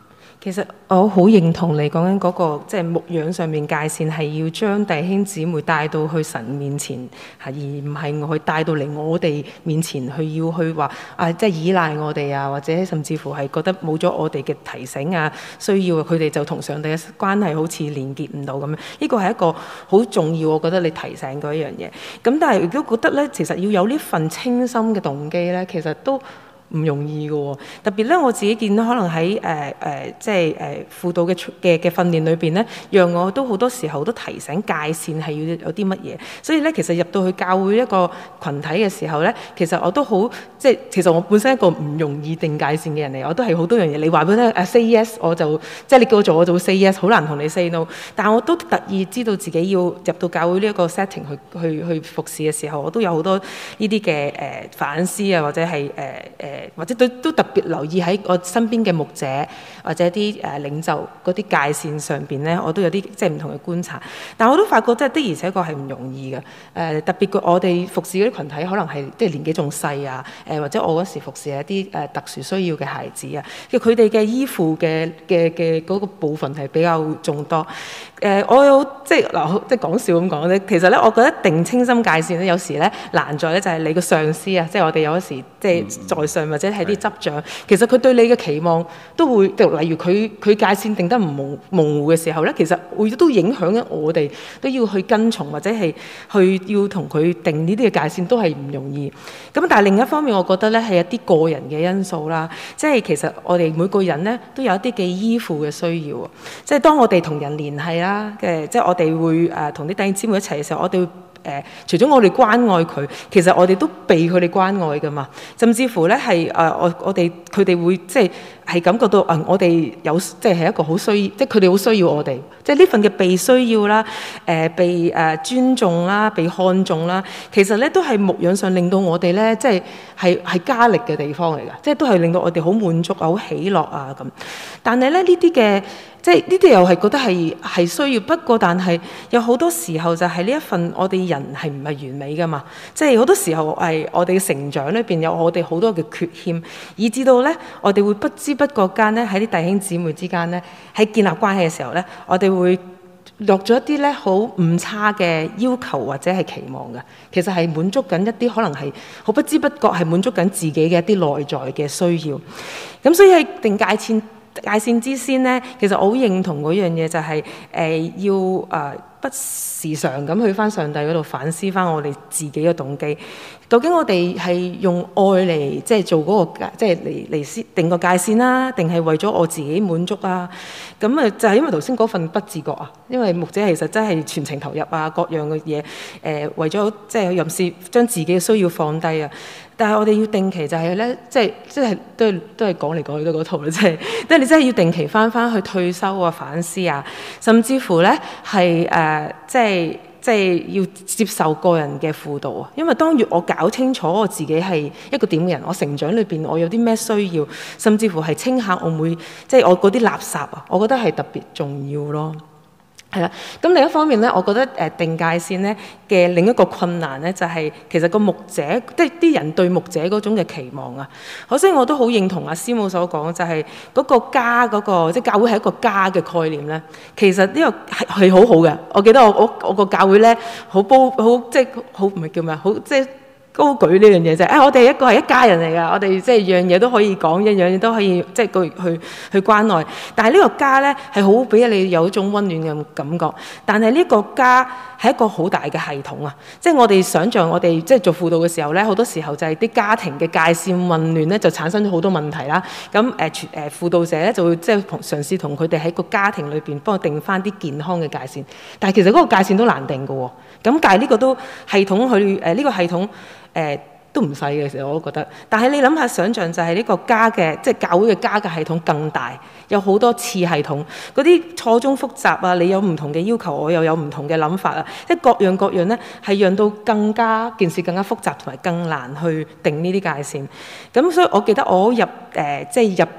其實我好認同你講緊嗰個，即係牧養上面界線，係要將弟兄姊妹帶到去神面前，係而唔係我去帶到嚟我哋面前去，要去話啊，即係依賴我哋啊，或者甚至乎係覺得冇咗我哋嘅提醒啊，需要佢哋就同上帝嘅關係好似連結唔到咁樣。呢個係一個好重要，我覺得你提醒嗰一樣嘢。咁但係都覺得咧，其實要有呢份清心嘅動機咧，其實都。唔容易嘅喎、哦，特別咧我自己見到，可能喺誒誒，即係誒、呃、輔導嘅嘅嘅訓練裏邊咧，讓我都好多時候都提醒界線係要有啲乜嘢。所以咧，其實入到去教會一個群體嘅時候咧，其實我都好即係，其實我本身一個唔容易定界線嘅人嚟，我都係好多樣嘢。你話俾我聽誒、啊、say yes 我就即係你叫我做，我做 say yes 好難同你 say no。但係我都特意知道自己要入到教會呢一個 setting 去去去，去服侍嘅時候，我都有好多呢啲嘅誒反思啊，或者係誒誒。呃呃呃或者都都特別留意喺我身邊嘅牧者或者啲誒、呃、領袖嗰啲界線上邊咧，我都有啲即係唔同嘅觀察。但我都發覺即係的而且確係唔容易嘅。誒、呃、特別我哋服侍嗰啲群體，可能係即係年紀仲細啊。誒、呃、或者我嗰時服侍一啲誒、呃、特殊需要嘅孩子啊，即佢哋嘅依附嘅嘅嘅嗰個部分係比較眾多。誒、呃，我有即係嗱，即係講笑咁講咧。其實咧，我覺得定清心界線咧，有時咧難在咧就係你個上司啊，即係我哋有時即係在上或者係啲執長，的其實佢對你嘅期望都會，例如佢佢界線定得唔矇模糊嘅時候咧，其實會都影響緊我哋都要去跟從或者係去要同佢定呢啲嘅界線都係唔容易。咁但係另一方面，我覺得咧係一啲個人嘅因素啦，即係其實我哋每個人咧都有一啲嘅依附嘅需要，即係當我哋同人聯繫啊。嘅、啊、即係我哋會誒同啲弟兄姊妹一齊嘅時候，我哋會誒、呃、除咗我哋關愛佢，其實我哋都被佢哋關愛噶嘛。甚至乎咧係誒我我哋佢哋會即係係感覺到啊、呃，我哋有即係係一個好需要，即係佢哋好需要我哋。即係呢份嘅被需要啦，誒、呃、被誒尊重啦，被看重啦，其實咧都係牧養上令到我哋咧即係係係加力嘅地方嚟噶，即係都係令到我哋好滿足啊，好喜樂啊咁。但係咧呢啲嘅。即係呢啲又係覺得係係需要，不過但係有好多時候就係呢一份我哋人係唔係完美㗎嘛？即係好多時候誒，我哋嘅成長裏邊有我哋好多嘅缺欠，以至到咧我哋會不知不覺間咧喺啲弟兄姊妹之間咧，喺建立關係嘅時候咧，我哋會落咗一啲咧好唔差嘅要求或者係期望嘅。其實係滿足緊一啲可能係好不知不覺係滿足緊自己嘅一啲內在嘅需要。咁所以喺定界線。界線之先咧，其實我好認同嗰樣嘢，就是，就係誒要誒、呃、不時常咁去翻上帝嗰度反思翻我哋自己嘅動機。究竟我哋係用愛嚟即係做嗰個界，即係嚟嚟先定個界線啦，啊，定係為咗我自己滿足啊？咁啊，就係因為頭先嗰份不自覺啊，因為牧者其實真係全程投入啊，各樣嘅嘢誒為咗即係任事，將自己嘅需要放低啊。但係我哋要定期就係咧，即係即係都係都係講嚟講去都嗰套啦，即係，即係你真係要定期翻翻去退修啊反思啊，甚至乎咧係誒，即係即係要接受個人嘅輔導啊，因為當月我搞清楚我自己係一個點嘅人，我成長裏邊我有啲咩需要，甚至乎係清下我唔每即係我嗰啲垃圾啊，我覺得係特別重要咯。係啦，咁、嗯、另一方面咧，我覺得誒、呃、定界線咧嘅另一個困難咧，就係、是、其實個牧者，即係啲人對牧者嗰種嘅期望啊。可惜我都好認同阿師母所講，就係、是、嗰個家嗰、那個，即係教會係一個家嘅概念咧。其實呢個係係好好嘅。我記得我我我個教會咧，好煲好，即係好唔係叫咩啊？好即係。高舉呢樣嘢就係、是，誒、哎、我哋一個係一家人嚟㗎，我哋即係樣嘢都可以講，一樣嘢都可以即係、就是、去去去關愛。但係呢個家呢，係好俾你有一種溫暖嘅感覺。但係呢個家係一個好大嘅系統啊，即係我哋想像我哋即係做輔導嘅時候呢，好多時候就係啲家庭嘅界線混亂呢，就產生咗好多問題啦。咁誒誒輔導者呢，就會即係嘗試同佢哋喺個家庭裏邊幫佢定翻啲健康嘅界線。但係其實嗰個界線都難定㗎喎。咁但係呢個都系統去誒呢個系統。呃這個系統誒、嗯、都唔細嘅，時候我都覺得。但係你諗下，想像就係呢個家嘅，即係教會嘅家嘅系統更大，有好多次系統，嗰啲錯綜複雜啊！你有唔同嘅要求，我又有唔同嘅諗法啊！即係各樣各樣呢，係讓到更加件事更加複雜同埋更難去定呢啲界線。咁、嗯、所以我記得我入誒、呃，即係入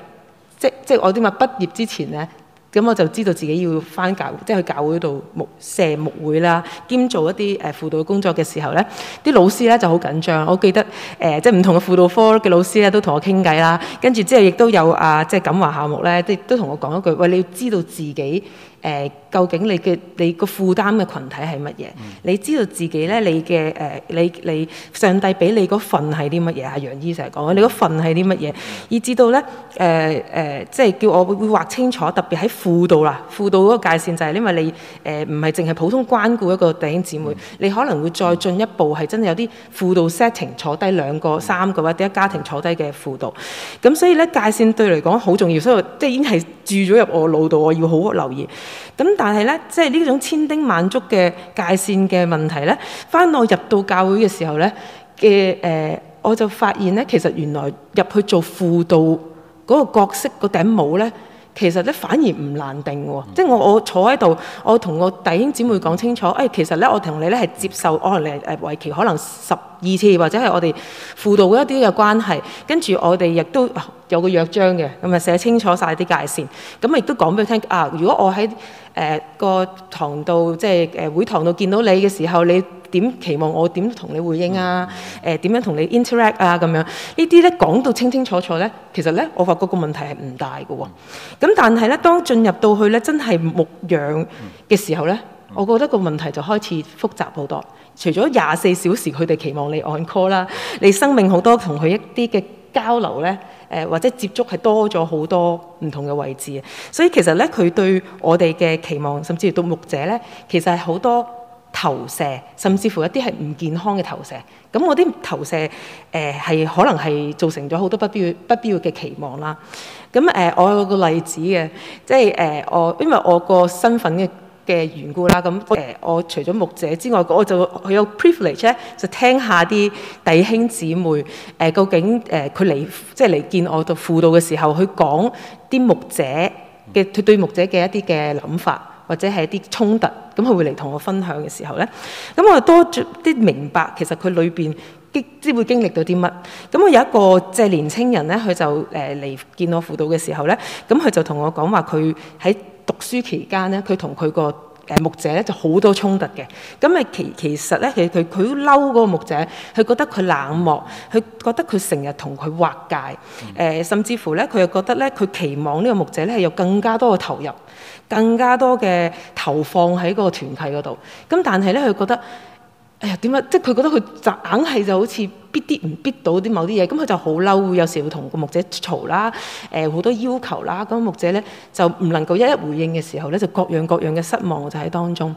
即即係我點講畢業之前呢。咁我就知道自己要返教，即係去教會度牧社牧會啦，兼做一啲誒輔導工作嘅時候咧，啲老師咧就好緊張。我記得誒，即係唔同嘅輔導科嘅老師咧，都同我傾偈啦。跟住之後，亦都有啊，即係錦華校牧咧，都都同我講一句，喂，你要知道自己。誒、呃，究竟你嘅你個負擔嘅群體係乜嘢？嗯、你知道自己咧，你嘅誒、呃，你你上帝俾你嗰份係啲乜嘢？阿楊醫生成日講，你嗰份係啲乜嘢？以至到咧誒誒，即係叫我會畫清楚，特別喺輔導啦，輔導嗰個界線就係因為你誒唔係淨係普通關顧一個弟兄姊妹，嗯、你可能會再進一步係真係有啲輔導 setting 坐低兩個、三個或者一家庭坐低嘅輔導。咁所以咧界線對嚟講好重要，所以即係已經係住咗入我腦度，我要好好留意。咁但係呢，即係呢種千叮萬囑嘅界線嘅問題呢，返我入到教會嘅時候呢、呃，我就發現呢，其實原來入去做輔導嗰個角色嗰頂、那個、帽呢。其實咧反而唔難定喎、哦，即係我我坐喺度，我同我弟兄姊妹講清楚，誒、哎、其實咧我同你咧係接受可能你係誒為期可能十二次或者係我哋輔導一啲嘅關係，跟住我哋亦都、啊、有個約章嘅，咁、嗯、啊寫清楚晒啲界線，咁、嗯、亦都講俾佢聽，啊如果我喺誒、呃、個堂度即係誒、呃、會堂度見到你嘅時候你，點期望我點同你回應、嗯呃、你啊？誒點樣同你 interact 啊？咁樣呢啲咧講到清清楚楚咧，其實咧我發覺個問題係唔大嘅喎、哦。咁但係咧，當進入到去咧，真係牧養嘅時候咧，嗯嗯、我覺得個問題就開始複雜好多。除咗廿四小時佢哋期望你按 call 啦，你生命好多同佢一啲嘅交流咧，誒、呃、或者接觸係多咗好多唔同嘅位置啊。所以其實咧，佢對我哋嘅期望，甚至到牧者咧，其實係好多。投射，甚至乎一啲係唔健康嘅投射。咁我啲投射，誒、呃、係可能係造成咗好多不必要、不必要嘅期望啦。咁誒、呃，我有個例子嘅，即係誒我因為我個身份嘅嘅緣故啦，咁誒、呃、我除咗牧者之外，我就有 privilege 咧，就聽下啲弟兄姊妹誒、呃、究竟誒佢嚟即係嚟見我度輔導嘅時候，佢講啲牧者嘅佢對牧者嘅一啲嘅諗法。或者係一啲衝突，咁佢會嚟同我分享嘅時候咧，咁我就多啲明白其實佢裏邊經即係會經歷到啲乜。咁我有一個即係、就是、年青人咧，佢就誒嚟、呃、見我輔導嘅時候咧，咁佢就同我講話佢喺讀書期間咧，佢同佢個誒牧者呢就好多衝突嘅。咁啊其其實咧，其實佢佢都嬲嗰個牧者，佢覺得佢冷漠，佢覺得佢成日同佢劃界，誒、嗯呃、甚至乎咧佢又覺得咧佢期望個呢個牧者咧係有更加多嘅投入。更加多嘅投放喺個團契嗰度，咁但係咧，佢覺得，哎呀點解？即係佢覺得佢硬係就好似逼啲唔逼到啲某啲嘢，咁佢就好嬲，有時會同、呃個牧者嘈啦，誒好多要求啦，咁牧者咧就唔能夠一一回應嘅時候咧，就各樣各樣嘅失望就喺當中。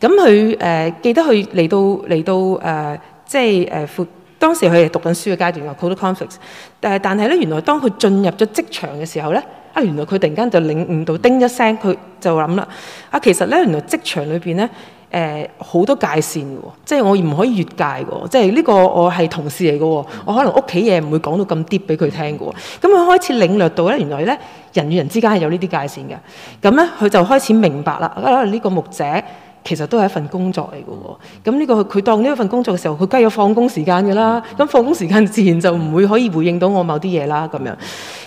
咁佢誒記得佢嚟到嚟到誒、呃，即係誒、呃，當時佢係讀緊書嘅階段，有、呃、好多 conflict、呃。誒，但係咧，原來當佢進入咗職場嘅時候咧。啊！原來佢突然間就領悟到叮一聲，佢就諗啦：啊，其實咧，原來職場裏邊咧，誒、呃、好多界線嘅喎，即係我唔可以越界嘅喎，即係呢個我係同事嚟嘅喎，我可能屋企嘢唔會講到咁啲俾佢聽嘅喎。咁佢開始領略到咧，原來咧人與人之間係有呢啲界線嘅。咁咧，佢就開始明白啦。啊，呢、這個牧者其實都係一份工作嚟嘅喎。咁呢個佢當呢一份工作嘅時候，佢梗係有、啊啊、放工時間嘅啦。咁放工時間自然就唔會可以回應到我某啲嘢啦。咁樣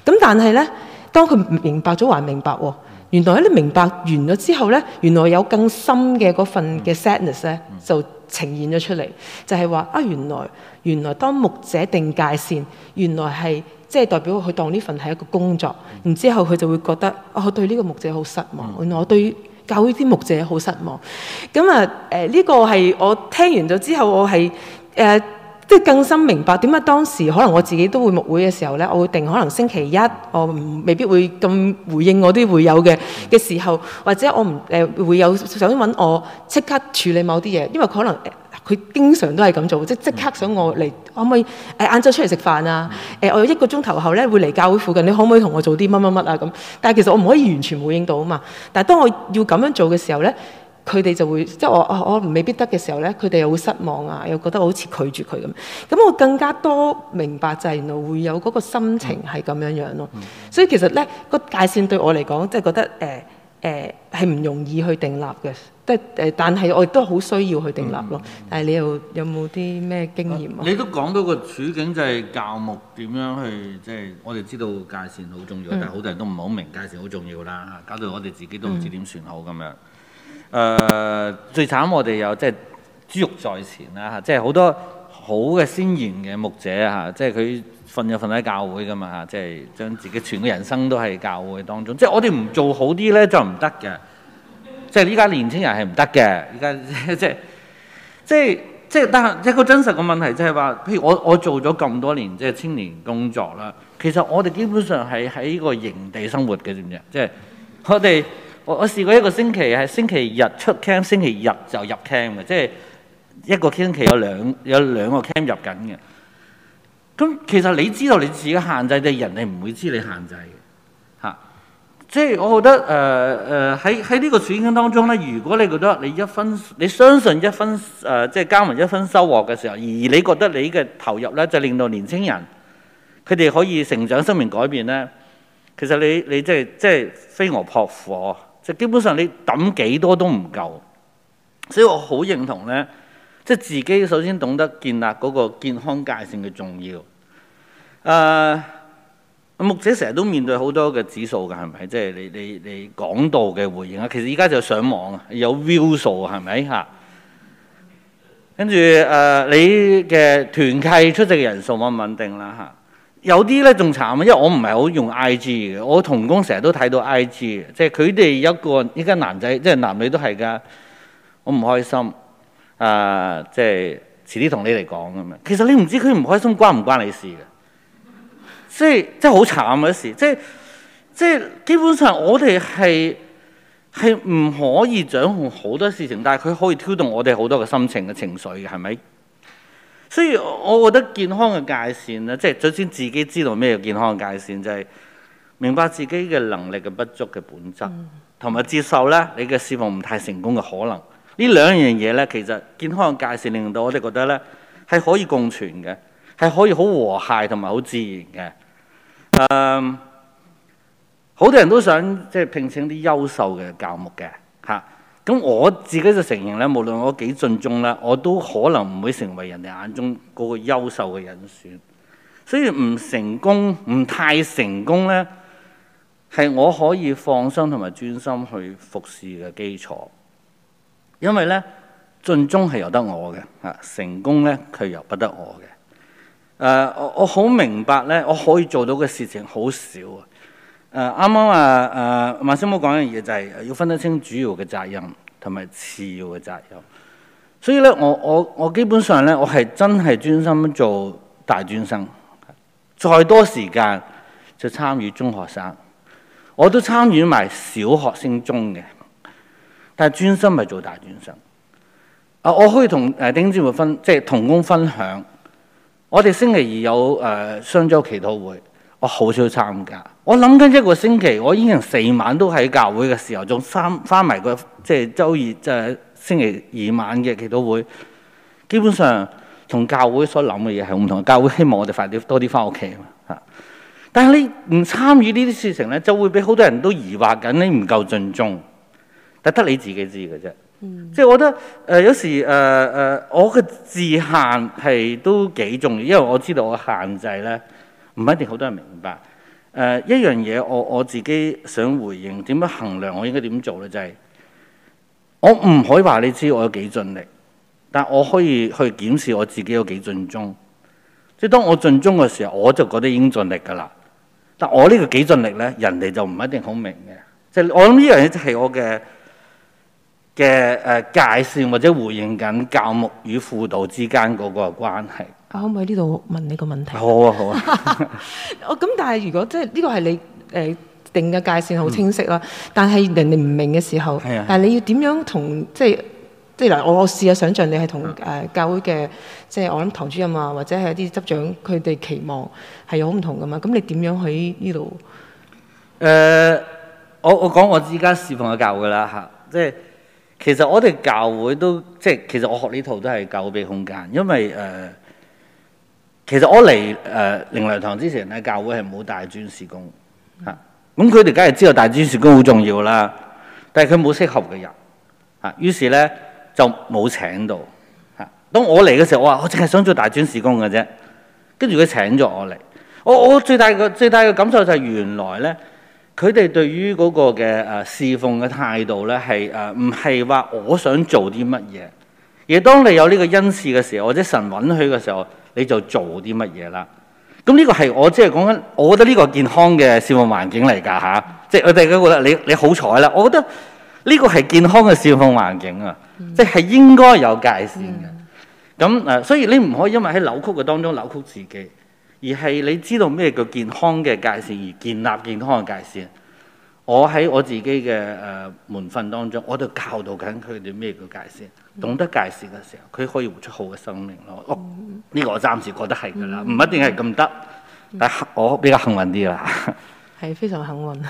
咁，但係咧。當佢明白咗，還明白喎。原來你明白完咗之後呢，原來有更深嘅嗰份嘅 sadness 呢，就呈現咗出嚟。就係、是、話啊，原來原來當牧者定界線，原來係即係代表佢當呢份係一個工作。然之後佢就會覺得，哦、我對呢個牧者好失望。原來我對教會啲牧者好失望。咁啊，誒、呃、呢、這個係我聽完咗之後，我係誒。呃即係更深明白點解當時可能我自己都會木會嘅時候咧，我會定可能星期一，我未必會咁回應我啲會友嘅嘅時候，或者我唔誒、呃、會友想揾我即刻處理某啲嘢，因為可能佢、呃、經常都係咁做，即係即刻想我嚟可唔可以誒晏晝出嚟食飯啊？誒、呃、我有一個鐘頭後咧會嚟教會附近，你可唔可以同我做啲乜乜乜啊？咁但係其實我唔可以完全回應到啊嘛。但係當我要咁樣做嘅時候咧。佢哋就會即係我我我未必得嘅時候咧，佢哋又會失望啊，又覺得我好似拒絕佢咁。咁我更加多明白就係原來會有嗰個心情係咁樣樣咯。嗯、所以其實咧、個界線對我嚟講，即、就、係、是、覺得誒誒係唔容易去定立嘅，即係誒，但係我亦都好需要去定立咯。嗯、但係你又有冇啲咩經驗、嗯、你都講到個處境就係教牧點樣去即係、就是、我哋知道界線好重要，嗯、但係好多人都唔好明界線好重要啦，搞到我哋自己都唔知點算好咁樣。嗯嗯誒、呃、最慘我，我哋有即係豬肉在前啦吓，即係好多好嘅先賢嘅牧者吓，即係佢瞓就瞓、是、喺教會㗎嘛吓，即係將自己全個人生都係教會當中，即、就、係、是、我哋唔做好啲咧就唔得嘅，即係依家年輕人係唔得嘅，依家即係即係即係但係一個真實嘅問題即係話，譬如我我做咗咁多年即係青年工作啦，其實我哋基本上係喺個營地生活嘅，知唔知？即、就、係、是、我哋。我我試過一個星期係星期日出 camp，星期日就入 camp 嘅，即係一個星期有兩有兩個 camp 入緊嘅。咁其實你知道你自己限制嘅人你唔會知你限制嘅嚇、啊。即係我覺得誒誒喺喺呢個處境當中咧，如果你覺得你一分你相信一分誒、呃，即係加埋一分收穫嘅時候，而你覺得你嘅投入咧就令到年青人佢哋可以成長、生命改變咧，其實你你即係即係飛蛾撲火。就基本上你揼幾多都唔夠，所以我好認同呢，即係自己首先懂得建立嗰個健康界線嘅重要。誒、呃，牧者成日都面對好多嘅指數㗎係咪？即係、就是、你你你講道嘅回應啊，其實依家就上網啊，有 view 數係咪嚇？跟住誒，你嘅團契出席嘅人數穩唔穩定啦嚇？有啲咧仲慘啊，因為我唔係好用 IG 嘅，我同工成日都睇到 IG，即係佢哋一個依家男仔，即係男女都係噶，我唔開心啊！即、呃、係、即係、遲啲同你嚟講咁啊，其實你唔知佢唔開心關唔關你事嘅，即係即係好慘嘅事，即係即係基本上我哋係係唔可以掌控好多事情，但係佢可以挑動我哋好多嘅心情嘅情緒嘅，係咪？所以，我覺得健康嘅界線咧，即係首先自己知道咩叫健康嘅界線，就係、是、明白自己嘅能力嘅不足嘅本質，同埋接受咧你嘅事務唔太成功嘅可能。呢兩樣嘢咧，其實健康嘅界線令到我哋覺得咧係可以共存嘅，係可以好和諧同埋好自然嘅。誒、uh，好多人都想即係聘請啲優秀嘅教牧嘅嚇。咁我自己就承認咧，無論我幾盡忠啦，我都可能唔會成為人哋眼中嗰個優秀嘅人選。所以唔成功、唔太成功咧，係我可以放心同埋專心去服侍嘅基礎。因為咧，盡忠係由得我嘅，啊，成功咧佢由不得我嘅。誒、呃，我我好明白咧，我可以做到嘅事情好少啊。誒啱啱啊！誒萬先生講一樣嘢，就係要分得清主要嘅責任同埋次要嘅責任。所以咧，我我我基本上咧，我係真係專心做大專生，再多時間就參與中學生，我都參與埋小學升中嘅，但係專心咪做大專生啊、呃！我可以同誒頂尖會分即係同工分享。我哋星期二有誒、呃、雙週祈禱會，我好少參加。我諗緊一個星期，我已經成四晚都喺教會嘅時候，仲翻翻埋個即係週二即係星期二晚嘅祈禱會，基本上同教會所諗嘅嘢係唔同。教會希望我哋快啲多啲翻屋企啊！但係你唔參與呢啲事情咧，就會俾好多人都疑惑緊，你唔夠盡忠。但得你自己知嘅啫。即係、嗯、我覺得誒有時誒誒、呃呃，我嘅自限係都幾重要，因為我知道我限制咧，唔一定好多人明白。誒、呃、一樣嘢，我我自己想回應點樣衡量我應該點做呢？就係、是、我唔可以話你知我有幾盡力，但我可以去檢視我自己有幾盡忠。即係當我盡忠嘅時候，我就覺得已經盡力㗎喇。但我呢個幾盡力呢，人哋就唔一定好明嘅。即係我諗呢樣嘢就係我嘅嘅誒界線或者回應緊教牧與輔導之間嗰個關係。啊！可唔可以呢度問你個問題？好啊，好啊。我咁，但係如果即係呢個係你誒定嘅界線好清晰啦。嗯、但係人哋唔明嘅時候，係啊，但係你要點樣同即係即係嗱？啊、我我試下想像你係同誒教會嘅，即係我諗堂主任啊，或者係一啲執長，佢哋期望係有好唔同噶嘛。咁你點樣喺呢度？誒、嗯，我我講我依家侍奉嘅教會噶啦嚇，即係其實我哋教會都即係其實我學呢套都係教會嘅空間，因為誒。呃其實我嚟誒靈糧堂之前咧，教會係冇大專事工嚇。咁佢哋梗係知道大專事工好重要啦，但係佢冇適合嘅人嚇。於是咧就冇請到嚇。當我嚟嘅時候，我話我淨係想做大專事工嘅啫。跟住佢請咗我嚟。我我最大嘅最大嘅感受就係原來咧，佢哋對於嗰個嘅誒侍奉嘅態度咧係誒唔係話我想做啲乜嘢。嘢，當你有呢個恩賜嘅時候，或者神允許嘅時候，你就做啲乜嘢啦。咁呢個係我即係講緊，我覺得呢個健康嘅笑控環境嚟㗎吓，即係我哋覺得你你好彩啦。我覺得呢個係健康嘅笑控環境啊，即係、嗯、應該有界線嘅。咁誒、嗯呃，所以你唔可以因為喺扭曲嘅當中扭曲自己，而係你知道咩叫健康嘅界線，而建立健康嘅界線。我喺我自己嘅誒、呃、門訓當中，我就教導緊佢哋咩叫界線。懂得介事嘅時候，佢可以活出好嘅生命咯。呢、哦嗯、個我暫時覺得係㗎啦，唔、嗯、一定係咁得，嗯、但係我比較幸運啲啦。係非常幸運。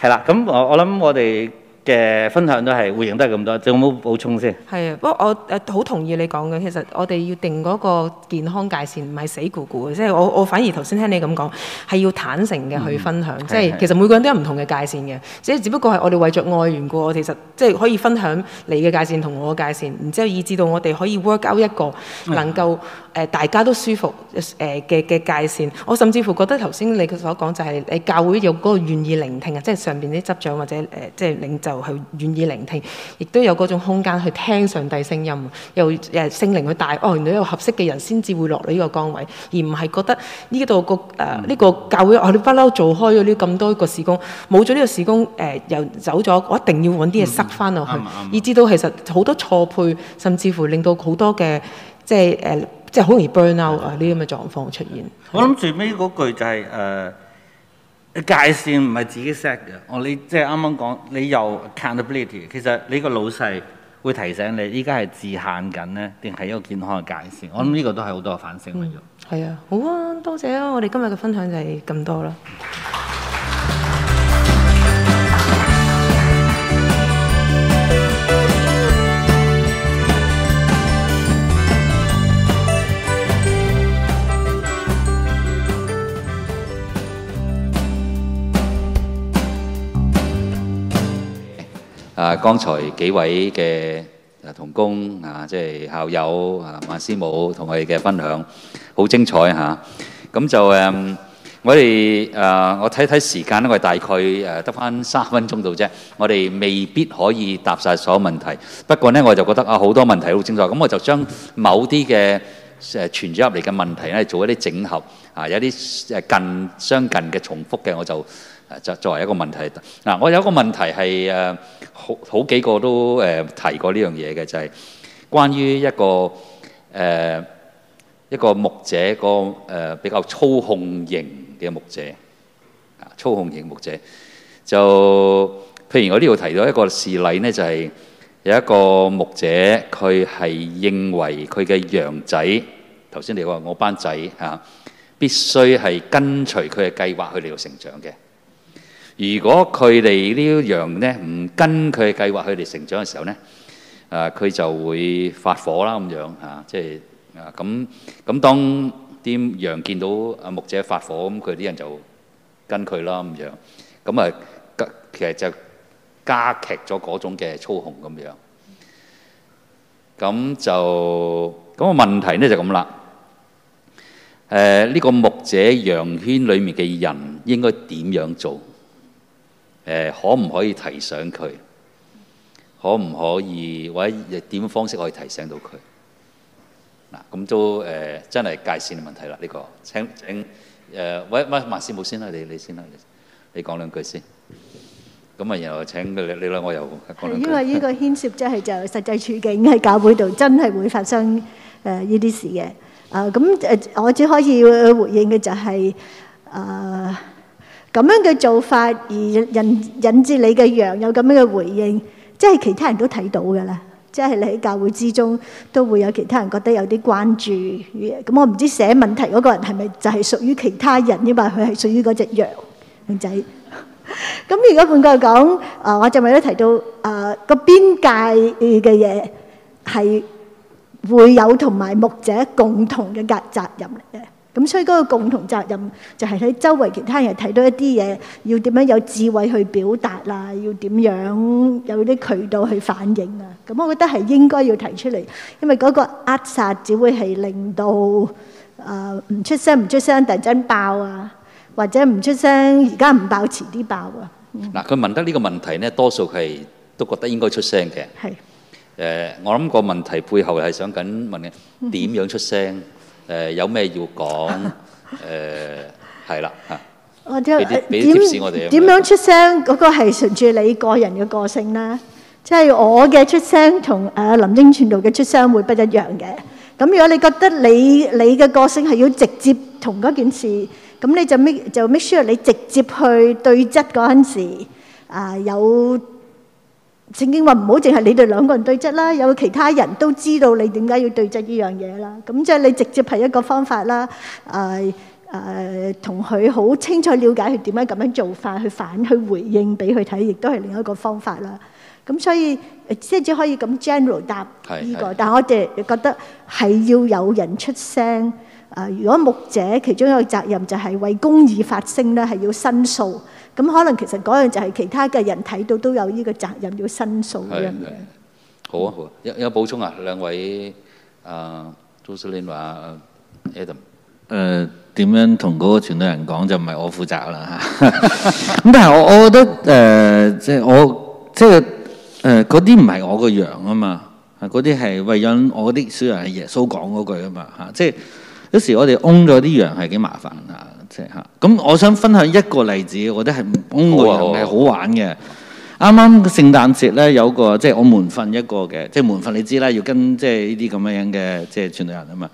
係啦，咁我我諗我哋。嘅分享都係回應都係咁多，有冇補充先？係啊，不過我誒好同意你講嘅，其實我哋要定嗰個健康界線唔係死咕咕嘅，即係我我反而頭先聽你咁講，係要坦誠嘅去分享，嗯、即係其實每個人都有唔同嘅界線嘅，即係只不過係我哋為著愛緣故，我其實即係可以分享你嘅界線同我嘅界線，然之後以至到我哋可以 work out 一個能夠誒大家都舒服誒嘅嘅界線，我甚至乎覺得頭先你所講就係、是、你教會有嗰個願意聆聽啊，即係上邊啲執長或者誒、呃、即係領袖。又係願意聆聽，亦都有嗰種空間去聽上帝聲音，又誒聖靈去帶哦，原來有合適嘅人先至會落嚟呢個崗位，而唔係覺得呢度個誒呢個教會我哋不嬲做開咗呢咁多個事工，冇咗呢個事工誒、呃、又走咗，我一定要揾啲嘢塞翻落去，嗯、以至到其實好多錯配，甚至乎令到好多嘅即係誒、呃、即係好容易 burn out 啊呢啲咁嘅狀況出現。我諗最尾嗰句就係、是、誒。Uh 界線唔係自己 set 嘅，我你即係啱啱講你有 accountability，其實你個老細會提醒你，依家係自限緊呢，定係一個健康嘅界線？我諗呢個都係好多嘅反省嘅嘢。係、嗯、啊，好啊，多謝啊！我哋今日嘅分享就係咁多啦。 啊，剛才幾位嘅同工啊，即係校友啊、萬師母同我哋嘅分享，好精彩嚇！咁、啊、就誒、嗯，我哋誒、啊，我睇睇時間咧，我係大概誒得翻三分鐘到啫。我哋未必可以答晒所有問題，不過咧，我就覺得啊，好多問題好精彩。咁我就將某啲嘅誒傳咗入嚟嘅問題咧，做一啲整合啊，有啲誒近相近嘅重複嘅，我就。作作為一個問題嗱，我有一個問題係誒，好好幾個都誒、呃、提過呢樣嘢嘅，就係、是、關於一個誒、呃、一個牧者個誒、呃、比較操控型嘅牧者啊，操控型牧者就譬如我呢度提到一個事例呢就係、是、有一個牧者佢係認為佢嘅羊仔頭先你話我班仔啊，必須係跟隨佢嘅計劃去嚟到成長嘅。如果佢哋呢羊呢唔跟佢嘅計劃，佢哋成長嘅時候呢，啊佢就會發火啦。咁樣啊，即係啊咁咁，當啲羊見到阿牧者發火，咁佢啲人就跟佢啦。咁樣咁啊，其實就加劇咗嗰種嘅操控咁樣。咁就咁個問題呢就咁啦。誒呢個牧者羊圈裏面嘅人應該點樣做？誒可唔可以提醒佢？可唔可以或者點方式可以提醒到佢？嗱，咁都誒真係界線嘅問題啦。呢個請請誒、呃，喂喂，萬師母先啦，你你先啦，你講兩句先。咁啊，然後請你你咧，我又講兩句。 因為呢個牽涉即係就實際處境喺教會度真係會發生誒呢啲事嘅。啊、uh,，咁誒我只可以回應嘅就係、是、啊。Uh, 咁樣嘅做法而引引引致你嘅羊有咁樣嘅回應，即係其他人都睇到㗎喇，即係你喺教會之中都會有其他人覺得有啲關注。咁我唔知寫問題嗰個人係咪就係屬於其他人，因為佢係屬於嗰隻羊仔。咁如果換句講，啊，我就咪都提到啊個邊界嘅嘢係會有同埋牧者共同嘅責責任嚟嘅。咁所以嗰個共同責任就係喺周圍其他人睇到一啲嘢，要點樣有智慧去表達啦？要點樣有啲渠道去反映啊？咁我覺得係應該要提出嚟，因為嗰個扼殺只會係令到誒唔出聲，唔出聲突然間爆啊，或者唔出聲而家唔爆，遲啲爆啊。嗱，佢問得呢個問題咧，多數係都覺得應該出聲嘅。係，誒，我諗個問題背後係想緊問你點樣出聲？誒有咩要講？誒係啦嚇，俾啲俾啲提示我哋啊。點樣出聲？嗰個係隨住你個人嘅個性啦。即係我嘅出聲同誒林英全導嘅出聲會不一樣嘅。咁如果你覺得你你嘅個性係要直接同嗰件事，咁你就 make 就 make sure 你直接去對質嗰陣時啊有。曾經話唔好，淨係你哋兩個人對質啦，有其他人都知道你點解要對質呢樣嘢啦。咁即係你直接係一個方法啦。誒誒，同佢好清楚瞭解佢點樣咁樣做法，去反去回應俾佢睇，亦都係另一個方法啦。咁所以即係只可以咁 general 答呢個。但係我哋覺得係要有人出聲。誒，如果牧者其中一個責任就係為公義發聲咧，係要申訴。咁可能其實嗰樣就係其他嘅人睇到都有呢個責任要申訴咁樣嘅。好啊好啊，有有補充啊？兩位啊，Jocelyn 話 Adam，誒點、呃、樣同嗰個傳道人講就唔係我負責啦嚇。咁 但係我我覺得誒、呃、即係我即係誒嗰啲唔係我個羊啊嘛，嗰啲係為允我啲小人係耶穌講嗰句嘛啊嘛嚇，即係有時我哋擁咗啲羊係幾麻煩啊。咁我想分享一個例子，我覺得係外人係好玩嘅。啱啱聖誕節咧有個即係、就是、我門訓一個嘅，即、就、係、是、門訓你知啦，要跟即係呢啲咁樣嘅即係傳道人啊嘛。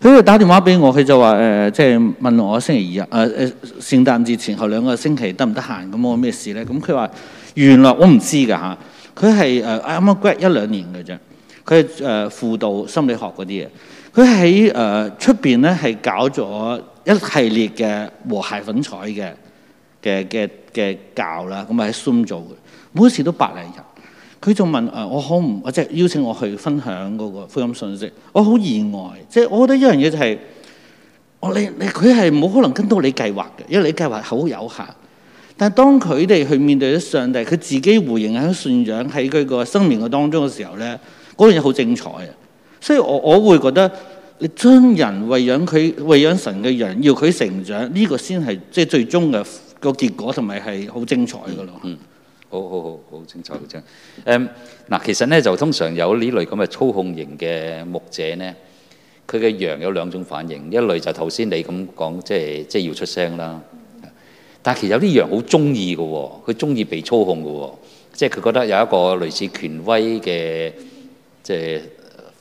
佢就打電話俾我，佢就話誒，即、呃、係、就是、問我星期二日誒誒、呃、聖誕節前後兩個星期得唔得閒，咁我咩事咧？咁佢話原來我唔知㗎吓，佢係誒啱啱 grad 一兩年嘅啫，佢誒輔導心理學嗰啲嘢，佢喺誒出邊咧係搞咗。一系列嘅和諧、粉彩嘅嘅嘅嘅教啦，咁啊喺 o o 蘇做嘅，每次都百零人。佢仲問誒：我可唔？即係邀請我去分享嗰個福音信息。我好意外，即、就、係、是、我覺得一樣嘢就係、是，我你你佢係冇可能跟到你計劃嘅，因為你計劃好有限。但係當佢哋去面對咗上帝，佢自己回應喺信仰喺佢個生命嘅當中嘅時候咧，嗰樣嘢好精彩啊！所以我我會覺得。你將人餵養佢餵養神嘅羊，要佢成長，呢、這個先係即係最終嘅個結果，同埋係好精彩噶咯、嗯。好好好好精彩，精彩嗱，um, 其實咧就通常有呢類咁嘅操控型嘅牧者咧，佢嘅羊有兩種反應，一類就頭先你咁講，即係即係要出聲啦。但係其實有啲羊好中意嘅喎，佢中意被操控嘅喎，即係佢覺得有一個類似權威嘅，即係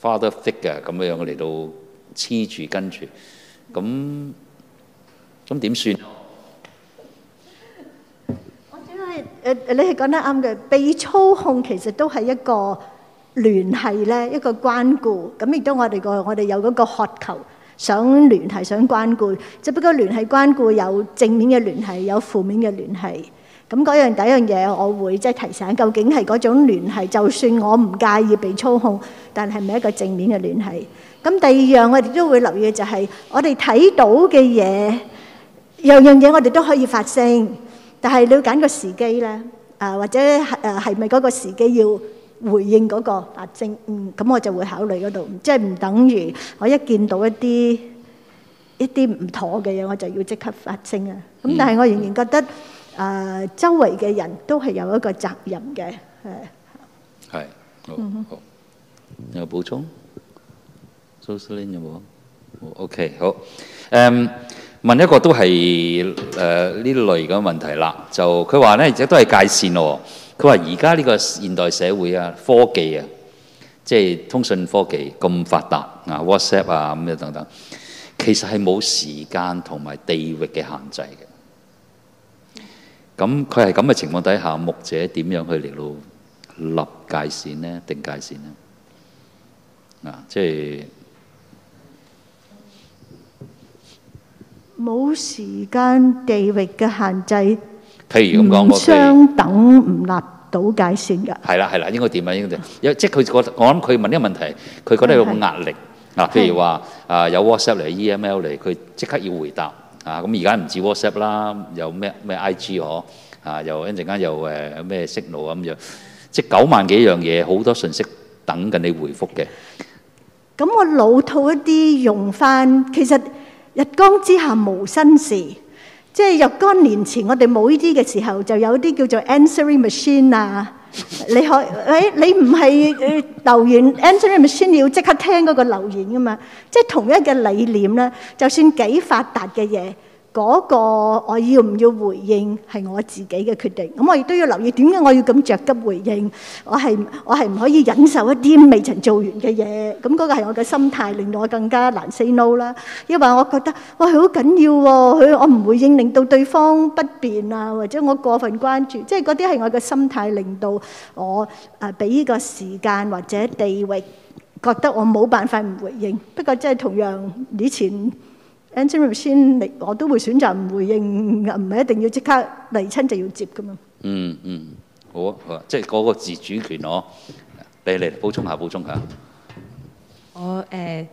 father figure 咁樣樣嚟到。黐住跟住，咁咁點算？我只係誒誒，你係講得啱嘅。被操控其實都係一個聯繫咧，一個關顧。咁亦都我哋個我哋有嗰個渴求，想聯繫，想關顧。只不過聯繫關顧有正面嘅聯繫，有負面嘅聯繫。咁嗰樣第一樣嘢，我會即係提醒，究竟係嗰種聯繫。就算我唔介意被操控，但係咪一個正面嘅聯繫？咁第二樣我哋都會留意嘅就係我哋睇到嘅嘢，有樣嘢我哋都可以發聲，但係你要揀個時機咧，啊或者誒係咪嗰個時機要回應嗰個發聲？嗯，咁我就會考慮嗰度，即係唔等於我一見到一啲一啲唔妥嘅嘢我就要即刻發聲啊！咁但係我仍然覺得誒，周圍嘅人都係有一個責任嘅，係。係，好好有補充。有冇？O K，好。誒、um，問一個都係誒呢類嘅問題啦。就佢話咧，亦都係界線咯，哦。佢話而家呢個現代社會啊，科技啊，即係通訊科技咁發達啊，WhatsApp 啊咁樣等等，其實係冇時間同埋地域嘅限制嘅。咁佢係咁嘅情況底下，牧者點樣去嚟到立界線呢？定界線呢？啊，即係。冇時間地域嘅限制，譬如咁講，唔相等，唔立到界線㗎。係啦，係啦，應該點啊？應該點，即係佢覺得，我諗佢問呢個問題，佢覺得有壓力啊。譬如話啊，有 WhatsApp 嚟，Email 嚟，佢即刻要回答啊。咁而家唔止 WhatsApp 啦，有咩咩 I G 呵啊，又一陣間又誒咩 Signal 啊咁樣，即係九萬幾樣嘢，好多信息等緊你回覆嘅。咁我老套一啲，用翻其實。日光之下無新事，即係若干年前我哋冇呢啲嘅時候，就有啲叫做 answering machine 啊。你可、哎，你你唔係留言 answering machine 你要即刻聽嗰個留言噶、啊、嘛？即係同一嘅理念啦、啊。就算幾發達嘅嘢。嗰個我要唔要回應係我自己嘅決定，咁我亦都要留意點解我要咁着急回應。我係我係唔可以忍受一啲未曾做完嘅嘢，咁嗰個係我嘅心態，令到我更加難 say no 啦。因為我覺得哇，好緊要喎，佢我唔回應，令到對方不便啊，或者我過分關注，即係嗰啲係我嘅心態，令到我啊俾呢個時間或者地域覺得我冇辦法唔回應。不過即係同樣以前。a n d r 我都會選擇唔回應，唔係一定要即刻嚟親就要接噶嘛。嗯嗯，好啊好啊，即係嗰個自主權囉。你嚟，補充下補充下。我誒。呃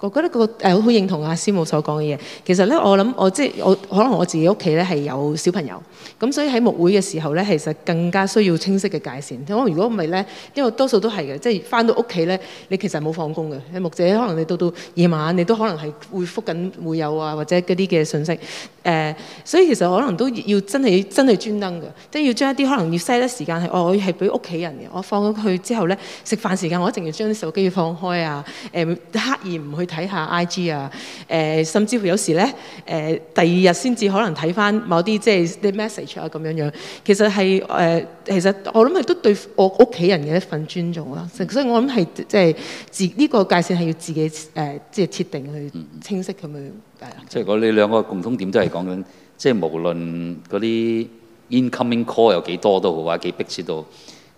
我覺得、個誒好認同阿師母所講嘅嘢。其實咧，我諗我即係我可能我自己屋企咧係有小朋友，咁所以喺牧會嘅時候咧，其實更加需要清晰嘅界線。可能如果唔係咧，因為多數都係嘅，即係翻到屋企咧，你其實冇放工嘅。牧者可能你到到夜晚，你都可能係會覆緊會友啊，或者嗰啲嘅信息。誒、呃，所以其實可能都要真係真係專登嘅，即係要將一啲可能要 set 得時間係、哦，我係俾屋企人嘅。我放咗佢之後咧，食飯時間我一定要將啲手機放開啊。誒、呃，刻意唔去。睇下 I G 啊、呃，誒，甚至乎有時咧，誒、呃，第二日先至可能睇翻某啲即係啲 message 啊，咁樣樣，其實係誒、呃、其實我諗係都對我屋企人嘅一份尊重啦。所以我，我諗係即係自呢個界線係要自己誒、呃、即係設定去清晰咁樣嘅。嗯、是是即係我哋兩個共通點都係講緊， 即係無論嗰啲 incoming call 有幾多都好話幾逼切到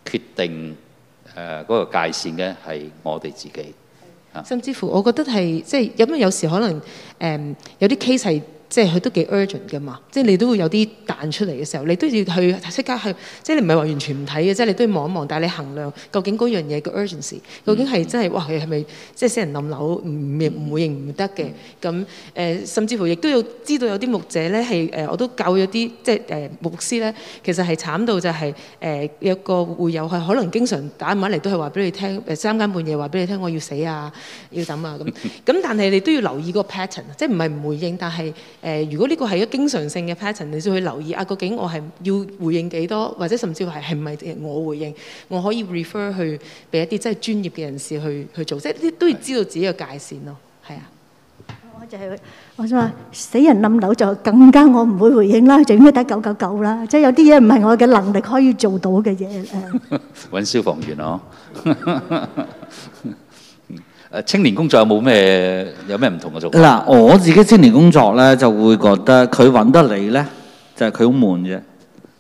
決定誒、呃那個界線嘅係我哋自己。甚至乎，我覺得係即係，因為有時可能誒有啲 case 係。即係佢都幾 urgent 噶嘛，即係你都會有啲彈出嚟嘅時候，你都要去即刻去，即係你唔係話完全唔睇嘅，即係你都要望一望，但係你衡量究竟嗰樣嘢嘅 urgency，究竟係真係哇係咪即係死人冧樓唔唔回應唔得嘅？咁誒、呃、甚至乎亦都要知道有啲牧者咧係誒我都教咗啲即係誒、呃、牧師咧，其實係慘到就係誒有個會友係可能經常打電話嚟都係話俾你聽誒、呃、三更半夜話俾你聽我要死啊要等啊咁，咁但係你都要留意個 pattern，即係唔係唔回應，但係。誒，如果呢個係一個經常性嘅 pattern，你就去留意啊，究竟我係要回應幾多，或者甚至乎係係唔係我回應，我可以 refer 去俾一啲真係專業嘅人士去去做，即係啲都要知道自己嘅界線咯，係啊。我就係我想話，死人冧樓就更加我唔會回應啦，就應該打999啦，即係有啲嘢唔係我嘅能力可以做到嘅嘢誒。揾消防員咯。誒，青年工作有冇咩有咩唔同嘅做法？嗱，我自己青年工作咧就會覺得佢揾得你咧，就係佢好悶嘅。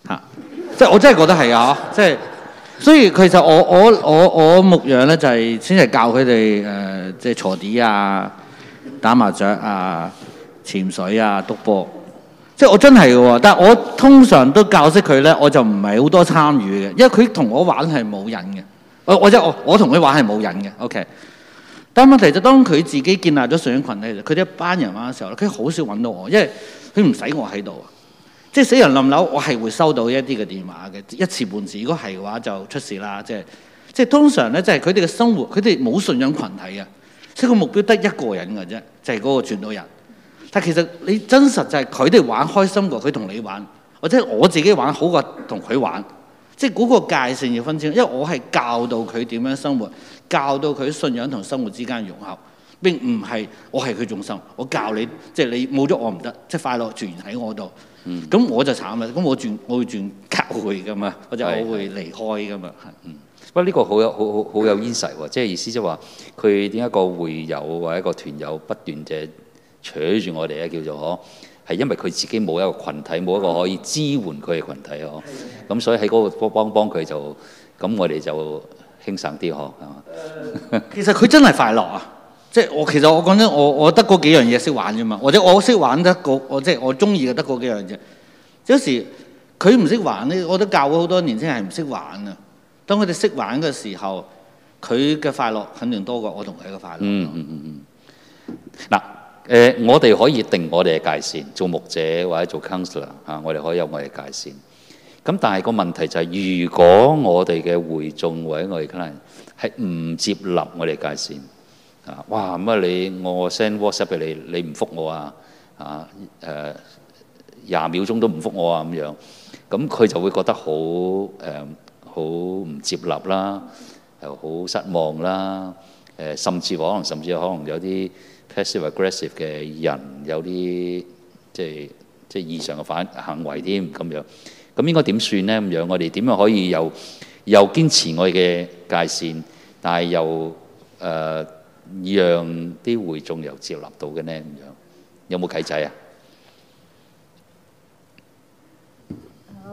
嚇、啊。 即係我真係覺得係啊，即係所以其實我我我我牧養咧就係先係教佢哋誒，即係坐地啊、打麻雀啊、潛水啊、篤波。即係我真係嘅喎，但係我通常都教識佢咧，我就唔係好多參與嘅，因為佢同我玩係冇癮嘅。我我即我我同佢玩係冇癮嘅。O、okay、K。但係問題就當佢自己建立咗信仰群體，佢哋一班人玩嘅時候咧，佢好少揾到我，因為佢唔使我喺度啊。即係死人冧樓，我係會收到一啲嘅電話嘅一次半次。如果係嘅話，就出事啦。即係即係通常咧，就係佢哋嘅生活，佢哋冇信仰群體啊，即係個目標得一個人嘅啫，就係、是、嗰個傳道人。但其實你真實就係佢哋玩開心過佢同你玩，或者我自己玩好過同佢玩。即係嗰個界線要分清，因為我係教導佢點樣生活。教到佢信仰同生活之間融合，並唔係我係佢重心，我教你，即係你冇咗我唔得，即係快樂全喺我度。嗯，咁我就慘啦，咁我轉，我會轉介佢噶嘛，我就是是我會離開噶嘛。嗯，不過呢個好有好好好有煙實喎，即係是的 意思即係話佢點解個會友或者個團友不斷就扯住我哋咧，叫做嗬，係因為佢自己冇一個群體，冇一個可以支援佢嘅群體嗬，咁所以喺嗰個幫幫佢就咁我哋就。輕省啲呵，係嘛？ 其實佢真係快樂啊！即係我其實我講真，我我得嗰幾樣嘢識玩啫嘛，或者我識玩得個，我即係我中意嘅得嗰幾樣啫。有時佢唔識玩咧，我都教教好多年輕人係唔識玩啊。當佢哋識玩嘅時候，佢嘅快樂肯定多過我同佢嘅快樂。嗯嗯嗯嗯。嗱、嗯，誒、嗯，我哋可以定我哋嘅界線，做牧者或者做 counselor 啊，我哋可以有我哋嘅界線。咁但係個問題就係、是，如果我哋嘅會眾或者我哋可能係唔接納我哋界線啊，哇！乜你我 send WhatsApp 俾你，你唔覆我啊啊誒廿、呃、秒鐘都唔覆我啊咁樣，咁佢就會覺得好誒好唔接納啦，又、啊、好失望啦誒、啊，甚至可能甚至可能有啲 passive aggressive 嘅人有啲即係即係異常嘅反行為添咁樣。咁應該點算呢？咁樣我哋點樣可以又又堅持我哋嘅界線，但係又誒讓啲會眾又接納到嘅呢？咁樣有冇啟仔啊？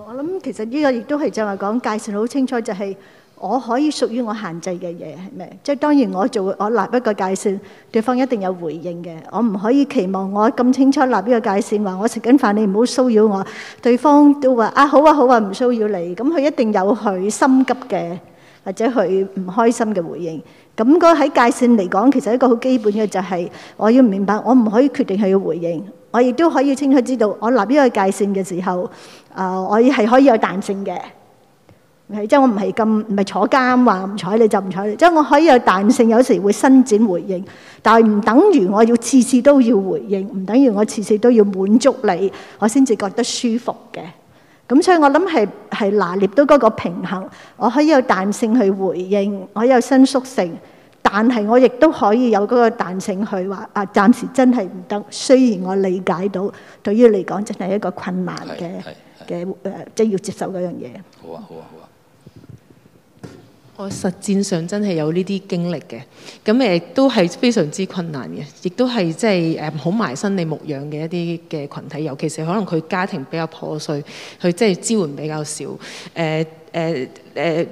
我諗其實呢個亦都係正話講界線好清楚，就係。我可以屬於我限制嘅嘢係咩？即係當然我做我立一個界線，對方一定有回應嘅。我唔可以期望我咁清楚立呢個界線，話我食緊飯，你唔好騷擾我。對方都話啊，好啊，好啊，唔騷擾你。咁佢一定有佢心急嘅或者佢唔開心嘅回應。咁嗰喺界線嚟講，其實一個好基本嘅就係我要明白，我唔可以決定佢要回應。我亦都可以清楚知道，我立呢個界線嘅時候，啊，我係可以有彈性嘅。係，即係我唔係咁，唔係坐監話唔睬你，就唔睬你。即係我可以有彈性，有時會伸展回應，但係唔等於我要次次都要回應，唔等於我次次都要滿足你，我先至覺得舒服嘅。咁所以我諗係係拿捏到嗰個平衡，我可以有彈性去回應，我有伸縮性，但係我亦都可以有嗰個彈性去話啊，暫時真係唔得。雖然我理解到，對於你講真係一個困難嘅嘅誒，即係要接受嗰樣嘢。好啊，好啊，好啊。我實戰上真係有呢啲經歷嘅，咁誒、呃、都係非常之困難嘅，亦都係即係好埋身你牧養嘅一啲嘅羣體，尤其是可能佢家庭比較破碎，佢即係支援比較少，誒、呃呃呃、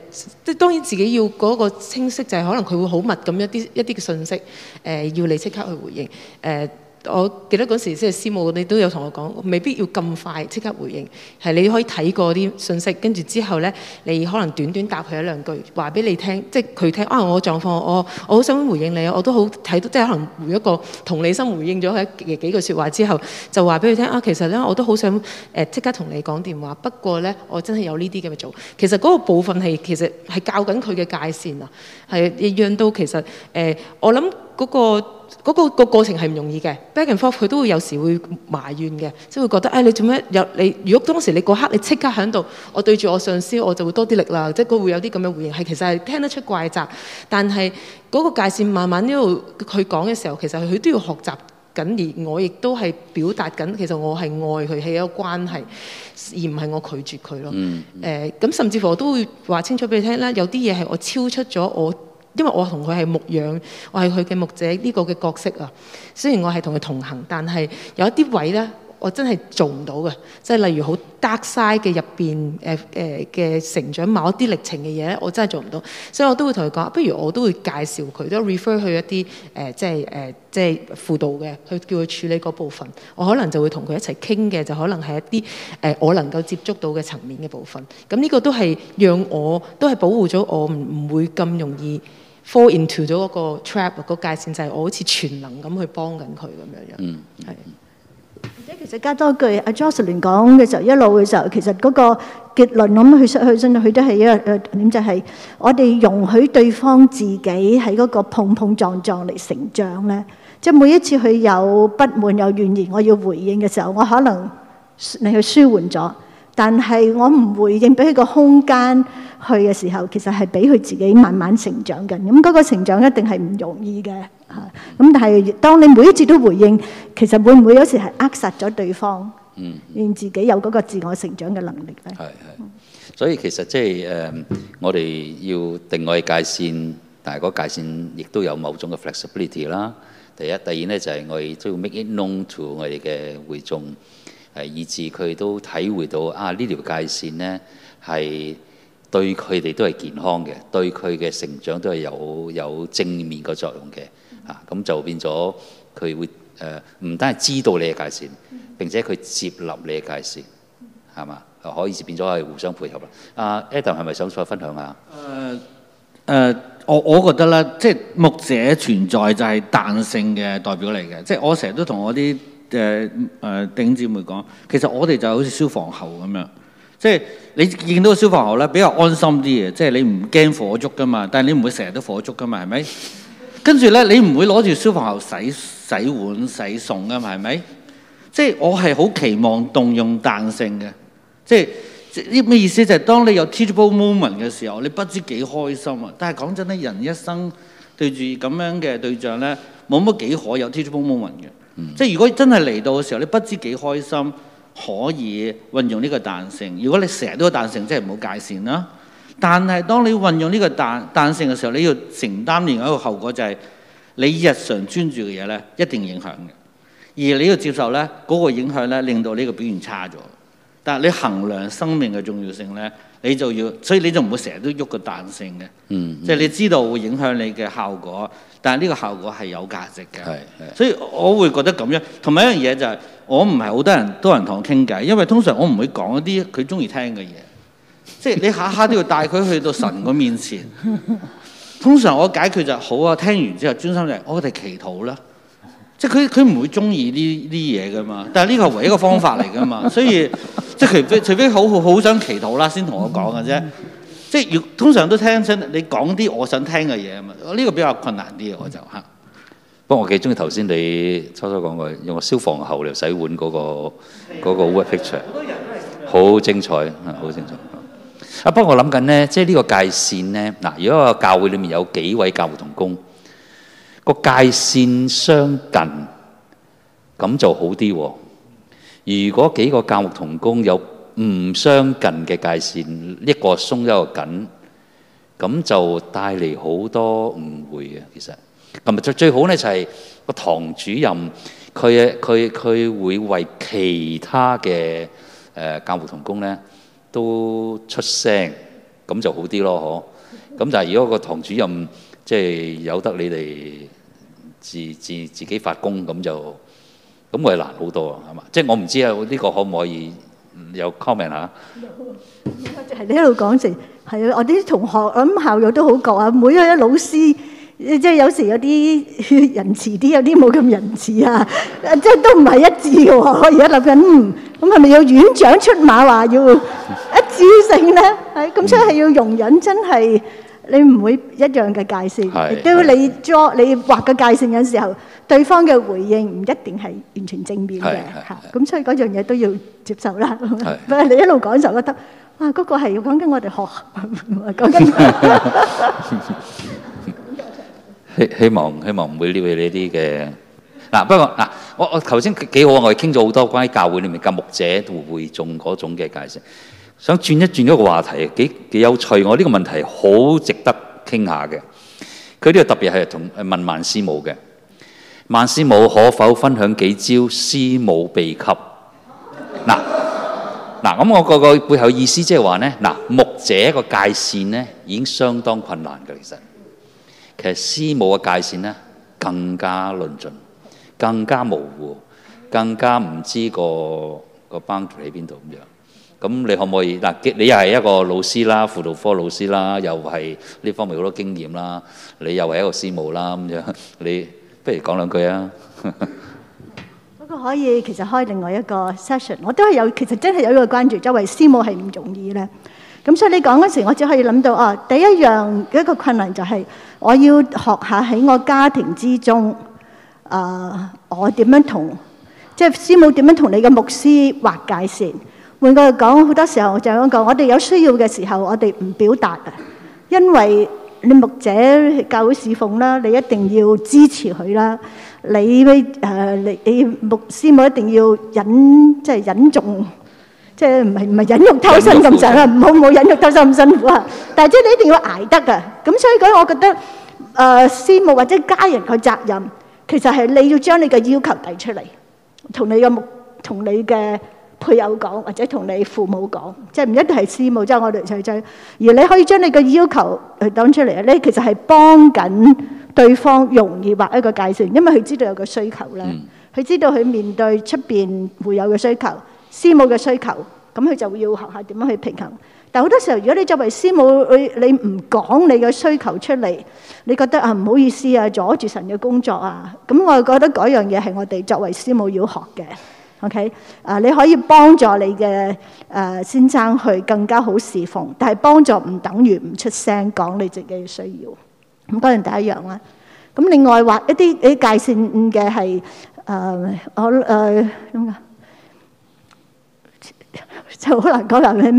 當然自己要嗰個清晰，就係可能佢會好密咁一啲一啲嘅信息，呃、要你即刻去回應，呃我記得嗰時即係師母，你都有同我講，未必要咁快即刻回應，係你可以睇過啲信息，跟住之後咧，你可能短短答佢一兩句，話俾你聽，即係佢聽啊，我狀況我我好想回應你，我都好睇到，即係可能回一個同理心回應咗佢幾句説話之後，就話俾佢聽啊，其實咧我都好想誒即刻同你講電話，不過咧我真係有呢啲咁嘅做，其實嗰個部分係其實係教緊佢嘅界線啊，係讓到其實誒我諗。嗰、那個嗰、那個那個過程係唔容易嘅 Back and forth，佢都會有時會埋怨嘅，即係會覺得誒、哎、你做咩有你？如果當時你嗰刻你即刻喺度，我對住我上司，我就會多啲力啦。即係佢會有啲咁嘅回應，係其實係聽得出怪責。但係嗰個界線慢慢一路佢講嘅時候，其實佢都要學習緊，而我亦都係表達緊。其實我係愛佢，係有關係，而唔係我拒絕佢咯。誒咁、mm hmm. 呃、甚至乎我都會話清楚俾你聽啦。有啲嘢係我超出咗我。因為我同佢係牧養，我係佢嘅牧者呢、這個嘅角色啊。雖然我係同佢同行，但係有一啲位置呢。我真係做唔到嘅，即係例如好 dark side 嘅入邊，誒誒嘅成長某一啲歷程嘅嘢我真係做唔到，所以我都會同佢講，不如我都會介紹佢，都 refer 去一啲誒、呃，即係誒、呃，即係輔導嘅，去叫佢處理嗰部分。我可能就會同佢一齊傾嘅，就可能係一啲誒、呃、我能夠接觸到嘅層面嘅部分。咁呢個都係讓我都係保護咗我唔唔會咁容易 fall into 咗嗰個 trap 嗰個界線，就係、是、我好似全能咁去幫緊佢咁樣樣、嗯。嗯，其實加多句阿 Jocelyn 講嘅時候一路嘅時候，其實嗰個結論咁去出去，真係佢都係一個誒點就係，我哋容許對方自己喺嗰個碰碰撞撞嚟成長咧。即係每一次佢有不滿有怨言，我要回應嘅時候，我可能你去舒緩咗，但係我唔回應俾佢個空間去嘅時候，其實係俾佢自己慢慢成長緊。咁嗰個成長一定係唔容易嘅。咁， 但係當你每一次都回應，其實會唔會有時係扼殺咗對方？嗯，令自己有嗰個自我成長嘅能力咧。係係。所以其實即係誒，uh, 我哋要定位界線，但係嗰界線亦都有某種嘅 flexibility 啦。第一、第二咧就係我哋都要 make it known to 我哋嘅會眾，誒，以至佢都體會到啊，呢條界線咧係對佢哋都係健康嘅，對佢嘅成長都係有有正面嘅作用嘅。啊，咁就變咗佢會誒，唔、呃、單係知道你嘅界線，並且佢接納你嘅界線，係嘛？可以變咗係互相配合啦。阿、啊、Adam 係咪想再分享下？誒誒、呃呃，我我覺得咧，即係牧者存在就係彈性嘅代表嚟嘅。即、就、係、是、我成日都同我啲誒誒頂姐妹講，其實我哋就好似消防喉咁樣。即、就、係、是、你見到消防喉咧，比較安心啲嘅，即、就、係、是、你唔驚火燭噶嘛，但係你唔會成日都火燭噶嘛，係咪？跟住咧，你唔會攞住消防喉洗洗碗洗餸噶嘛？係咪？即、就、係、是、我係好期望動用彈性嘅。即係呢咩意思？就係當你有 teachable moment 嘅時候，你不知幾開心啊！但係講真咧，人一生對住咁樣嘅對象咧，冇乜幾可有 teachable moment 嘅。嗯、即係如果真係嚟到嘅時候，你不知幾開心，可以運用呢個彈性。如果你成日都有彈性，即係唔好界線啦。但係，當你運用呢個彈彈性嘅時候，你要承擔另外一個後果，就係你日常專注嘅嘢呢，一定影響嘅。而你要接受呢嗰、嗰個影響呢，令到呢個表現差咗。但係你衡量生命嘅重要性呢，你就要，所以你就唔會成日都喐個彈性嘅。即係、嗯嗯、你知道會影響你嘅效果，但係呢個效果係有價值嘅。係係所以，我會覺得咁樣。同埋一樣嘢就係、係，我唔係好多人都人同我傾偈，因為通常我唔會講一啲佢中意聽嘅嘢。即係你下下都要帶佢去到神嘅面前。通常我解決就好啊，聽完之後專心嚟，我哋祈禱啦。即係佢佢唔會中意呢啲嘢噶嘛，但係呢個係唯一一個方法嚟噶嘛，所以即係除非除非好好好想祈禱啦，先同我講嘅啫。即係通常都聽親你講啲我想聽嘅嘢啊嘛，呢個比較困難啲啊，我就嚇。不過我幾中意頭先你初初講過用個消防喉嚟洗碗嗰個嗰個 picture，好精彩，好精彩。啊，不過我諗緊呢，即係呢個界線呢，嗱，如果個教會裏面有幾位教牧同工，個界線相近，咁就好啲。如果幾個教牧同工有唔相近嘅界線，一個鬆一個緊，咁就帶嚟好多誤會嘅。其實，同埋最最好呢、就是，就係個堂主任，佢佢佢會為其他嘅誒教牧同工呢，都出聲，咁就好啲咯，嗬！咁但係如果個堂主任即係有得你哋自自自己發工咁就咁，我係難好多啊，係嘛？即係我唔知啊，呢個可唔可以有 comment 啊？就係你喺度講成係啊！我啲同學，我諗校友都好覺啊，每一位老師即係有時有啲仁慈啲，有啲冇咁仁慈啊，即係都唔係一致嘅喎。而家諗緊，咁係咪有院長出馬話要？界線咧，係咁，所以係要容忍。真係你唔會一樣嘅界線，都要你作你畫嘅界線有時候，對方嘅回應唔一定係完全正面嘅嚇。咁所以嗰樣嘢都要接受啦。唔係你一路講就覺得哇，嗰個係要講緊我哋學講緊。希希望希望唔會撩起呢啲嘅嗱，不過嗱，我我頭先幾好，我哋傾咗好多關於教會裡面嘅牧者同會眾嗰種嘅界線。想轉一轉一個話題，幾幾有趣。我、這、呢個問題好值得傾下嘅。佢呢度特別係同問萬師母嘅，萬師母可否分享幾招師母秘笈？嗱嗱、 啊，咁、啊、我個個背後意思即係話呢，嗱、啊、牧者個界線呢已經相當困難嘅，其實其實師母嘅界線呢更加論盡，更加模糊，更加唔知個個幫喺邊度咁樣。咁你可唔可以嗱？你又係一個老師啦，輔導科老師啦，又係呢方面好多經驗啦。你又係一個師母啦，咁樣你不如講兩句啊？嗰個可以其實開另外一個 session。我都係有，其實真係有一個關注，周圍師母係唔容易咧。咁所以你講嗰時，我只可以諗到哦。第一樣嘅一個困難就係我要學下喺我家庭之中，誒，我點樣同即係師母點樣同你嘅牧師劃界線。換句嚟講，好多時候就係咁講，我哋有需要嘅時候，我哋唔表達啊，因為你牧者教會侍奉啦，你一定要支持佢啦。你呢誒，你你牧師母一定要忍即係忍重，即係唔係唔係忍辱偷生咁樣啊？唔好唔好忍辱偷生咁辛苦啊！但係即係你一定要捱得噶。咁所以講，我覺得誒，師母或者家人嘅責任，其實係你要將你嘅要求提出嚟，同你嘅牧，同你嘅。佢有講，或者同你父母講，即係唔一定係師母。即係我哋就就，而你可以將你嘅要求去掟出嚟咧。其實係幫緊對方容易畫一個界線，因為佢知道有個需求啦。佢知道佢面對出邊會有嘅需求，師母嘅需求，咁佢就會要學下點樣去平衡。但係好多時候，如果你作為師母，你你唔講你嘅需求出嚟，你覺得啊唔好意思啊，阻住神嘅工作啊。咁我覺得嗰樣嘢係我哋作為師母要學嘅。OK，啊、uh,，你可以幫助你嘅誒、uh, 先生去更加好侍奉，但係幫助唔等於唔出聲講你自己嘅需要。咁當然第一樣啦。咁另外話一啲啲界線嘅係誒我誒點、呃、講， 就好難講啦。咩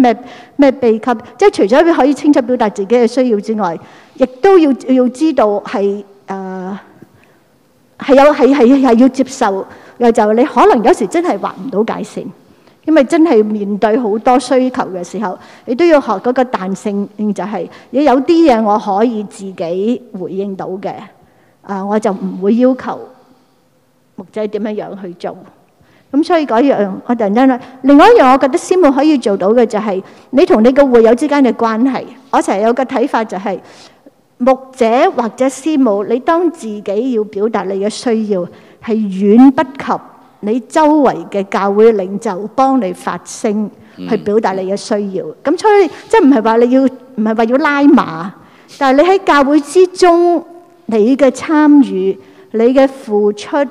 咩秘笈，即、就、係、是、除咗可以清楚表達自己嘅需要之外，亦都要要知道係誒係有係係係要接受。又就你可能有時真係劃唔到界線，因為真係面對好多需求嘅時候，你都要學嗰個彈性，就係你有啲嘢我可以自己回應到嘅，啊，我就唔會要求牧者點樣樣去做。咁所以嗰樣我突然間咧，另外一樣我覺得師母可以做到嘅就係你同你個會友之間嘅關係。我成日有個睇法就係牧者或者師母，你當自己要表達你嘅需要。係遠不及你周圍嘅教會領袖幫你發聲，嗯、去表達你嘅需要。咁所以即係唔係話你要唔係為要拉馬，但係你喺教會之中，你嘅參與、你嘅付出、啊、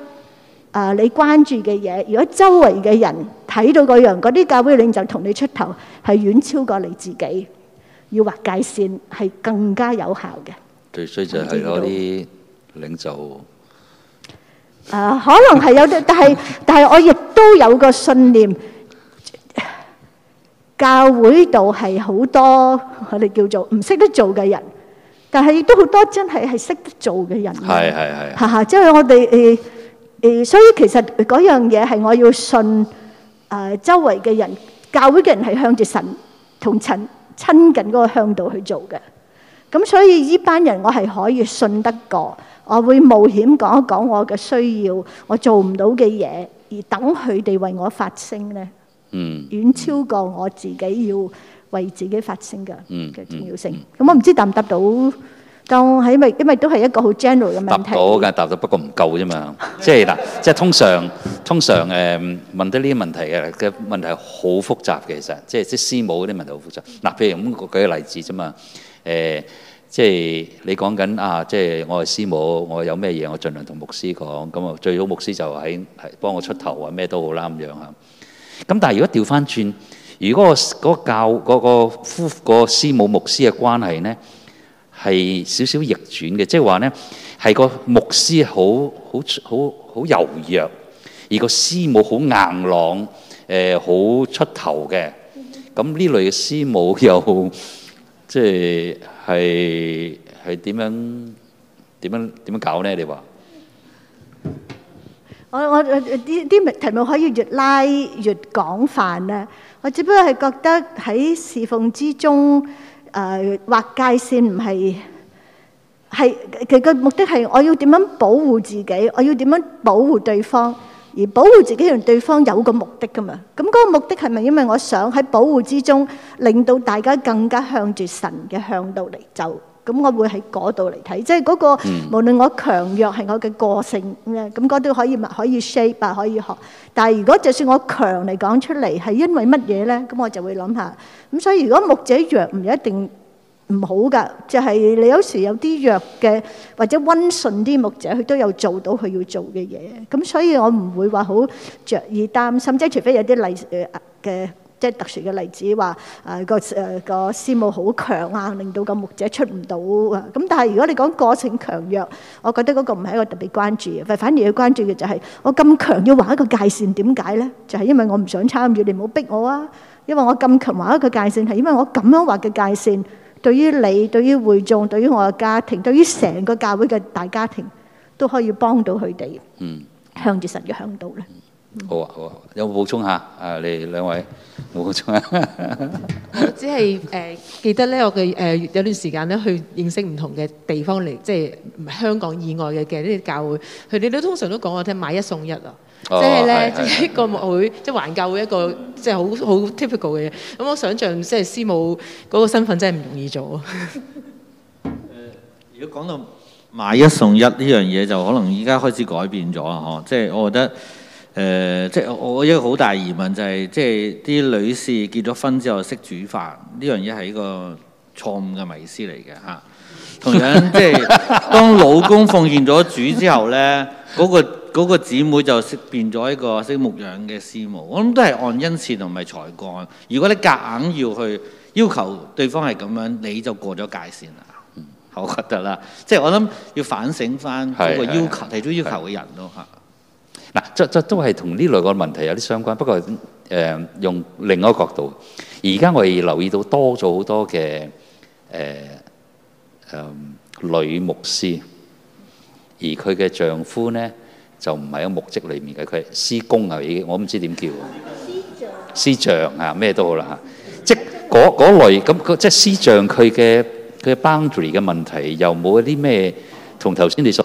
呃、你關注嘅嘢，如果周圍嘅人睇到嗰樣，嗰啲教會領袖同你出頭，係遠超過你自己要劃界線，係更加有效嘅。最衰就係嗰啲領袖。誒可能係有啲，但係但係我亦都有個信念，教會度係好多我哋叫做唔識得做嘅人，但係亦都好多真係係識得做嘅人。係係係。嚇嚇，即係我哋誒誒，所以其實嗰樣嘢係我要信誒，周圍嘅人，教會嘅人係向住神同神親近嗰個向度去做嘅。咁所以呢班人我係可以信得過。我會冒險講一講我嘅需要，我做唔到嘅嘢，而等佢哋為我發聲咧，嗯，遠超過我自己要為自己發聲嘅，嗯嘅重要性。咁我唔知答唔答到，當係因為因為都係一個好 general 嘅問題。答到㗎，答到不過唔夠啫嘛。即係嗱，即係通常通常誒問得呢啲問題嘅嘅問題係好複雜嘅，其實即係即係師母嗰啲問題好複雜。嗱，譬如咁舉個例子啫嘛，誒。即係、就是、你講緊啊！即、就、係、是、我係師母，我有咩嘢我儘量同牧師講。咁啊，最好牧師就喺係幫我出頭啊，咩都好啦咁樣啊。咁但係如果調翻轉，如果嗰個教嗰、嗰個夫、嗰個師母牧師嘅關係呢，係少少逆轉嘅，即係話呢係個牧師好好好好柔弱，而個師母好硬朗，誒、呃、好出頭嘅。咁呢類嘅師母又即係。係係點樣點樣點樣搞呢？你話我我啲啲題目可以越拉越廣泛咧。我只不過係覺得喺侍奉之中，誒劃界線唔係係佢個目的係，我要點樣保護自己？我要點樣保護對方？而保護自己同對方有個目的噶嘛？咁嗰個目的係咪因為我想喺保護之中，令到大家更加向住神嘅向度嚟走？咁我會喺嗰度嚟睇，即係嗰個無論我強弱係我嘅個性咩，咁嗰度可以咪可以 shape 啊，可以學。但係如果就算我強嚟講出嚟係因為乜嘢咧，咁我就會諗下。咁所以如果牧者弱唔一定。唔好㗎，就係你有時有啲弱嘅或者溫順啲牧者，佢都有做到佢要做嘅嘢。咁所以我唔會話好著意擔心，即係除非有啲例嘅即係特殊嘅例子，話啊個啊個師母好強啊，令到個牧者出唔到啊。咁但係如果你講個性強弱，我覺得嗰個唔係一個特別關注嘅，反反而要關注嘅就係我咁強要畫一個界線，點解咧？就係因為我唔想參與，你唔好逼我啊。因為我咁強畫一個界線，係因為我咁樣畫嘅界線。對於你、對於會眾、對於我嘅家庭、對於成個教會嘅大家庭，都可以幫到佢哋，向住神嘅向導。好啊好啊，有冇補充下？誒，你兩位冇補充啊、 呃？我只係誒記得咧，我嘅誒有段時間咧，去認識唔同嘅地方嚟，即係香港以外嘅嘅呢啲教會，佢哋都通常都講我聽買一送一啊，即係咧呢個會即係環教會一個即係好好 typical 嘅嘢。咁、嗯、我想象即係師母嗰個身份真係唔容易做啊！誒，如果講到買一送一呢樣嘢，就可能依家開始改變咗啊！嗬、嗯，即係我覺得。誒、呃，即係我一個好大疑問就係，是，即係啲女士結咗婚之後識煮飯，呢樣嘢係一個錯誤嘅迷思嚟嘅嚇。同樣 即係當老公奉獻咗主之後呢，嗰，那個那個姊妹就識變咗一個識牧養嘅師母。我諗都係按恩賜同埋才幹。如果你夾硬要去要求對方係咁樣，你就過咗界線啦。嗯、我好覺得啦。即係我諗要反省翻嗰個要求提出要求嘅人咯嚇。的嗱，即即都係同呢類個問題有啲相關，不過誒，用另一個角度。而家我哋留意到多咗好多嘅誒嗯女牧師，而佢嘅丈夫咧就唔係喺牧職裡面嘅，佢係師公啊，已經我唔知點叫師丈啊，咩都好啦嚇。即嗰嗰類咁，即師丈佢嘅佢嘅 boundary 嘅問題，又冇一啲咩同頭先你所？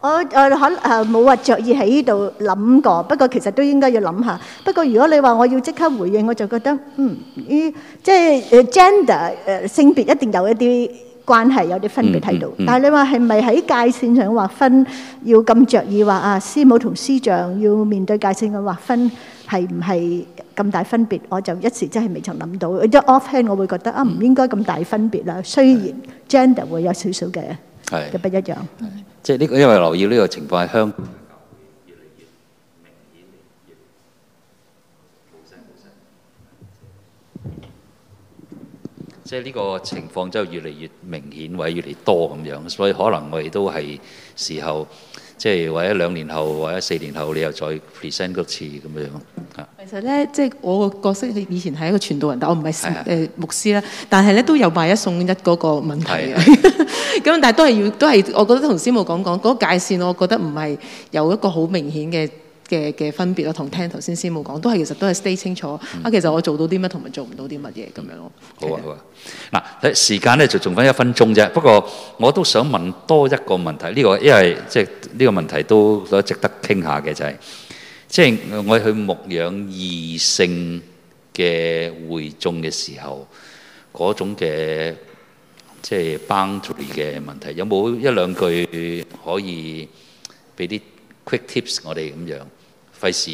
我誒可誒冇話著意喺呢度諗過，不過其實都應該要諗下。不過如果你話我要即刻回應，我就覺得嗯，依即係誒 gender 誒性別一定有一啲關係，有啲分別睇到。但係你話係咪喺界線上劃分要咁著意話啊？師母同師丈要面對界線嘅劃分係唔係？咁大分別，我就一時真係未曾諗到。即係 offhand，我會覺得啊，唔應該咁大分別啦。雖然 gender 會有少少嘅嘅不一樣。即係呢個因為留意呢個情況喺香港，即係呢個情況就越嚟越明顯，或者越嚟越多咁樣，所以可能我哋都係時候。即係或者兩年後或者四年後，你又再 present 嗰次咁樣。其實咧，即係我個角色以前係一個傳道人，但我唔係誒牧師啦。的但係咧都有賣一送一嗰個問題。咁的 但係都係要都係，我覺得同師母講講，嗰界線，我覺得唔係有一個好明顯嘅。嘅嘅分別咯，同聽頭先師母講，都係其實都係 stay 清楚、嗯、啊。其實我做到啲乜，同埋做唔到啲乜嘢咁樣咯。嗯、的好啊，好啊。嗱，時間咧就仲翻一分鐘啫。不過我都想問多一個問題，呢、這個因為即係呢個問題都都值得傾下嘅，就係即係我去牧養異性嘅會眾嘅時候，嗰種嘅即係、就是、boundary 嘅問題，有冇一兩句可以俾啲 quick tips 我哋咁樣？費事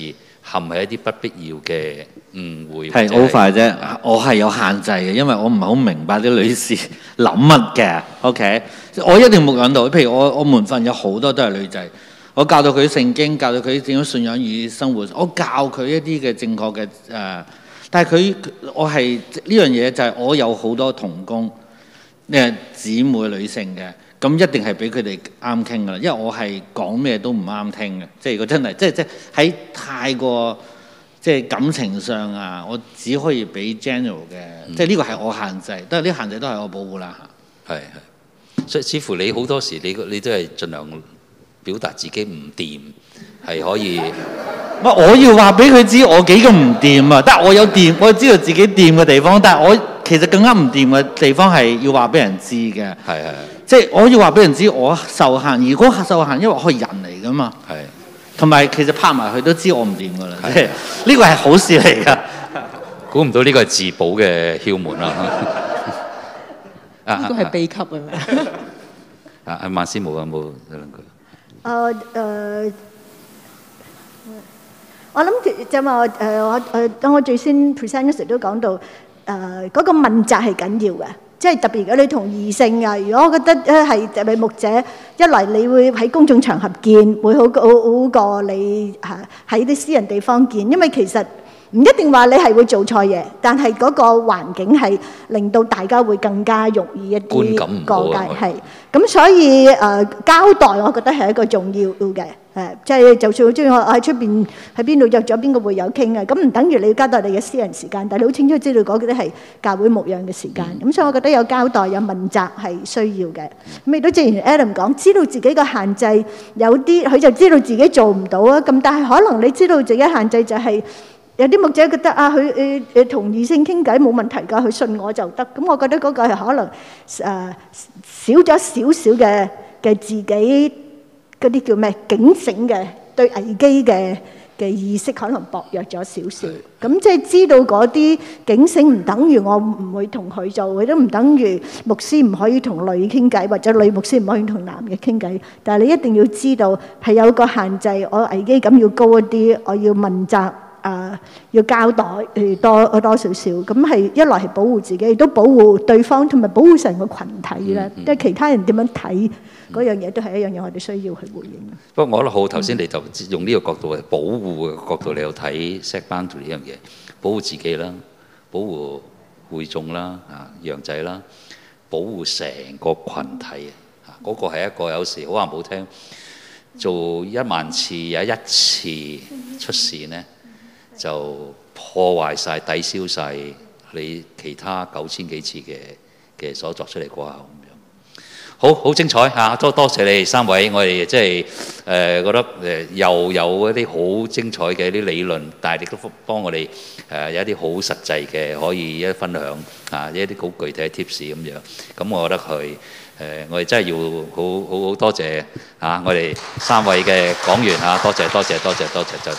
冚係一啲不必要嘅誤會，係好是快啫。我係有限制嘅，因為我唔係好明白啲女士諗乜嘅。OK，我一定冇諗到。譬如我我門訓有好多都係女仔，我教到佢聖經，教到佢點樣信仰與生活，我教佢一啲嘅正確嘅誒。但係佢，我係呢樣嘢就係我有好多同工誒姊妹女性嘅。咁一定係俾佢哋啱傾㗎啦，因為我係講咩都唔啱傾嘅，即係如果真係，即係即係喺太過即係感情上啊，我只可以俾 general 嘅，嗯、即係呢個係我限制，都係呢限制都係我保護啦。吓，係係，所以似乎你好多時你你都係盡量表達自己唔掂，係可以。我 我要話俾佢知我幾咁唔掂啊！得我有掂，我知道自己掂嘅地方，但係我。其實更加唔掂嘅地方係要話俾人知嘅，係係。即係我要話俾人知我受限，如果受限，因為我係人嚟噶嘛。係。同埋其實拍埋佢都知我唔掂㗎啦。呢個係好事嚟㗎。估唔到呢個係自保嘅竅門啦。應該係秘笈㗎嘛。啊啊，萬師母啊，冇有兩句。誒誒，我諗就話誒我誒，當我最先 present 嗰時都講到。誒嗰個問責係緊要嘅，即係特別如果你同異性啊，如果我覺得咧係特別牧者一嚟，你會喺公眾場合見會好好過你吓喺啲私人地方見，因為其實唔一定話你係會做錯嘢，但係嗰個環境係令到大家會更加容易一啲過界係咁，所以誒交代，我覺得係一個重要嘅。誒，即係就算好中意我喺出邊喺邊度，約咗邊個會友傾啊？咁唔等於你要交代你嘅私人時間，但係你好清楚知道嗰啲係教會牧養嘅時間。咁所以我覺得有交代有問責係需要嘅。咁亦都正如 Adam 講，知道自己嘅限制，有啲佢就知道自己做唔到啊。咁但係可能你知道自己限制就係有啲牧者覺得啊，佢誒誒同異性傾偈冇問題㗎，佢信我就得。咁我覺得嗰個係可能誒少咗少少嘅嘅自己。嗰啲叫咩？警醒嘅對危機嘅嘅意識可能薄弱咗少少，咁即係知道嗰啲警醒唔等於我唔會同佢做，亦都唔等於牧師唔可以同女傾偈，或者女牧師唔可以同男嘅傾偈。但係你一定要知道係有個限制，我危機感要高一啲，我要問責，誒、啊、要交代多多少少，咁係一來係保護自己，亦都保護對方同埋保護成個群體咧。嗯嗯、即係其他人點樣睇嗰、嗯、樣嘢，都係一樣嘢，我哋需要去回應。不過我覺得好頭先你就用呢個角度嘅保護嘅角度嚟睇、嗯、set boundary 呢樣嘢，保護自己啦，保護會眾啦，啊，羊仔啦，保護成個群體啊，嗰、嗯、個係一個有時好話唔好聽，做一萬次有一次出事呢。嗯嗯就破壞晒、抵消晒你其他九千幾次嘅嘅所作出嚟過後咁樣，好好精彩嚇！多多謝你三位，我哋即係誒覺得誒、呃、又有一啲好精彩嘅一啲理論，但係你都幫我哋誒、呃、有一啲好實際嘅可以一分享嚇，啊、一啲好具體嘅 tips 咁樣。咁我覺得佢誒、呃、我哋真係要好好好多謝嚇我哋三位嘅講員嚇，多謝多謝多謝多謝，再。多謝多謝多謝多謝